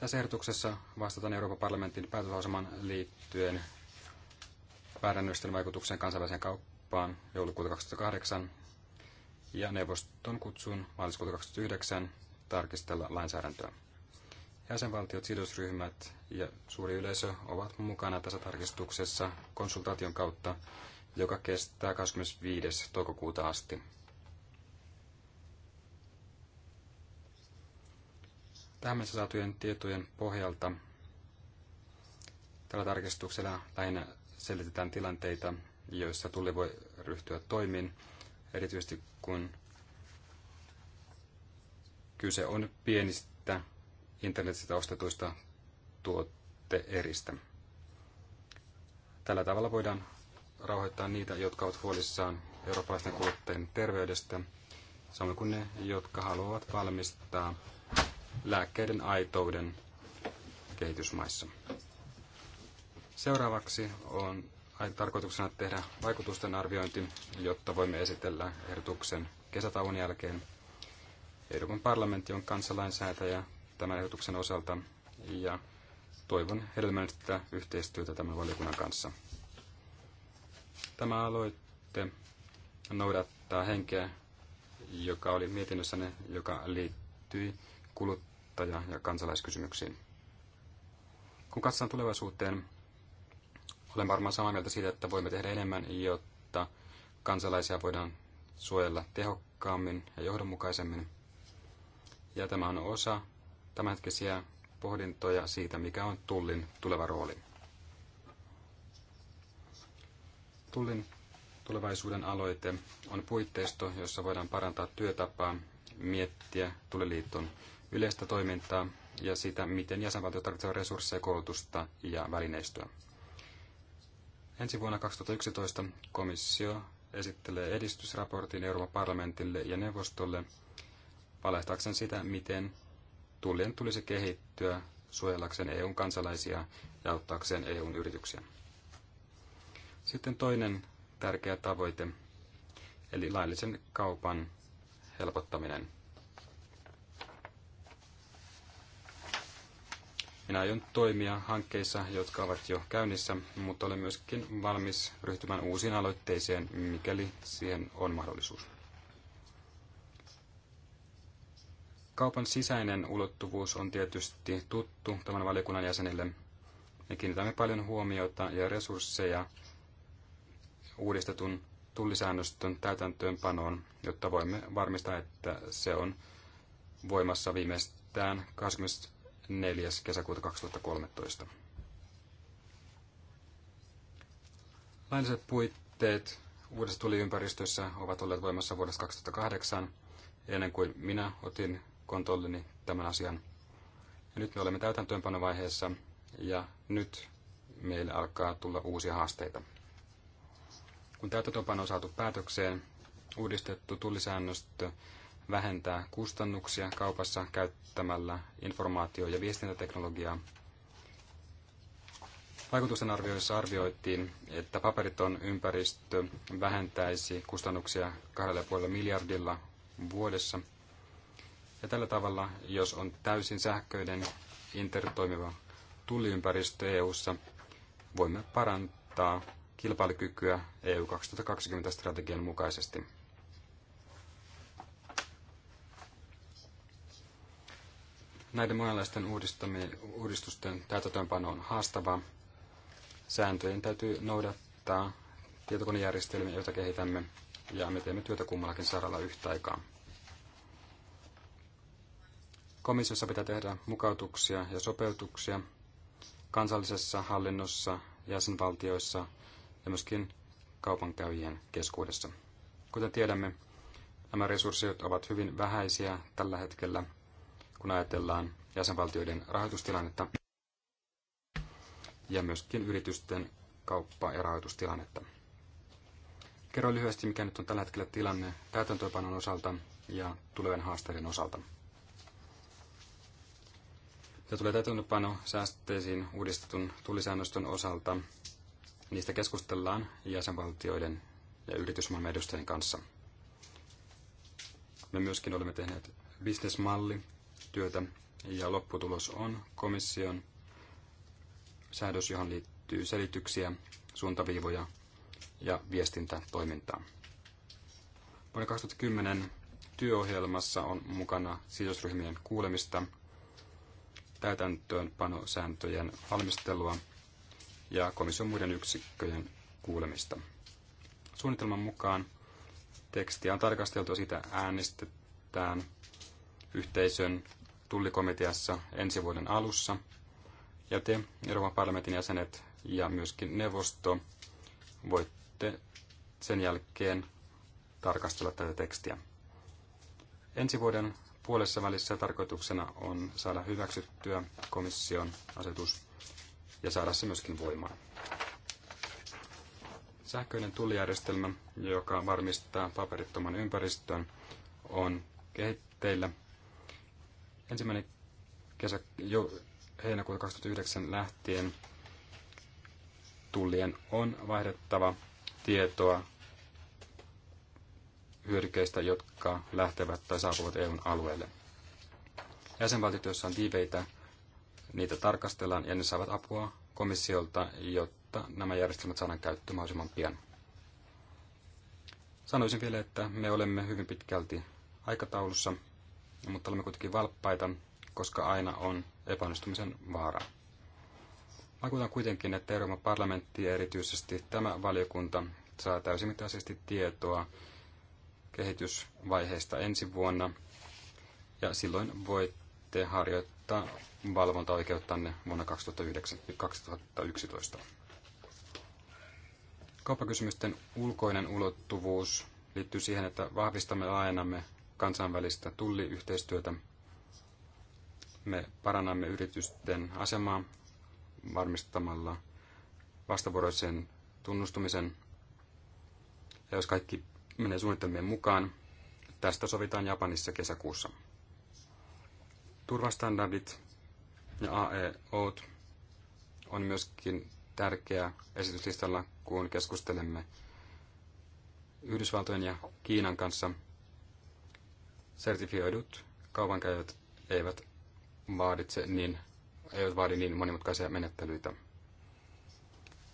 Tässä ehdotuksessa vastataan Euroopan parlamentin päätösaseman liittyen väärännösten vaikutukseen kansainväliseen kauppaan joulukuuta 2008 ja neuvoston kutsuun maaliskuuta 2009 tarkistella lainsäädäntöä. Jäsenvaltiot, sidosryhmät ja suuri yleisö ovat mukana tässä tarkistuksessa konsultaation kautta, joka kestää 25. toukokuuta asti. Tähän mennessä saatujen tietojen pohjalta tällä tarkistuksella lähinnä selitetään tilanteita, joissa tuli voi ryhtyä toimiin, erityisesti kun kyse on pienistä internetistä ostetuista tuotteeristä. Tällä tavalla voidaan rauhoittaa niitä, jotka ovat huolissaan eurooppalaisten kuluttajien terveydestä, samoin kuin ne, jotka haluavat valmistaa lääkkeiden aitouden kehitysmaissa. Seuraavaksi on tarkoituksena tehdä vaikutusten arviointi, jotta voimme esitellä ehdotuksen kesätauon jälkeen. Euroopan parlamentti on kansalainsäätäjä tämän ehdotuksen osalta ja toivon hedelmällistä yhteistyötä tämän valiokunnan kanssa. Tämä aloitte noudattaa henkeä, joka oli mietinnössäne, joka liittyi kulut maahanmuuttaja- ja kansalaiskysymyksiin. Kun katsotaan tulevaisuuteen, olen varmaan samaa mieltä siitä, että voimme tehdä enemmän, jotta kansalaisia voidaan suojella tehokkaammin ja johdonmukaisemmin. Ja tämä on osa tämänhetkisiä pohdintoja siitä, mikä on Tullin tuleva rooli. Tullin tulevaisuuden aloite on puitteisto, jossa voidaan parantaa työtapaa, miettiä Tulliliiton yleistä toimintaa ja sitä, miten jäsenvaltiot tarvitsevat resursseja, koulutusta ja välineistöä. Ensi vuonna 2011 komissio esittelee edistysraportin Euroopan parlamentille ja neuvostolle valehtaakseen sitä, miten tullien tulisi kehittyä suojellakseen EUn kansalaisia ja auttaakseen EUn yrityksiä. Sitten toinen tärkeä tavoite, eli laillisen kaupan helpottaminen. Minä aion toimia hankkeissa, jotka ovat jo käynnissä, mutta olen myöskin valmis ryhtymään uusiin aloitteisiin, mikäli siihen on mahdollisuus. Kaupan sisäinen ulottuvuus on tietysti tuttu tämän valiokunnan jäsenille. Me kiinnitämme paljon huomiota ja resursseja uudistetun tullisäännöstön täytäntöönpanoon, jotta voimme varmistaa, että se on voimassa viimeistään 20 4. kesäkuuta 2013. Lailliset puitteet uudessa tuliympäristössä ovat olleet voimassa vuodesta 2008, ennen kuin minä otin kontrollini tämän asian. Ja nyt me olemme täytäntöönpanovaiheessa ja nyt meillä alkaa tulla uusia haasteita. Kun täytäntöönpano on saatu päätökseen, uudistettu tullisäännöstö vähentää kustannuksia kaupassa käyttämällä informaatio- ja viestintäteknologiaa. Vaikutusten arvioissa arvioitiin, että paperiton ympäristö vähentäisi kustannuksia 2,5 miljardilla vuodessa. Ja tällä tavalla, jos on täysin sähköinen intertoimiva tulliympäristö EU:ssa, voimme parantaa kilpailukykyä EU 2020 strategian mukaisesti. Näiden monenlaisten uudistusten täytäntöönpano on haastavaa. Sääntöjen täytyy noudattaa tietokonejärjestelmiä, joita kehitämme, ja me teemme työtä kummallakin saralla yhtä aikaa. Komissiossa pitää tehdä mukautuksia ja sopeutuksia kansallisessa hallinnossa, jäsenvaltioissa ja myöskin kaupankäyjien keskuudessa. Kuten tiedämme, nämä resurssit ovat hyvin vähäisiä tällä hetkellä – kun ajatellaan jäsenvaltioiden rahoitustilannetta ja myöskin yritysten kauppa- ja rahoitustilannetta. Kerro lyhyesti, mikä nyt on tällä hetkellä tilanne täytäntöönpanon osalta ja tulevien haasteiden osalta. Mitä tulee täytäntöönpano säästeisiin uudistetun tulisäännöstön osalta, niistä keskustellaan jäsenvaltioiden ja yritysmaailman edustajien kanssa. Me myöskin olemme tehneet bisnesmalli yhteistyötä ja lopputulos on komission säädös, johon liittyy selityksiä, suuntaviivoja ja viestintätoimintaa. Vuoden 2010 työohjelmassa on mukana sidosryhmien kuulemista, täytäntöönpanosääntöjen valmistelua ja komission muiden yksikköjen kuulemista. Suunnitelman mukaan tekstiä on tarkasteltu ja sitä äänestetään yhteisön tullikomiteassa ensi vuoden alussa. Ja te, Euroopan parlamentin jäsenet ja myöskin neuvosto, voitte sen jälkeen tarkastella tätä tekstiä. Ensi vuoden puolessa välissä tarkoituksena on saada hyväksyttyä komission asetus ja saada se myöskin voimaan. Sähköinen tullijärjestelmä, joka varmistaa paperittoman ympäristön, on kehitteillä Ensimmäinen kesä, jo, heinäkuuta 2009 lähtien tullien on vaihdettava tietoa hyödykkeistä, jotka lähtevät tai saapuvat EUn alueelle. Jäsenvaltiot, joissa on tiiveitä, niitä tarkastellaan ja ne saavat apua komissiolta, jotta nämä järjestelmät saadaan käyttöön mahdollisimman pian. Sanoisin vielä, että me olemme hyvin pitkälti aikataulussa mutta olemme kuitenkin valppaita, koska aina on epäonnistumisen vaara. Vakuutan kuitenkin, että Euroopan parlamentti ja erityisesti tämä valiokunta saa täysimittaisesti tietoa kehitysvaiheesta ensi vuonna, ja silloin voitte harjoittaa valvontaoikeuttanne vuonna 2011. Kauppakysymysten ulkoinen ulottuvuus liittyy siihen, että vahvistamme laajennamme kansainvälistä tulliyhteistyötä. Me parannamme yritysten asemaa varmistamalla vastavuoroisen tunnustumisen. Ja jos kaikki menee suunnitelmien mukaan, tästä sovitaan Japanissa kesäkuussa. Turvastandardit ja AEOt on myöskin tärkeä esityslistalla, kun keskustelemme Yhdysvaltojen ja Kiinan kanssa – sertifioidut kaupankäyjät eivät, vaaditse niin, eivät vaadi niin monimutkaisia menettelyitä.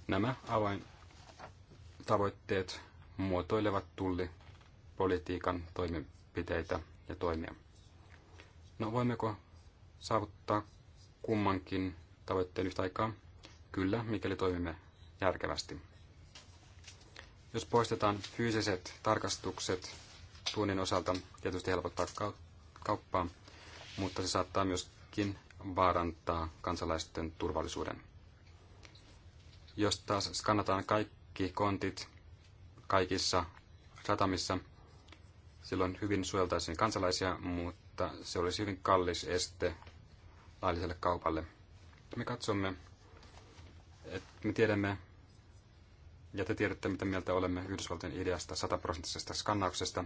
Nämä avaintavoitteet muotoilevat tullipolitiikan toimenpiteitä ja toimia. No voimmeko saavuttaa kummankin tavoitteen yhtä aikaa? Kyllä, mikäli toimimme järkevästi. Jos poistetaan fyysiset tarkastukset tuonnin osalta tietysti helpottaa kauppaa, mutta se saattaa myöskin vaarantaa kansalaisten turvallisuuden. Jos taas skannataan kaikki kontit kaikissa satamissa, silloin hyvin suojeltaisiin kansalaisia, mutta se olisi hyvin kallis este lailliselle kaupalle. Me katsomme, että me tiedämme, ja te tiedätte, mitä mieltä olemme Yhdysvaltojen ideasta sataprosenttisesta skannauksesta.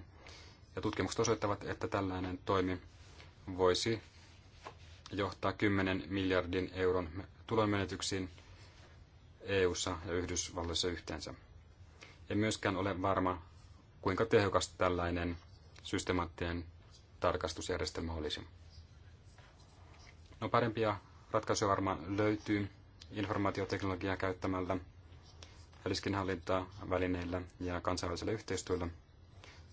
Ja tutkimukset osoittavat, että tällainen toimi voisi johtaa 10 miljardin euron tulonmenetyksiin EU:ssa ja Yhdysvalloissa yhteensä. En myöskään ole varma, kuinka tehokas tällainen systemaattinen tarkastusjärjestelmä olisi. No parempia ratkaisuja varmaan löytyy informaatioteknologiaa käyttämällä – välineillä ja kansainvälisellä yhteistyöllä.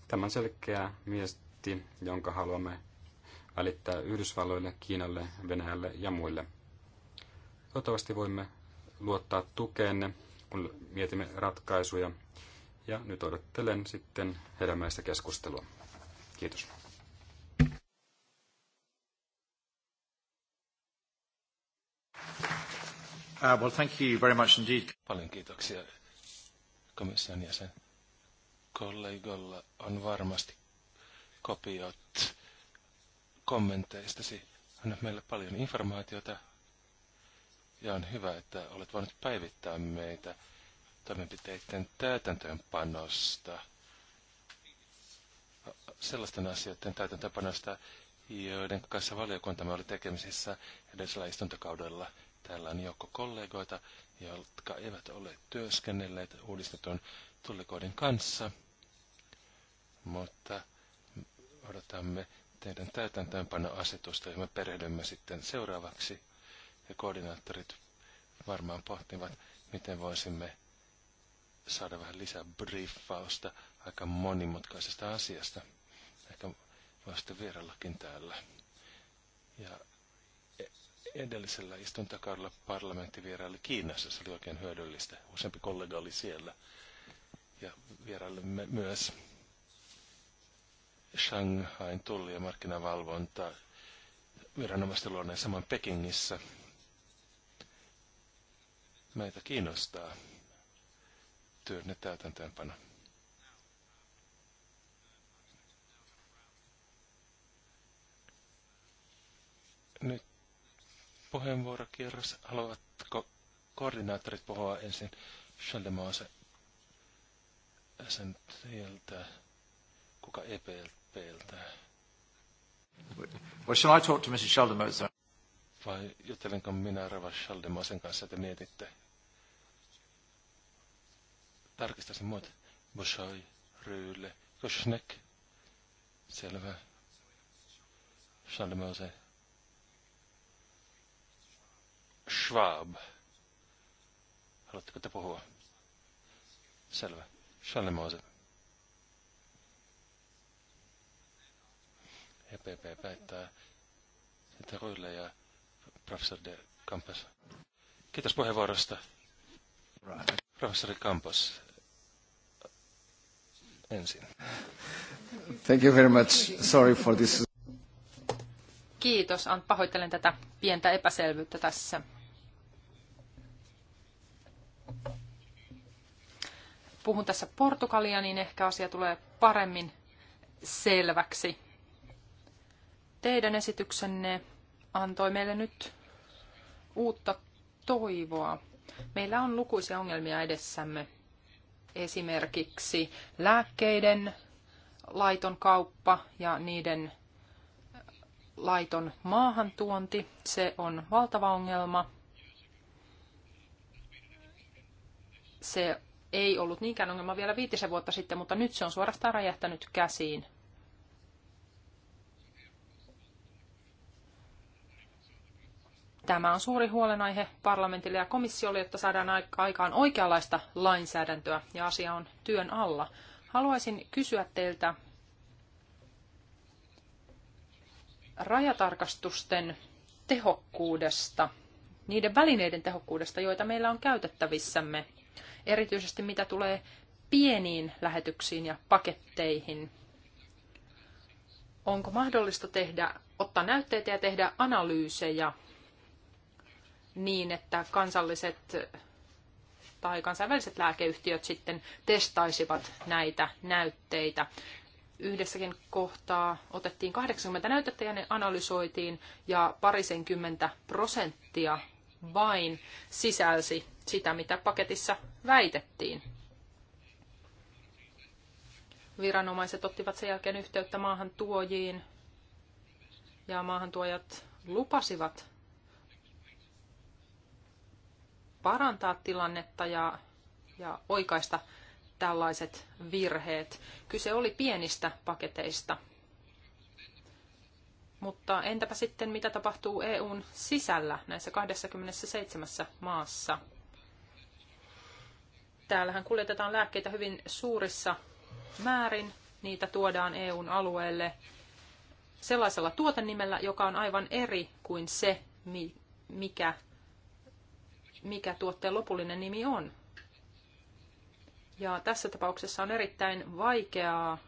Tämä on selkeä viesti, jonka haluamme välittää Yhdysvalloille, Kiinalle, Venäjälle ja muille. Toivottavasti voimme luottaa tukeenne, kun mietimme ratkaisuja. Ja nyt odottelen sitten hedelmäistä keskustelua. Kiitos. Uh, well, thank you very much indeed. Paljon kiitoksia komission jäsen. Kollegolla on varmasti kopiot kommenteistasi. Anna meille paljon informaatiota ja on hyvä, että olet voinut päivittää meitä toimenpiteiden täytäntöönpanosta, sellaisten asioiden täytäntöönpanosta, joiden kanssa valiokuntamme oli tekemisissä edellisellä istuntokaudella. Täällä on joukko kollegoita, jotka eivät ole työskennelleet uudistetun tullikoodin kanssa, mutta odotamme teidän täytäntöönpanoasetusta, ja me perehdymme sitten seuraavaksi. Ja koordinaattorit varmaan pohtivat, miten voisimme saada vähän lisää briefausta aika monimutkaisesta asiasta. Ehkä voisitte vierellakin täällä. Ja Edellisellä istuntakaudella parlamentti vieraili Kiinassa. Se oli oikein hyödyllistä. Useampi kollega oli siellä. Ja vierailimme myös Shanghain tulli- ja markkinavalvonta viranomaisten luoneen saman Pekingissä. Meitä kiinnostaa työnne täytäntöönpano. Nyt puheenvuorokierros. Haluatko koordinaattorit puhua ensin? Schaldemose SNTltä, kuka EPLPltä? Well, shall I talk to Mr. Schaldemose? Vai jutelinko minä Rava Schaldemosen kanssa, että mietitte? Tarkistaisin muut. Boshoi, Ryyle, Koshnek. Selvä. Schaldemose. Schwab. Haluatteko te puhua? Selvä. Charles Mose. EPP päättää sitten Ruille ja professori de Campos. Kiitos puheenvuorosta. Professori Campos. Ensin. Thank you very much. Sorry for this. Kiitos. Pahoittelen tätä pientä epäselvyyttä tässä. puhun tässä Portugalia, niin ehkä asia tulee paremmin selväksi. Teidän esityksenne antoi meille nyt uutta toivoa. Meillä on lukuisia ongelmia edessämme. Esimerkiksi lääkkeiden laiton kauppa ja niiden äh, laiton maahantuonti. Se on valtava ongelma. Se ei ollut niinkään ongelma vielä viitisen vuotta sitten, mutta nyt se on suorastaan räjähtänyt käsiin. Tämä on suuri huolenaihe parlamentille ja komissiolle, jotta saadaan aikaan oikeanlaista lainsäädäntöä ja asia on työn alla. Haluaisin kysyä teiltä rajatarkastusten tehokkuudesta, niiden välineiden tehokkuudesta, joita meillä on käytettävissämme – erityisesti mitä tulee pieniin lähetyksiin ja paketteihin. Onko mahdollista tehdä, ottaa näytteitä ja tehdä analyysejä niin, että kansalliset tai kansainväliset lääkeyhtiöt sitten testaisivat näitä näytteitä. Yhdessäkin kohtaa otettiin 80 näytettä ja ne analysoitiin ja parisenkymmentä prosenttia vain sisälsi sitä, mitä paketissa väitettiin. Viranomaiset ottivat sen jälkeen yhteyttä maahantuojiin ja maahantuojat lupasivat parantaa tilannetta ja, ja oikaista tällaiset virheet. Kyse oli pienistä paketeista – mutta entäpä sitten, mitä tapahtuu EUn sisällä näissä 27 maassa? Täällähän kuljetetaan lääkkeitä hyvin suurissa määrin. Niitä tuodaan EUn alueelle sellaisella tuotennimellä, joka on aivan eri kuin se, mikä, mikä tuotteen lopullinen nimi on. Ja tässä tapauksessa on erittäin vaikeaa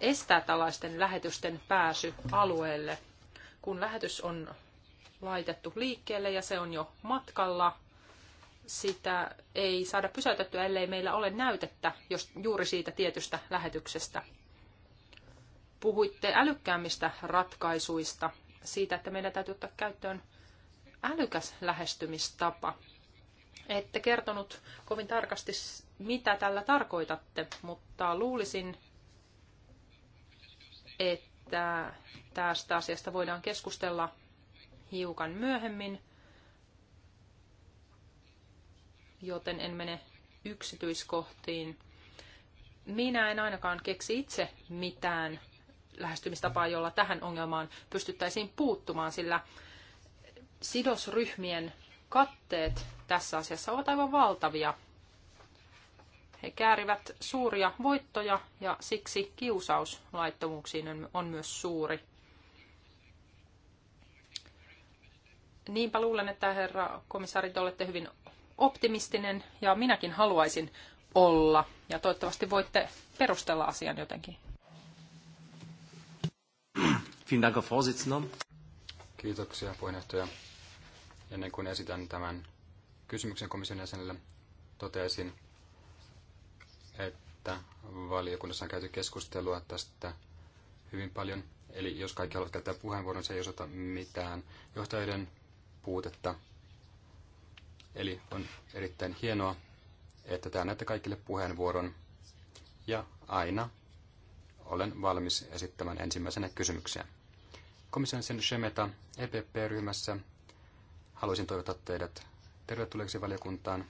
estää tällaisten lähetysten pääsy alueelle. Kun lähetys on laitettu liikkeelle ja se on jo matkalla, sitä ei saada pysäytettyä, ellei meillä ole näytettä jos juuri siitä tietystä lähetyksestä. Puhuitte älykkäämmistä ratkaisuista, siitä, että meidän täytyy ottaa käyttöön älykäs lähestymistapa. Ette kertonut kovin tarkasti, mitä tällä tarkoitatte, mutta luulisin, että tästä asiasta voidaan keskustella hiukan myöhemmin, joten en mene yksityiskohtiin. Minä en ainakaan keksi itse mitään lähestymistapaa, jolla tähän ongelmaan pystyttäisiin puuttumaan, sillä sidosryhmien katteet tässä asiassa ovat aivan valtavia – he käärivät suuria voittoja ja siksi kiusaus laittomuuksiin on myös suuri. Niinpä luulen, että herra komissaari, te olette hyvin optimistinen ja minäkin haluaisin olla. Ja toivottavasti voitte perustella asian jotenkin. Kiitoksia puheenjohtaja. Ennen kuin esitän tämän kysymyksen komission jäsenelle, toteaisin, että valiokunnassa on käyty keskustelua tästä hyvin paljon. Eli jos kaikki haluavat käyttää puheenvuoron, se ei osoita mitään johtajien puutetta. Eli on erittäin hienoa, että tämä näette kaikille puheenvuoron. Ja aina olen valmis esittämään ensimmäisenä kysymyksiä. Komission sen Shemeta EPP-ryhmässä haluaisin toivottaa teidät tervetulleeksi valiokuntaan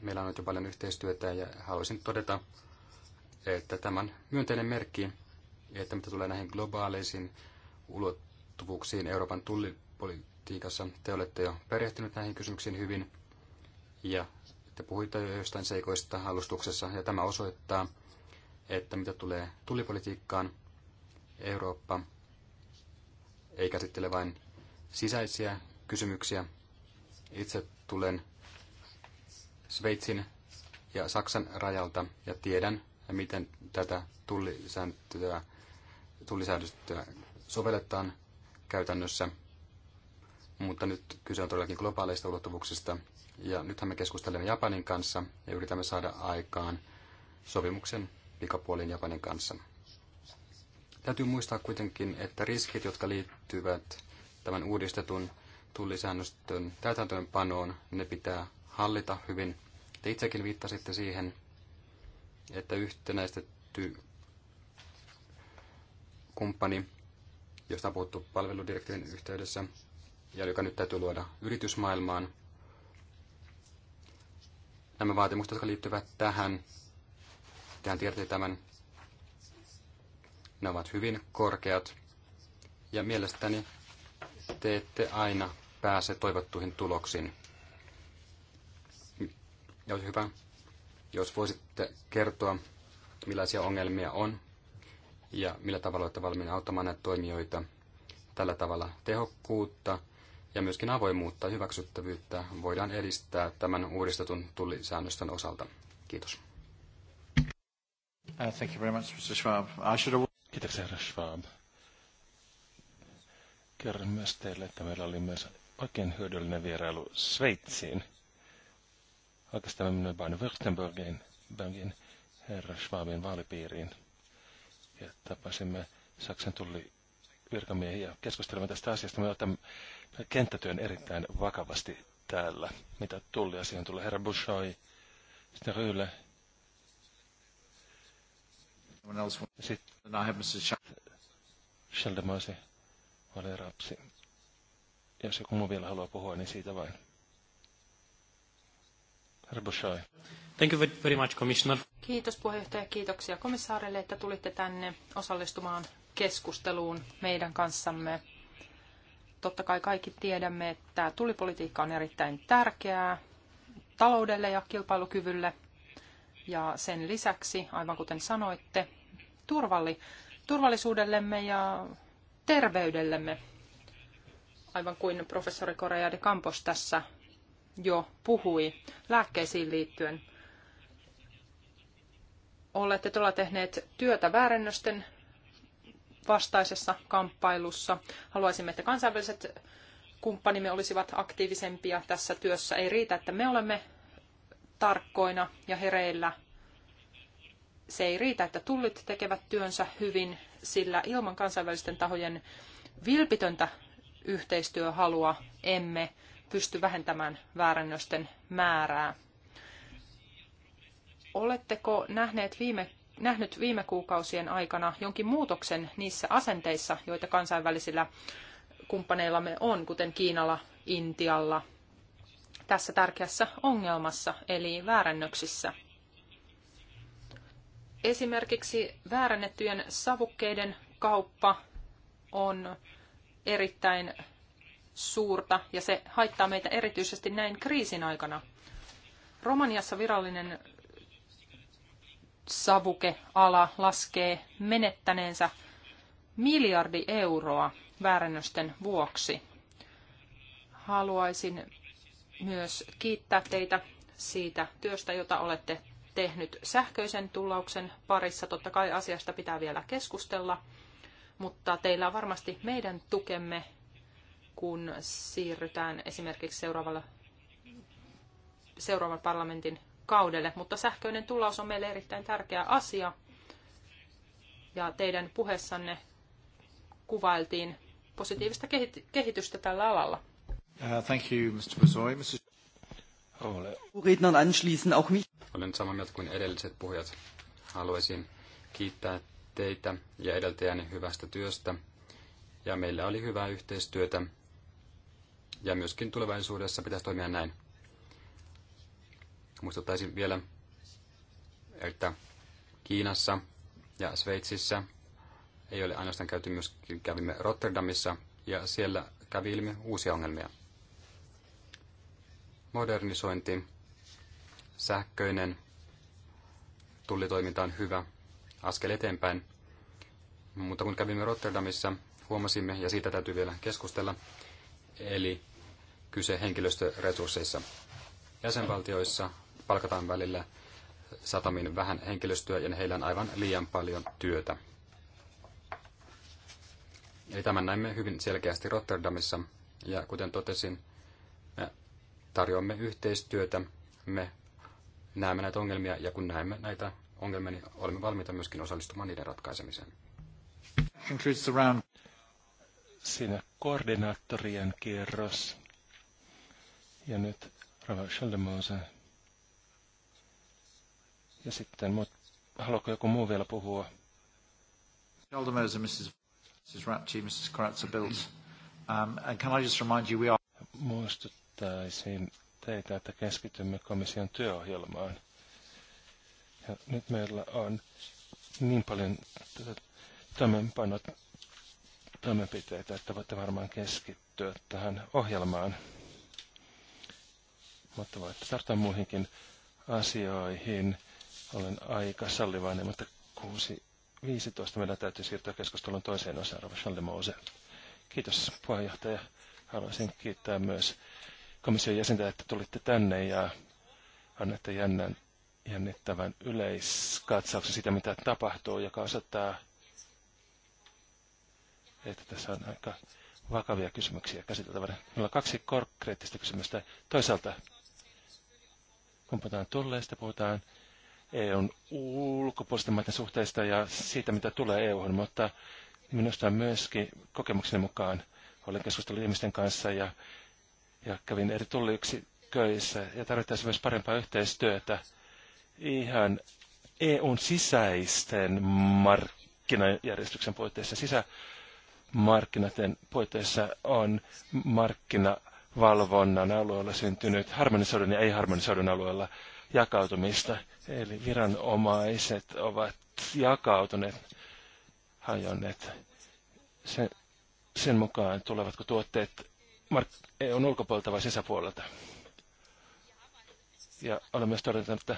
Meillä on nyt jo paljon yhteistyötä ja haluaisin todeta, että tämän myönteinen merkki, että mitä tulee näihin globaaleisiin ulottuvuuksiin Euroopan tullipolitiikassa, te olette jo perehtyneet näihin kysymyksiin hyvin ja te puhuitte jo jostain seikoista alustuksessa ja tämä osoittaa, että mitä tulee tullipolitiikkaan, Eurooppa ei käsittele vain sisäisiä kysymyksiä. Itse tulen Sveitsin ja Saksan rajalta ja tiedän, miten tätä tullisääntöä, tullisäädöstöä sovelletaan käytännössä. Mutta nyt kyse on todellakin globaaleista ulottuvuuksista. Ja nythän me keskustelemme Japanin kanssa ja yritämme saada aikaan sopimuksen pikapuolin Japanin kanssa. Täytyy muistaa kuitenkin, että riskit, jotka liittyvät tämän uudistetun tullisäännöstön täytäntöönpanoon, ne pitää hallita hyvin. Te itsekin viittasitte siihen, että yhtenäistetty kumppani, josta on puhuttu palveludirektiivin yhteydessä, ja joka nyt täytyy luoda yritysmaailmaan. Nämä vaatimukset, jotka liittyvät tähän, tähän tiedätte tämän, ne ovat hyvin korkeat. Ja mielestäni te ette aina pääse toivottuihin tuloksiin. Ja olisi hyvä, jos voisitte kertoa, millaisia ongelmia on ja millä tavalla olette valmiina auttamaan näitä toimijoita. Tällä tavalla tehokkuutta ja myöskin avoimuutta ja hyväksyttävyyttä voidaan edistää tämän uudistetun tullisäännöstön osalta. Kiitos. Uh, thank you very much, Mr. Schwab. I should have... Kiitoksia, herra Schwab. Kerron myös teille, että meillä oli myös oikein hyödyllinen vierailu Sveitsiin. Oikeastaan minä vain Württembergin Bergin, herra Schwabin vaalipiiriin. Ja tapasimme Saksan tulli virkamiehiä keskustelemme tästä asiasta. Me otamme kenttätyön erittäin vakavasti täällä, mitä asiaan tulee. Herra Bushoi, sitten Ryhle. Sitten Sheldemasi, Valerapsi. Jos joku muu vielä haluaa puhua, niin siitä vain. Thank you very much, Commissioner. Kiitos puheenjohtaja, kiitoksia komissaarille, että tulitte tänne osallistumaan keskusteluun meidän kanssamme. Totta kai kaikki tiedämme, että tulipolitiikka on erittäin tärkeää taloudelle ja kilpailukyvylle. Ja sen lisäksi, aivan kuten sanoitte, turvalli, turvallisuudellemme ja terveydellemme, aivan kuin professori Korea de Campos tässä jo puhui lääkkeisiin liittyen. Olette tuolla tehneet työtä väärennösten vastaisessa kamppailussa. Haluaisimme, että kansainväliset kumppanimme olisivat aktiivisempia tässä työssä. Ei riitä, että me olemme tarkkoina ja hereillä. Se ei riitä, että tullit tekevät työnsä hyvin, sillä ilman kansainvälisten tahojen vilpitöntä yhteistyöhalua emme pysty vähentämään väärännösten määrää. Oletteko nähneet viime, nähnyt viime kuukausien aikana jonkin muutoksen niissä asenteissa, joita kansainvälisillä kumppaneillamme on, kuten Kiinalla, Intialla, tässä tärkeässä ongelmassa, eli väärännöksissä? Esimerkiksi väärännettyjen savukkeiden kauppa on erittäin suurta ja se haittaa meitä erityisesti näin kriisin aikana. Romaniassa virallinen savukeala laskee menettäneensä miljardi euroa väärännösten vuoksi. Haluaisin myös kiittää teitä siitä työstä, jota olette tehnyt sähköisen tullauksen parissa. Totta kai asiasta pitää vielä keskustella, mutta teillä on varmasti meidän tukemme kun siirrytään esimerkiksi seuraavalla, seuraavan parlamentin kaudelle. Mutta sähköinen tulaus on meille erittäin tärkeä asia. Ja teidän puheessanne kuvailtiin positiivista kehitystä tällä alalla. Uh, thank you, Mr. Bezoy. anschließen, auch mich. Olen samaa mieltä kuin edelliset puhujat. Haluaisin kiittää teitä ja edeltäjäni hyvästä työstä. Ja meillä oli hyvää yhteistyötä ja myöskin tulevaisuudessa pitäisi toimia näin. Muistuttaisin vielä, että Kiinassa ja Sveitsissä ei ole ainoastaan käyty, myöskin kävimme Rotterdamissa ja siellä kävi ilmi uusia ongelmia. Modernisointi, sähköinen tullitoiminta on hyvä askel eteenpäin, mutta kun kävimme Rotterdamissa, huomasimme, ja siitä täytyy vielä keskustella, eli kyse henkilöstöresursseissa. Jäsenvaltioissa palkataan välillä satamin vähän henkilöstöä ja heillä on aivan liian paljon työtä. Eli tämän näimme hyvin selkeästi Rotterdamissa ja kuten totesin, me tarjoamme yhteistyötä, me näemme näitä ongelmia ja kun näemme näitä ongelmia, niin olemme valmiita myöskin osallistumaan niiden ratkaisemiseen. Siinä koordinaattorien kierros. Ja nyt Rava Shaldemose. Ja sitten, mut, haluatko joku muu vielä puhua? Shaldemose, Mrs. Mrs. Rapti, Mrs. Karatsa Bilt. Um, and can I just remind you, we are... Muistuttaisin teitä, että keskitymme komission työohjelmaan. Ja nyt meillä on niin paljon toimenpanot toimenpiteitä, että voitte varmaan keskittyä tähän ohjelmaan mutta että tarttua muihinkin asioihin. Olen aika sallivainen, mutta 6.15 meidän täytyy siirtyä keskustelun toiseen osaan, Rova Charles Kiitos puheenjohtaja. Haluaisin kiittää myös komission jäsentä, että tulitte tänne ja annatte jännän, jännittävän yleiskatsauksen sitä, mitä tapahtuu, joka osoittaa, että tässä on aika vakavia kysymyksiä käsiteltävänä. Meillä on kaksi konkreettista kysymystä. Toisaalta kun puhutaan tulleista, puhutaan EUn ulkopuolisten maiden suhteista ja siitä, mitä tulee EUhun, mutta minusta myöskin kokemukseni mukaan olen keskustellut ihmisten kanssa ja, ja kävin eri tulliyksiköissä ja tarvittaisiin myös parempaa yhteistyötä ihan EUn sisäisten markkinajärjestyksen puitteissa. Sisämarkkinoiden puitteissa on markkina valvonnan alueella syntynyt harmonisoidun ja ei-harmonisoidun alueella jakautumista. Eli viranomaiset ovat jakautuneet, hajonneet sen, sen mukaan, tulevatko tuotteet mark- EUn ulkopuolelta vai sisäpuolelta. Ja olen myös todennut, että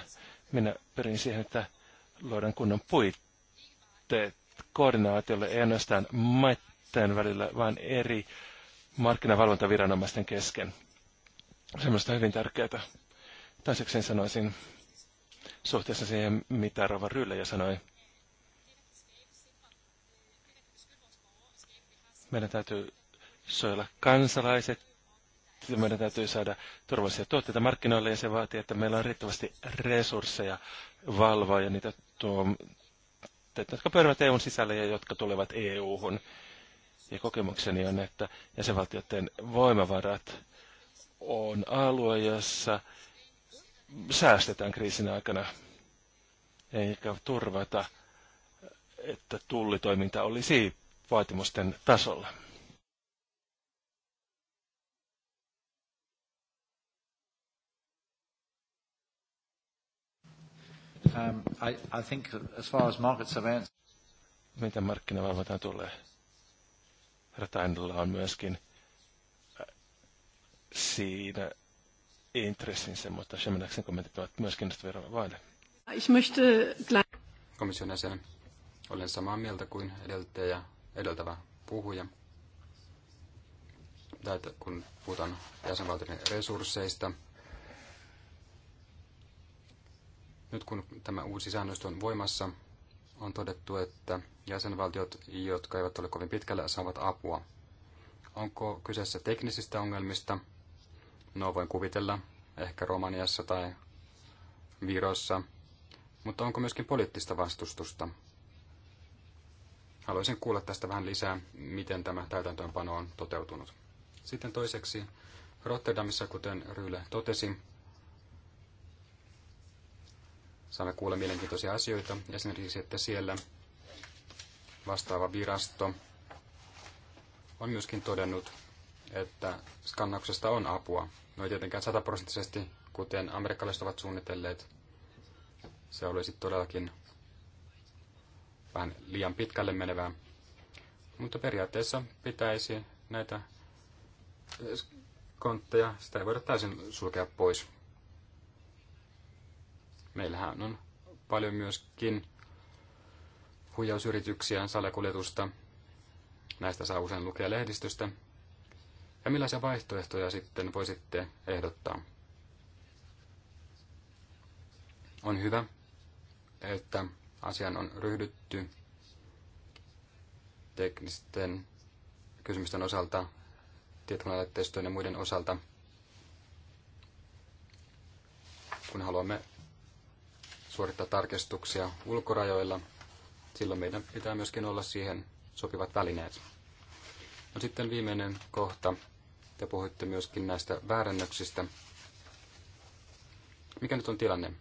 minä pyrin siihen, että luodaan kunnon puitteet koordinaatiolle ei ainoastaan maitteen välillä, vaan eri markkinavalvontaviranomaisten kesken. Semmoista hyvin tärkeää. Toisekseen sanoisin suhteessa siihen, mitä Rova Ryllä jo sanoi. Meidän täytyy suojella kansalaiset, meidän täytyy saada turvallisia tuotteita markkinoille ja se vaatii, että meillä on riittävästi resursseja valvoa ja niitä tuo, jotka pyörivät EUn sisälle ja jotka tulevat EU:hun ja kokemukseni on, että jäsenvaltioiden voimavarat on alue, jossa säästetään kriisin aikana, eikä turvata, että tullitoiminta olisi vaatimusten tasolla. Um, I, I think as far as market surveillance... Mitä markkinavalvontaan tulee? Ratainilla on myöskin äh, siinä intressinsä, mutta Shemanaksen kommentit ovat myös kiinnostavia vaille. Komission jäsen, olen samaa mieltä kuin edeltäjä, edeltävä puhuja. Tätä, kun puhutaan jäsenvaltioiden resursseista, nyt kun tämä uusi säännöstö on voimassa, on todettu, että jäsenvaltiot, jotka eivät ole kovin pitkällä, saavat apua. Onko kyseessä teknisistä ongelmista? No, voin kuvitella, ehkä Romaniassa tai Virossa. Mutta onko myöskin poliittista vastustusta? Haluaisin kuulla tästä vähän lisää, miten tämä täytäntöönpano on toteutunut. Sitten toiseksi Rotterdamissa, kuten Ryyle totesi, Saamme kuulla mielenkiintoisia asioita, esimerkiksi, että siellä vastaava virasto on myöskin todennut, että skannauksesta on apua. No ei tietenkään sataprosenttisesti, kuten amerikkalaiset ovat suunnitelleet. Se olisi todellakin vähän liian pitkälle menevää. Mutta periaatteessa pitäisi näitä äh, kontteja, sitä ei voida täysin sulkea pois. Meillähän on paljon myöskin huijausyrityksiä, salakuljetusta. Näistä saa usein lukea lehdistöstä. Ja millaisia vaihtoehtoja sitten voisitte ehdottaa? On hyvä, että asian on ryhdytty teknisten kysymysten osalta, tietokonelaitteistojen ja muiden osalta, kun haluamme suorittaa tarkistuksia ulkorajoilla, silloin meidän pitää myöskin olla siihen sopivat välineet. No sitten viimeinen kohta. Te puhuitte myöskin näistä väärännöksistä. Mikä nyt on tilanne?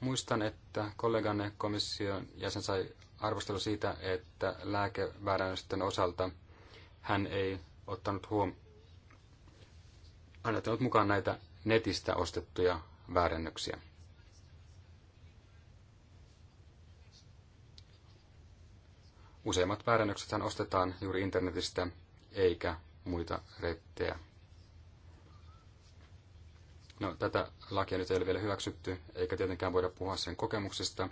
Muistan, että kolleganne komission jäsen sai arvostelu siitä, että lääkeväärännösten osalta hän ei ottanut huom... Hän ottanut mukaan näitä netistä ostettuja väärennöksiä. Useimmat väärennöksethän ostetaan juuri internetistä eikä muita reittejä. No, tätä lakia nyt ei ole vielä hyväksytty, eikä tietenkään voida puhua sen kokemuksista,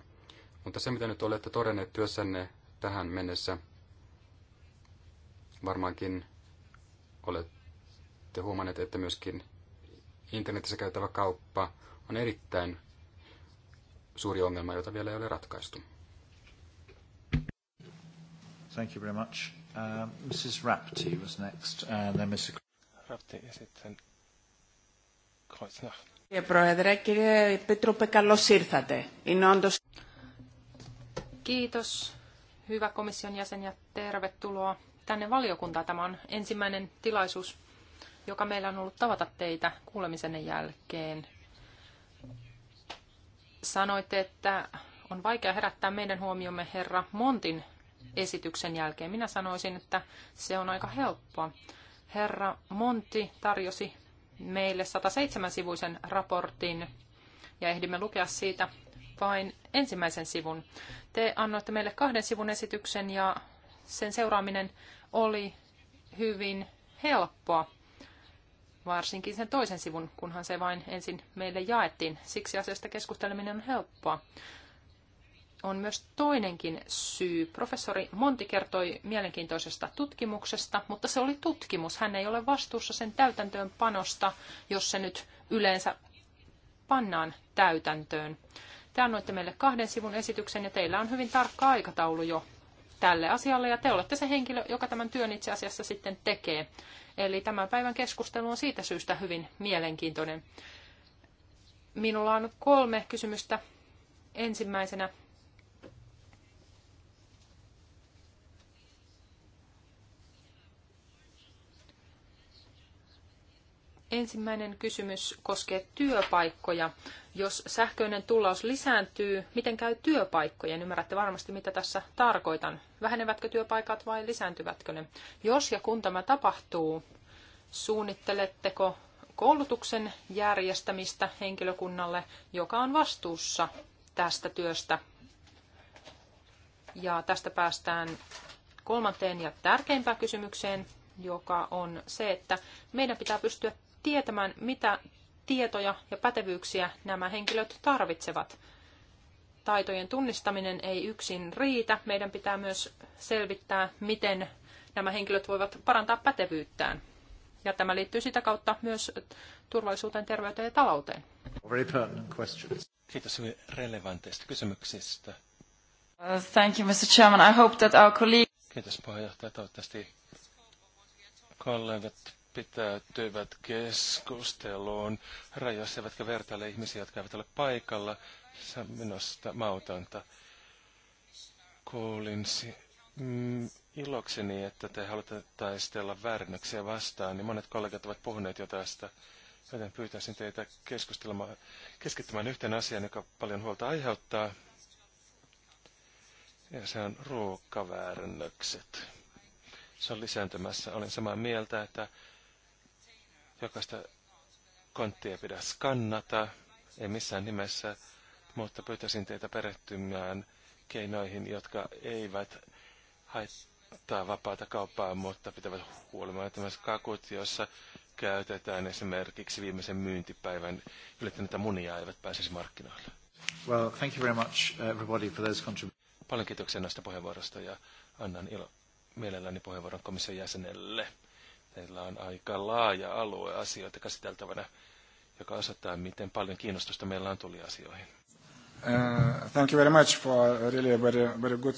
mutta se mitä nyt olette todenneet työssänne tähän mennessä, varmaankin olette huomanneet, että myöskin internetissä käytävä kauppa on erittäin suuri ongelma, jota vielä ei ole ratkaistu. Thank you very much. Mrs. Um, Rapti was next, and then Mr. Rapti ja sitten Koitsnach. Κύριε Πρόεδρε, κύριε Επίτροπε, καλώς ήρθατε. Είναι όντως... Kiitos, hyvä komission jäsen ja tervetuloa tänne valiokuntaan. Tämä on ensimmäinen tilaisuus, joka meillä on ollut tavata teitä kuulemisenne jälkeen. Sanoitte, että on vaikea herättää meidän huomiomme herra Montin esityksen jälkeen. Minä sanoisin, että se on aika helppoa. Herra Monti tarjosi meille 107-sivuisen raportin ja ehdimme lukea siitä vain ensimmäisen sivun. Te annoitte meille kahden sivun esityksen ja sen seuraaminen oli hyvin helppoa, varsinkin sen toisen sivun, kunhan se vain ensin meille jaettiin. Siksi asiasta keskusteleminen on helppoa on myös toinenkin syy. Professori Monti kertoi mielenkiintoisesta tutkimuksesta, mutta se oli tutkimus. Hän ei ole vastuussa sen täytäntöönpanosta, jos se nyt yleensä pannaan täytäntöön. Te annoitte meille kahden sivun esityksen ja teillä on hyvin tarkka aikataulu jo tälle asialle ja te olette se henkilö, joka tämän työn itse asiassa sitten tekee. Eli tämän päivän keskustelu on siitä syystä hyvin mielenkiintoinen. Minulla on kolme kysymystä. Ensimmäisenä Ensimmäinen kysymys koskee työpaikkoja. Jos sähköinen tullaus lisääntyy, miten käy työpaikkojen? Ymmärrätte varmasti, mitä tässä tarkoitan. Vähenevätkö työpaikat vai lisääntyvätkö ne? Jos ja kun tämä tapahtuu, suunnitteletteko koulutuksen järjestämistä henkilökunnalle, joka on vastuussa tästä työstä? Ja tästä päästään kolmanteen ja tärkeimpään kysymykseen, joka on se, että meidän pitää pystyä tietämään, mitä tietoja ja pätevyyksiä nämä henkilöt tarvitsevat. Taitojen tunnistaminen ei yksin riitä. Meidän pitää myös selvittää, miten nämä henkilöt voivat parantaa pätevyyttään. Ja tämä liittyy sitä kautta myös turvallisuuteen, terveyteen ja talouteen. Kiitos hyvin relevanteista kysymyksistä. Uh, thank you, Mr. Chairman. I hope that our colleagues. Kiitos puheenjohtaja. Toivottavasti kollegat pitäytyvät keskusteluun rajoissa, eivätkä vertaile ihmisiä, jotka eivät ole paikalla. Se on minusta mautonta. Kuulin si- mm, ilokseni, että te haluatte taistella väärännöksiä vastaan, niin monet kollegat ovat puhuneet jo tästä. Joten pyytäisin teitä keskustelemaan, keskittymään yhteen asiaan, joka paljon huolta aiheuttaa. Ja se on ruokaväärännökset. Se on lisääntymässä. Olen samaa mieltä, että Jokaista konttia pidä skannata, ei missään nimessä, mutta pyytäisin teitä perehtymään keinoihin, jotka eivät haittaa vapaata kauppaa, mutta pitävät huolimaan tämmöiset kakut, joissa käytetään esimerkiksi viimeisen myyntipäivän ylittäneitä munia eivät pääsisi markkinoille. Well, thank you very much everybody for those Paljon kiitoksia näistä puheenvuorosta ja annan ilo mielelläni puheenvuoron komission jäsenelle. Teillä on aika laaja alue asioita käsiteltävänä, joka osoittaa, miten paljon kiinnostusta meillä on asioihin. Uh, thank you very much for really very, very good...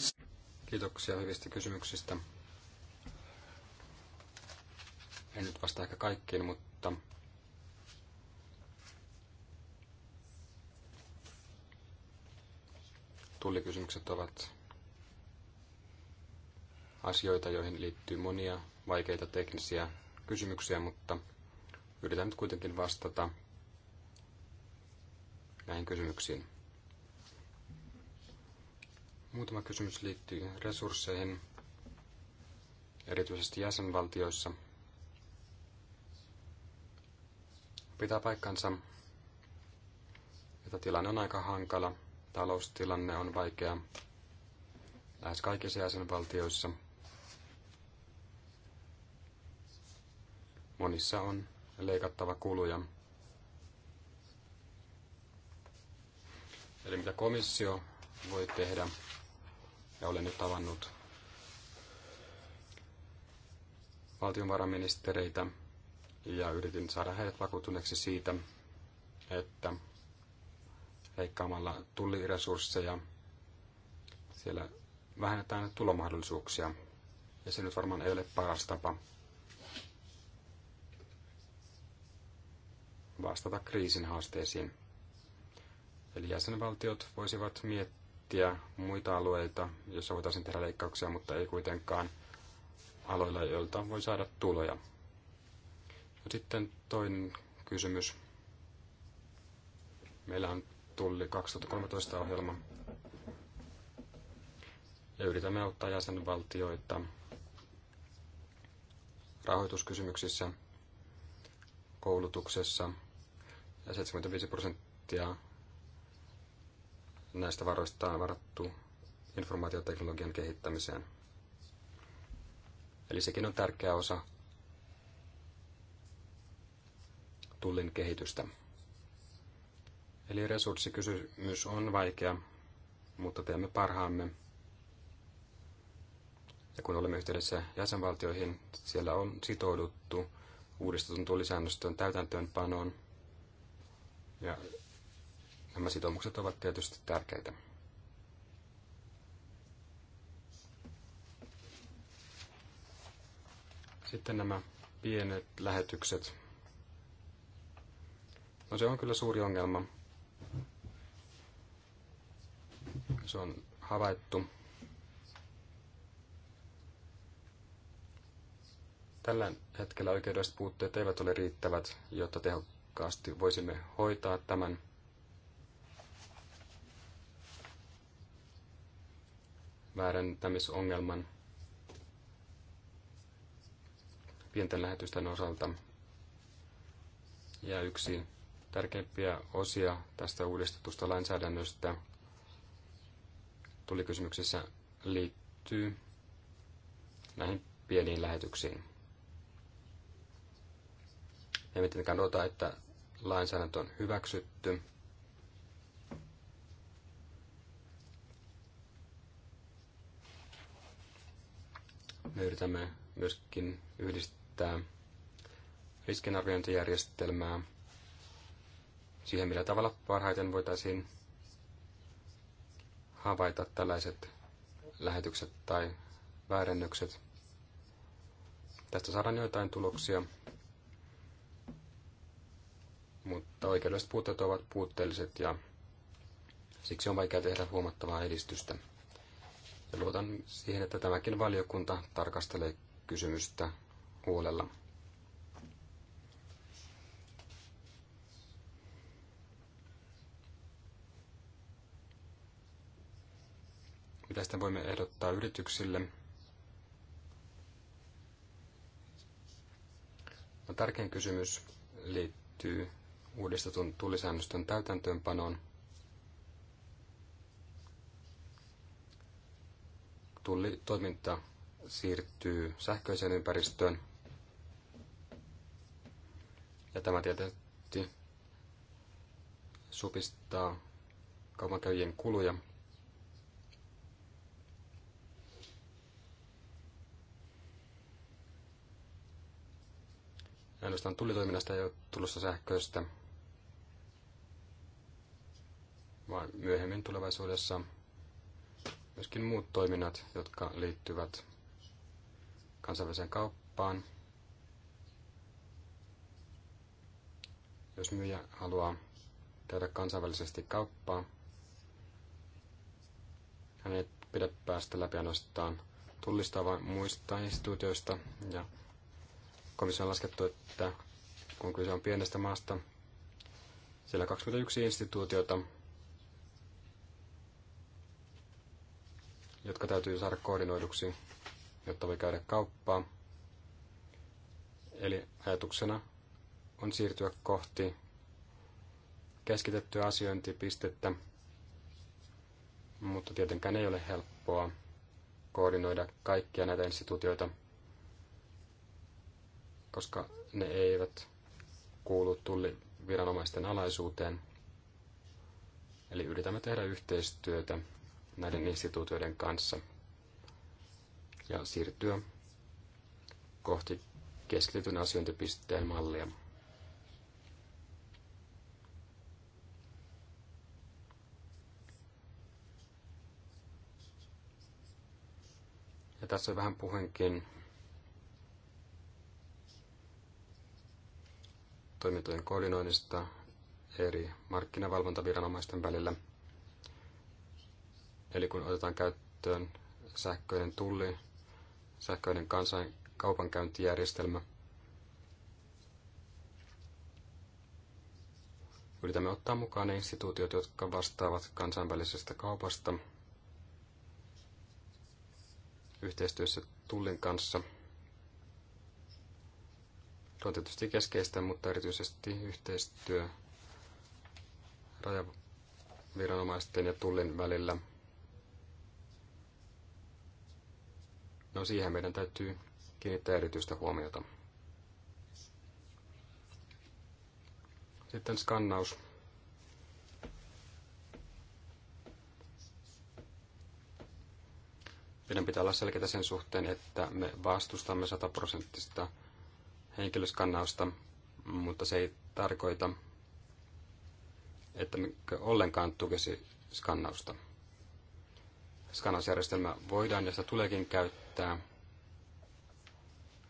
Kiitoksia hyvistä kysymyksistä. En nyt vastaa ehkä kaikkiin, mutta tullikysymykset ovat asioita, joihin liittyy monia vaikeita teknisiä kysymyksiä, mutta yritän nyt kuitenkin vastata näihin kysymyksiin. Muutama kysymys liittyy resursseihin, erityisesti jäsenvaltioissa. Pitää paikkansa, että tilanne on aika hankala, taloustilanne on vaikea lähes kaikissa jäsenvaltioissa – Monissa on leikattava kuluja. Eli mitä komissio voi tehdä, ja olen nyt tavannut valtionvarainministereitä ja yritin saada heidät vakuutuneeksi siitä, että leikkaamalla tulliresursseja siellä vähennetään tulomahdollisuuksia. Ja se nyt varmaan ei ole paras tapa vastata kriisin haasteisiin. Eli jäsenvaltiot voisivat miettiä muita alueita, joissa voitaisiin tehdä leikkauksia, mutta ei kuitenkaan aloilla, joilta voi saada tuloja. No sitten toinen kysymys. Meillä on tulli 2013 ohjelma. Ja yritämme auttaa jäsenvaltioita rahoituskysymyksissä, koulutuksessa, ja 75 prosenttia näistä varoista on varattu informaatioteknologian kehittämiseen. Eli sekin on tärkeä osa tullin kehitystä. Eli resurssikysymys on vaikea, mutta teemme parhaamme. Ja kun olemme yhteydessä jäsenvaltioihin, siellä on sitouduttu uudistetun tullisäännöstön täytäntöönpanoon – ja nämä sitoumukset ovat tietysti tärkeitä. Sitten nämä pienet lähetykset. No se on kyllä suuri ongelma. Se on havaittu. Tällä hetkellä oikeudelliset puutteet eivät ole riittävät, jotta teho- tehokkaasti voisimme hoitaa tämän. väärentämisongelman pienten lähetysten osalta. Ja yksi tärkeimpiä osia tästä uudistetusta lainsäädännöstä tuli kysymyksessä liittyy näihin pieniin lähetyksiin. Ei mitenkään odota, että lainsäädäntö on hyväksytty. Me yritämme myöskin yhdistää riskinarviointijärjestelmää siihen, millä tavalla parhaiten voitaisiin havaita tällaiset lähetykset tai väärennökset. Tästä saadaan joitain tuloksia mutta oikeudelliset puutteet ovat puutteelliset ja siksi on vaikea tehdä huomattavaa edistystä. Ja luotan siihen, että tämäkin valiokunta tarkastelee kysymystä huolella. Mitä sitten voimme ehdottaa yrityksille? No, tärkein kysymys liittyy uudistetun tulisäännöstön täytäntöönpanoon. Tullitoiminta siirtyy sähköiseen ympäristöön. Ja tämä tietysti supistaa kaupankäyjien kuluja. Ainoastaan tullitoiminnasta ei ole tulossa sähköistä vaan myöhemmin tulevaisuudessa myöskin muut toiminnat, jotka liittyvät kansainväliseen kauppaan. Jos myyjä haluaa tehdä kansainvälisesti kauppaa, hän ei pidä päästä läpi ainoastaan tullista vaan muista instituutioista. Ja komissio on laskettu, että kun kyse on pienestä maasta, siellä 21 instituutiota, jotka täytyy saada koordinoiduksi, jotta voi käydä kauppaa. Eli ajatuksena on siirtyä kohti keskitettyä asiointipistettä, mutta tietenkään ei ole helppoa koordinoida kaikkia näitä instituutioita, koska ne eivät kuulu tulliviranomaisten alaisuuteen. Eli yritämme tehdä yhteistyötä näiden instituutioiden kanssa ja siirtyä kohti keskityn asiointipisteen mallia. Ja tässä vähän puhuinkin toimintojen koordinoinnista eri markkinavalvontaviranomaisten välillä – Eli kun otetaan käyttöön sähköinen tulli, sähköinen kansain, kaupankäyntijärjestelmä, yritämme ottaa mukaan ne instituutiot, jotka vastaavat kansainvälisestä kaupasta yhteistyössä Tullin kanssa. Se on tietysti keskeistä, mutta erityisesti yhteistyö rajaviranomaisten ja Tullin välillä – No siihen meidän täytyy kiinnittää erityistä huomiota. Sitten skannaus. Meidän pitää olla selkeitä sen suhteen, että me vastustamme sataprosenttista henkilöskannausta, mutta se ei tarkoita, että me ollenkaan tukisi skannausta skanausjärjestelmä voidaan ja sitä tuleekin käyttää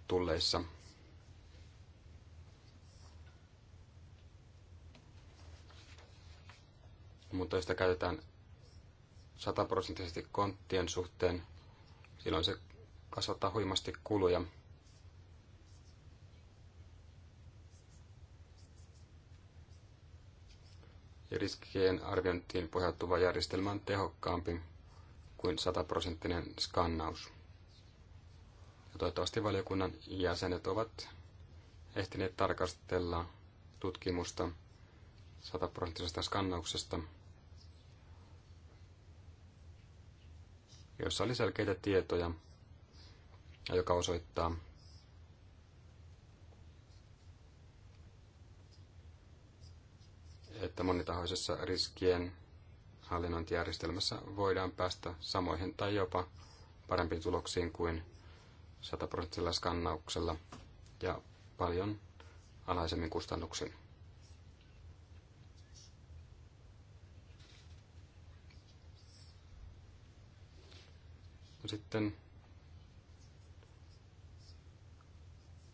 tulleissa. Mutta jos sitä käytetään sataprosenttisesti konttien suhteen, silloin se kasvattaa huimasti kuluja. Ja riskien arviointiin pohjautuva järjestelmä on tehokkaampi kuin sataprosenttinen skannaus. Ja toivottavasti valiokunnan jäsenet ovat ehtineet tarkastella tutkimusta sataprosenttisesta skannauksesta, jossa oli selkeitä tietoja, joka osoittaa, että monitahoisessa riskien hallinnointijärjestelmässä voidaan päästä samoihin tai jopa parempiin tuloksiin kuin 100 skannauksella ja paljon alaisemmin kustannuksin. Sitten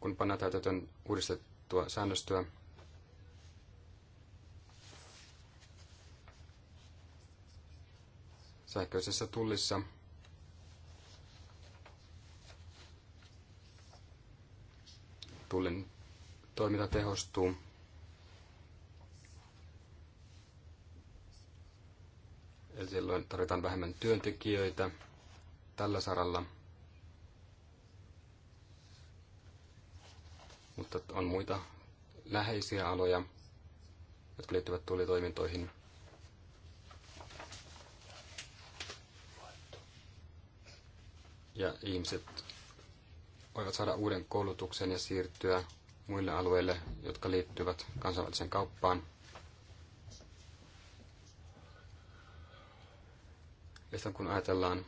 kun pannaan täytäntöön uudistettua säännöstöä, sähköisessä tullissa. Tullin toiminta tehostuu. Eli silloin tarvitaan vähemmän työntekijöitä tällä saralla. Mutta on muita läheisiä aloja, jotka liittyvät tullitoimintoihin – ja ihmiset voivat saada uuden koulutuksen ja siirtyä muille alueille, jotka liittyvät kansainväliseen kauppaan. Ja sitten kun ajatellaan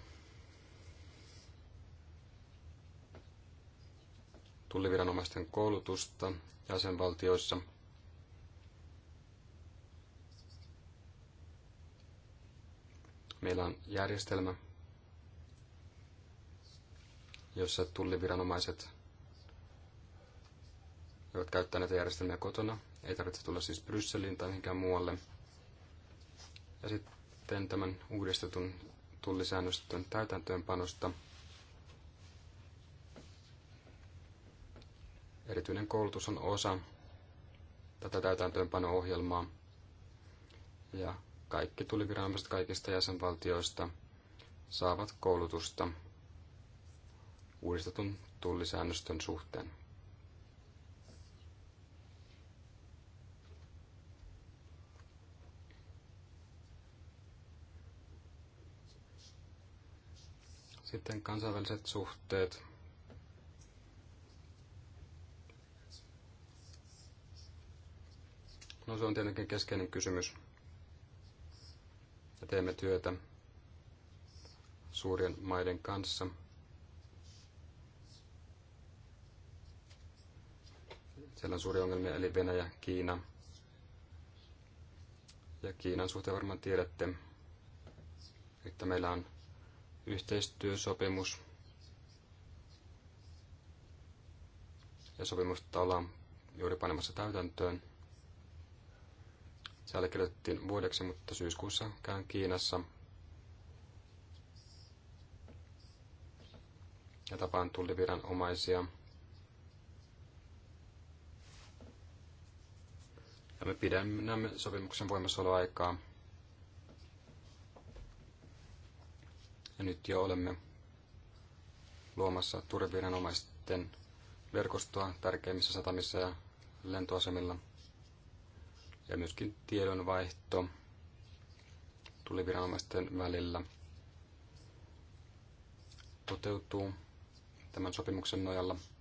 tulliviranomaisten koulutusta jäsenvaltioissa, meillä on järjestelmä, jossa tulliviranomaiset voivat käyttää näitä järjestelmiä kotona. Ei tarvitse tulla siis Brysseliin tai mihinkään muualle. Ja sitten tämän uudistetun tullisäännöstön täytäntöönpanosta. Erityinen koulutus on osa tätä täytäntöönpano-ohjelmaa. Ja kaikki tuliviranomaiset kaikista jäsenvaltioista saavat koulutusta uudistetun tullisäännöstön suhteen. Sitten kansainväliset suhteet. No se on tietenkin keskeinen kysymys. Ja teemme työtä suurien maiden kanssa – Siellä on suuria ongelmia, eli Venäjä, Kiina. Ja Kiinan suhteen varmaan tiedätte, että meillä on yhteistyösopimus. Ja sopimusta ollaan juuri panemassa täytäntöön. Se allekirjoitettiin vuodeksi, mutta syyskuussa käyn Kiinassa. Ja tapaan tulliviranomaisia omaisia Ja me pidennämme sopimuksen voimassaoloaikaa. Ja nyt jo olemme luomassa turviranomaisten verkostoa tärkeimmissä satamissa ja lentoasemilla. Ja myöskin tiedonvaihto tuliviranomaisten välillä toteutuu tämän sopimuksen nojalla –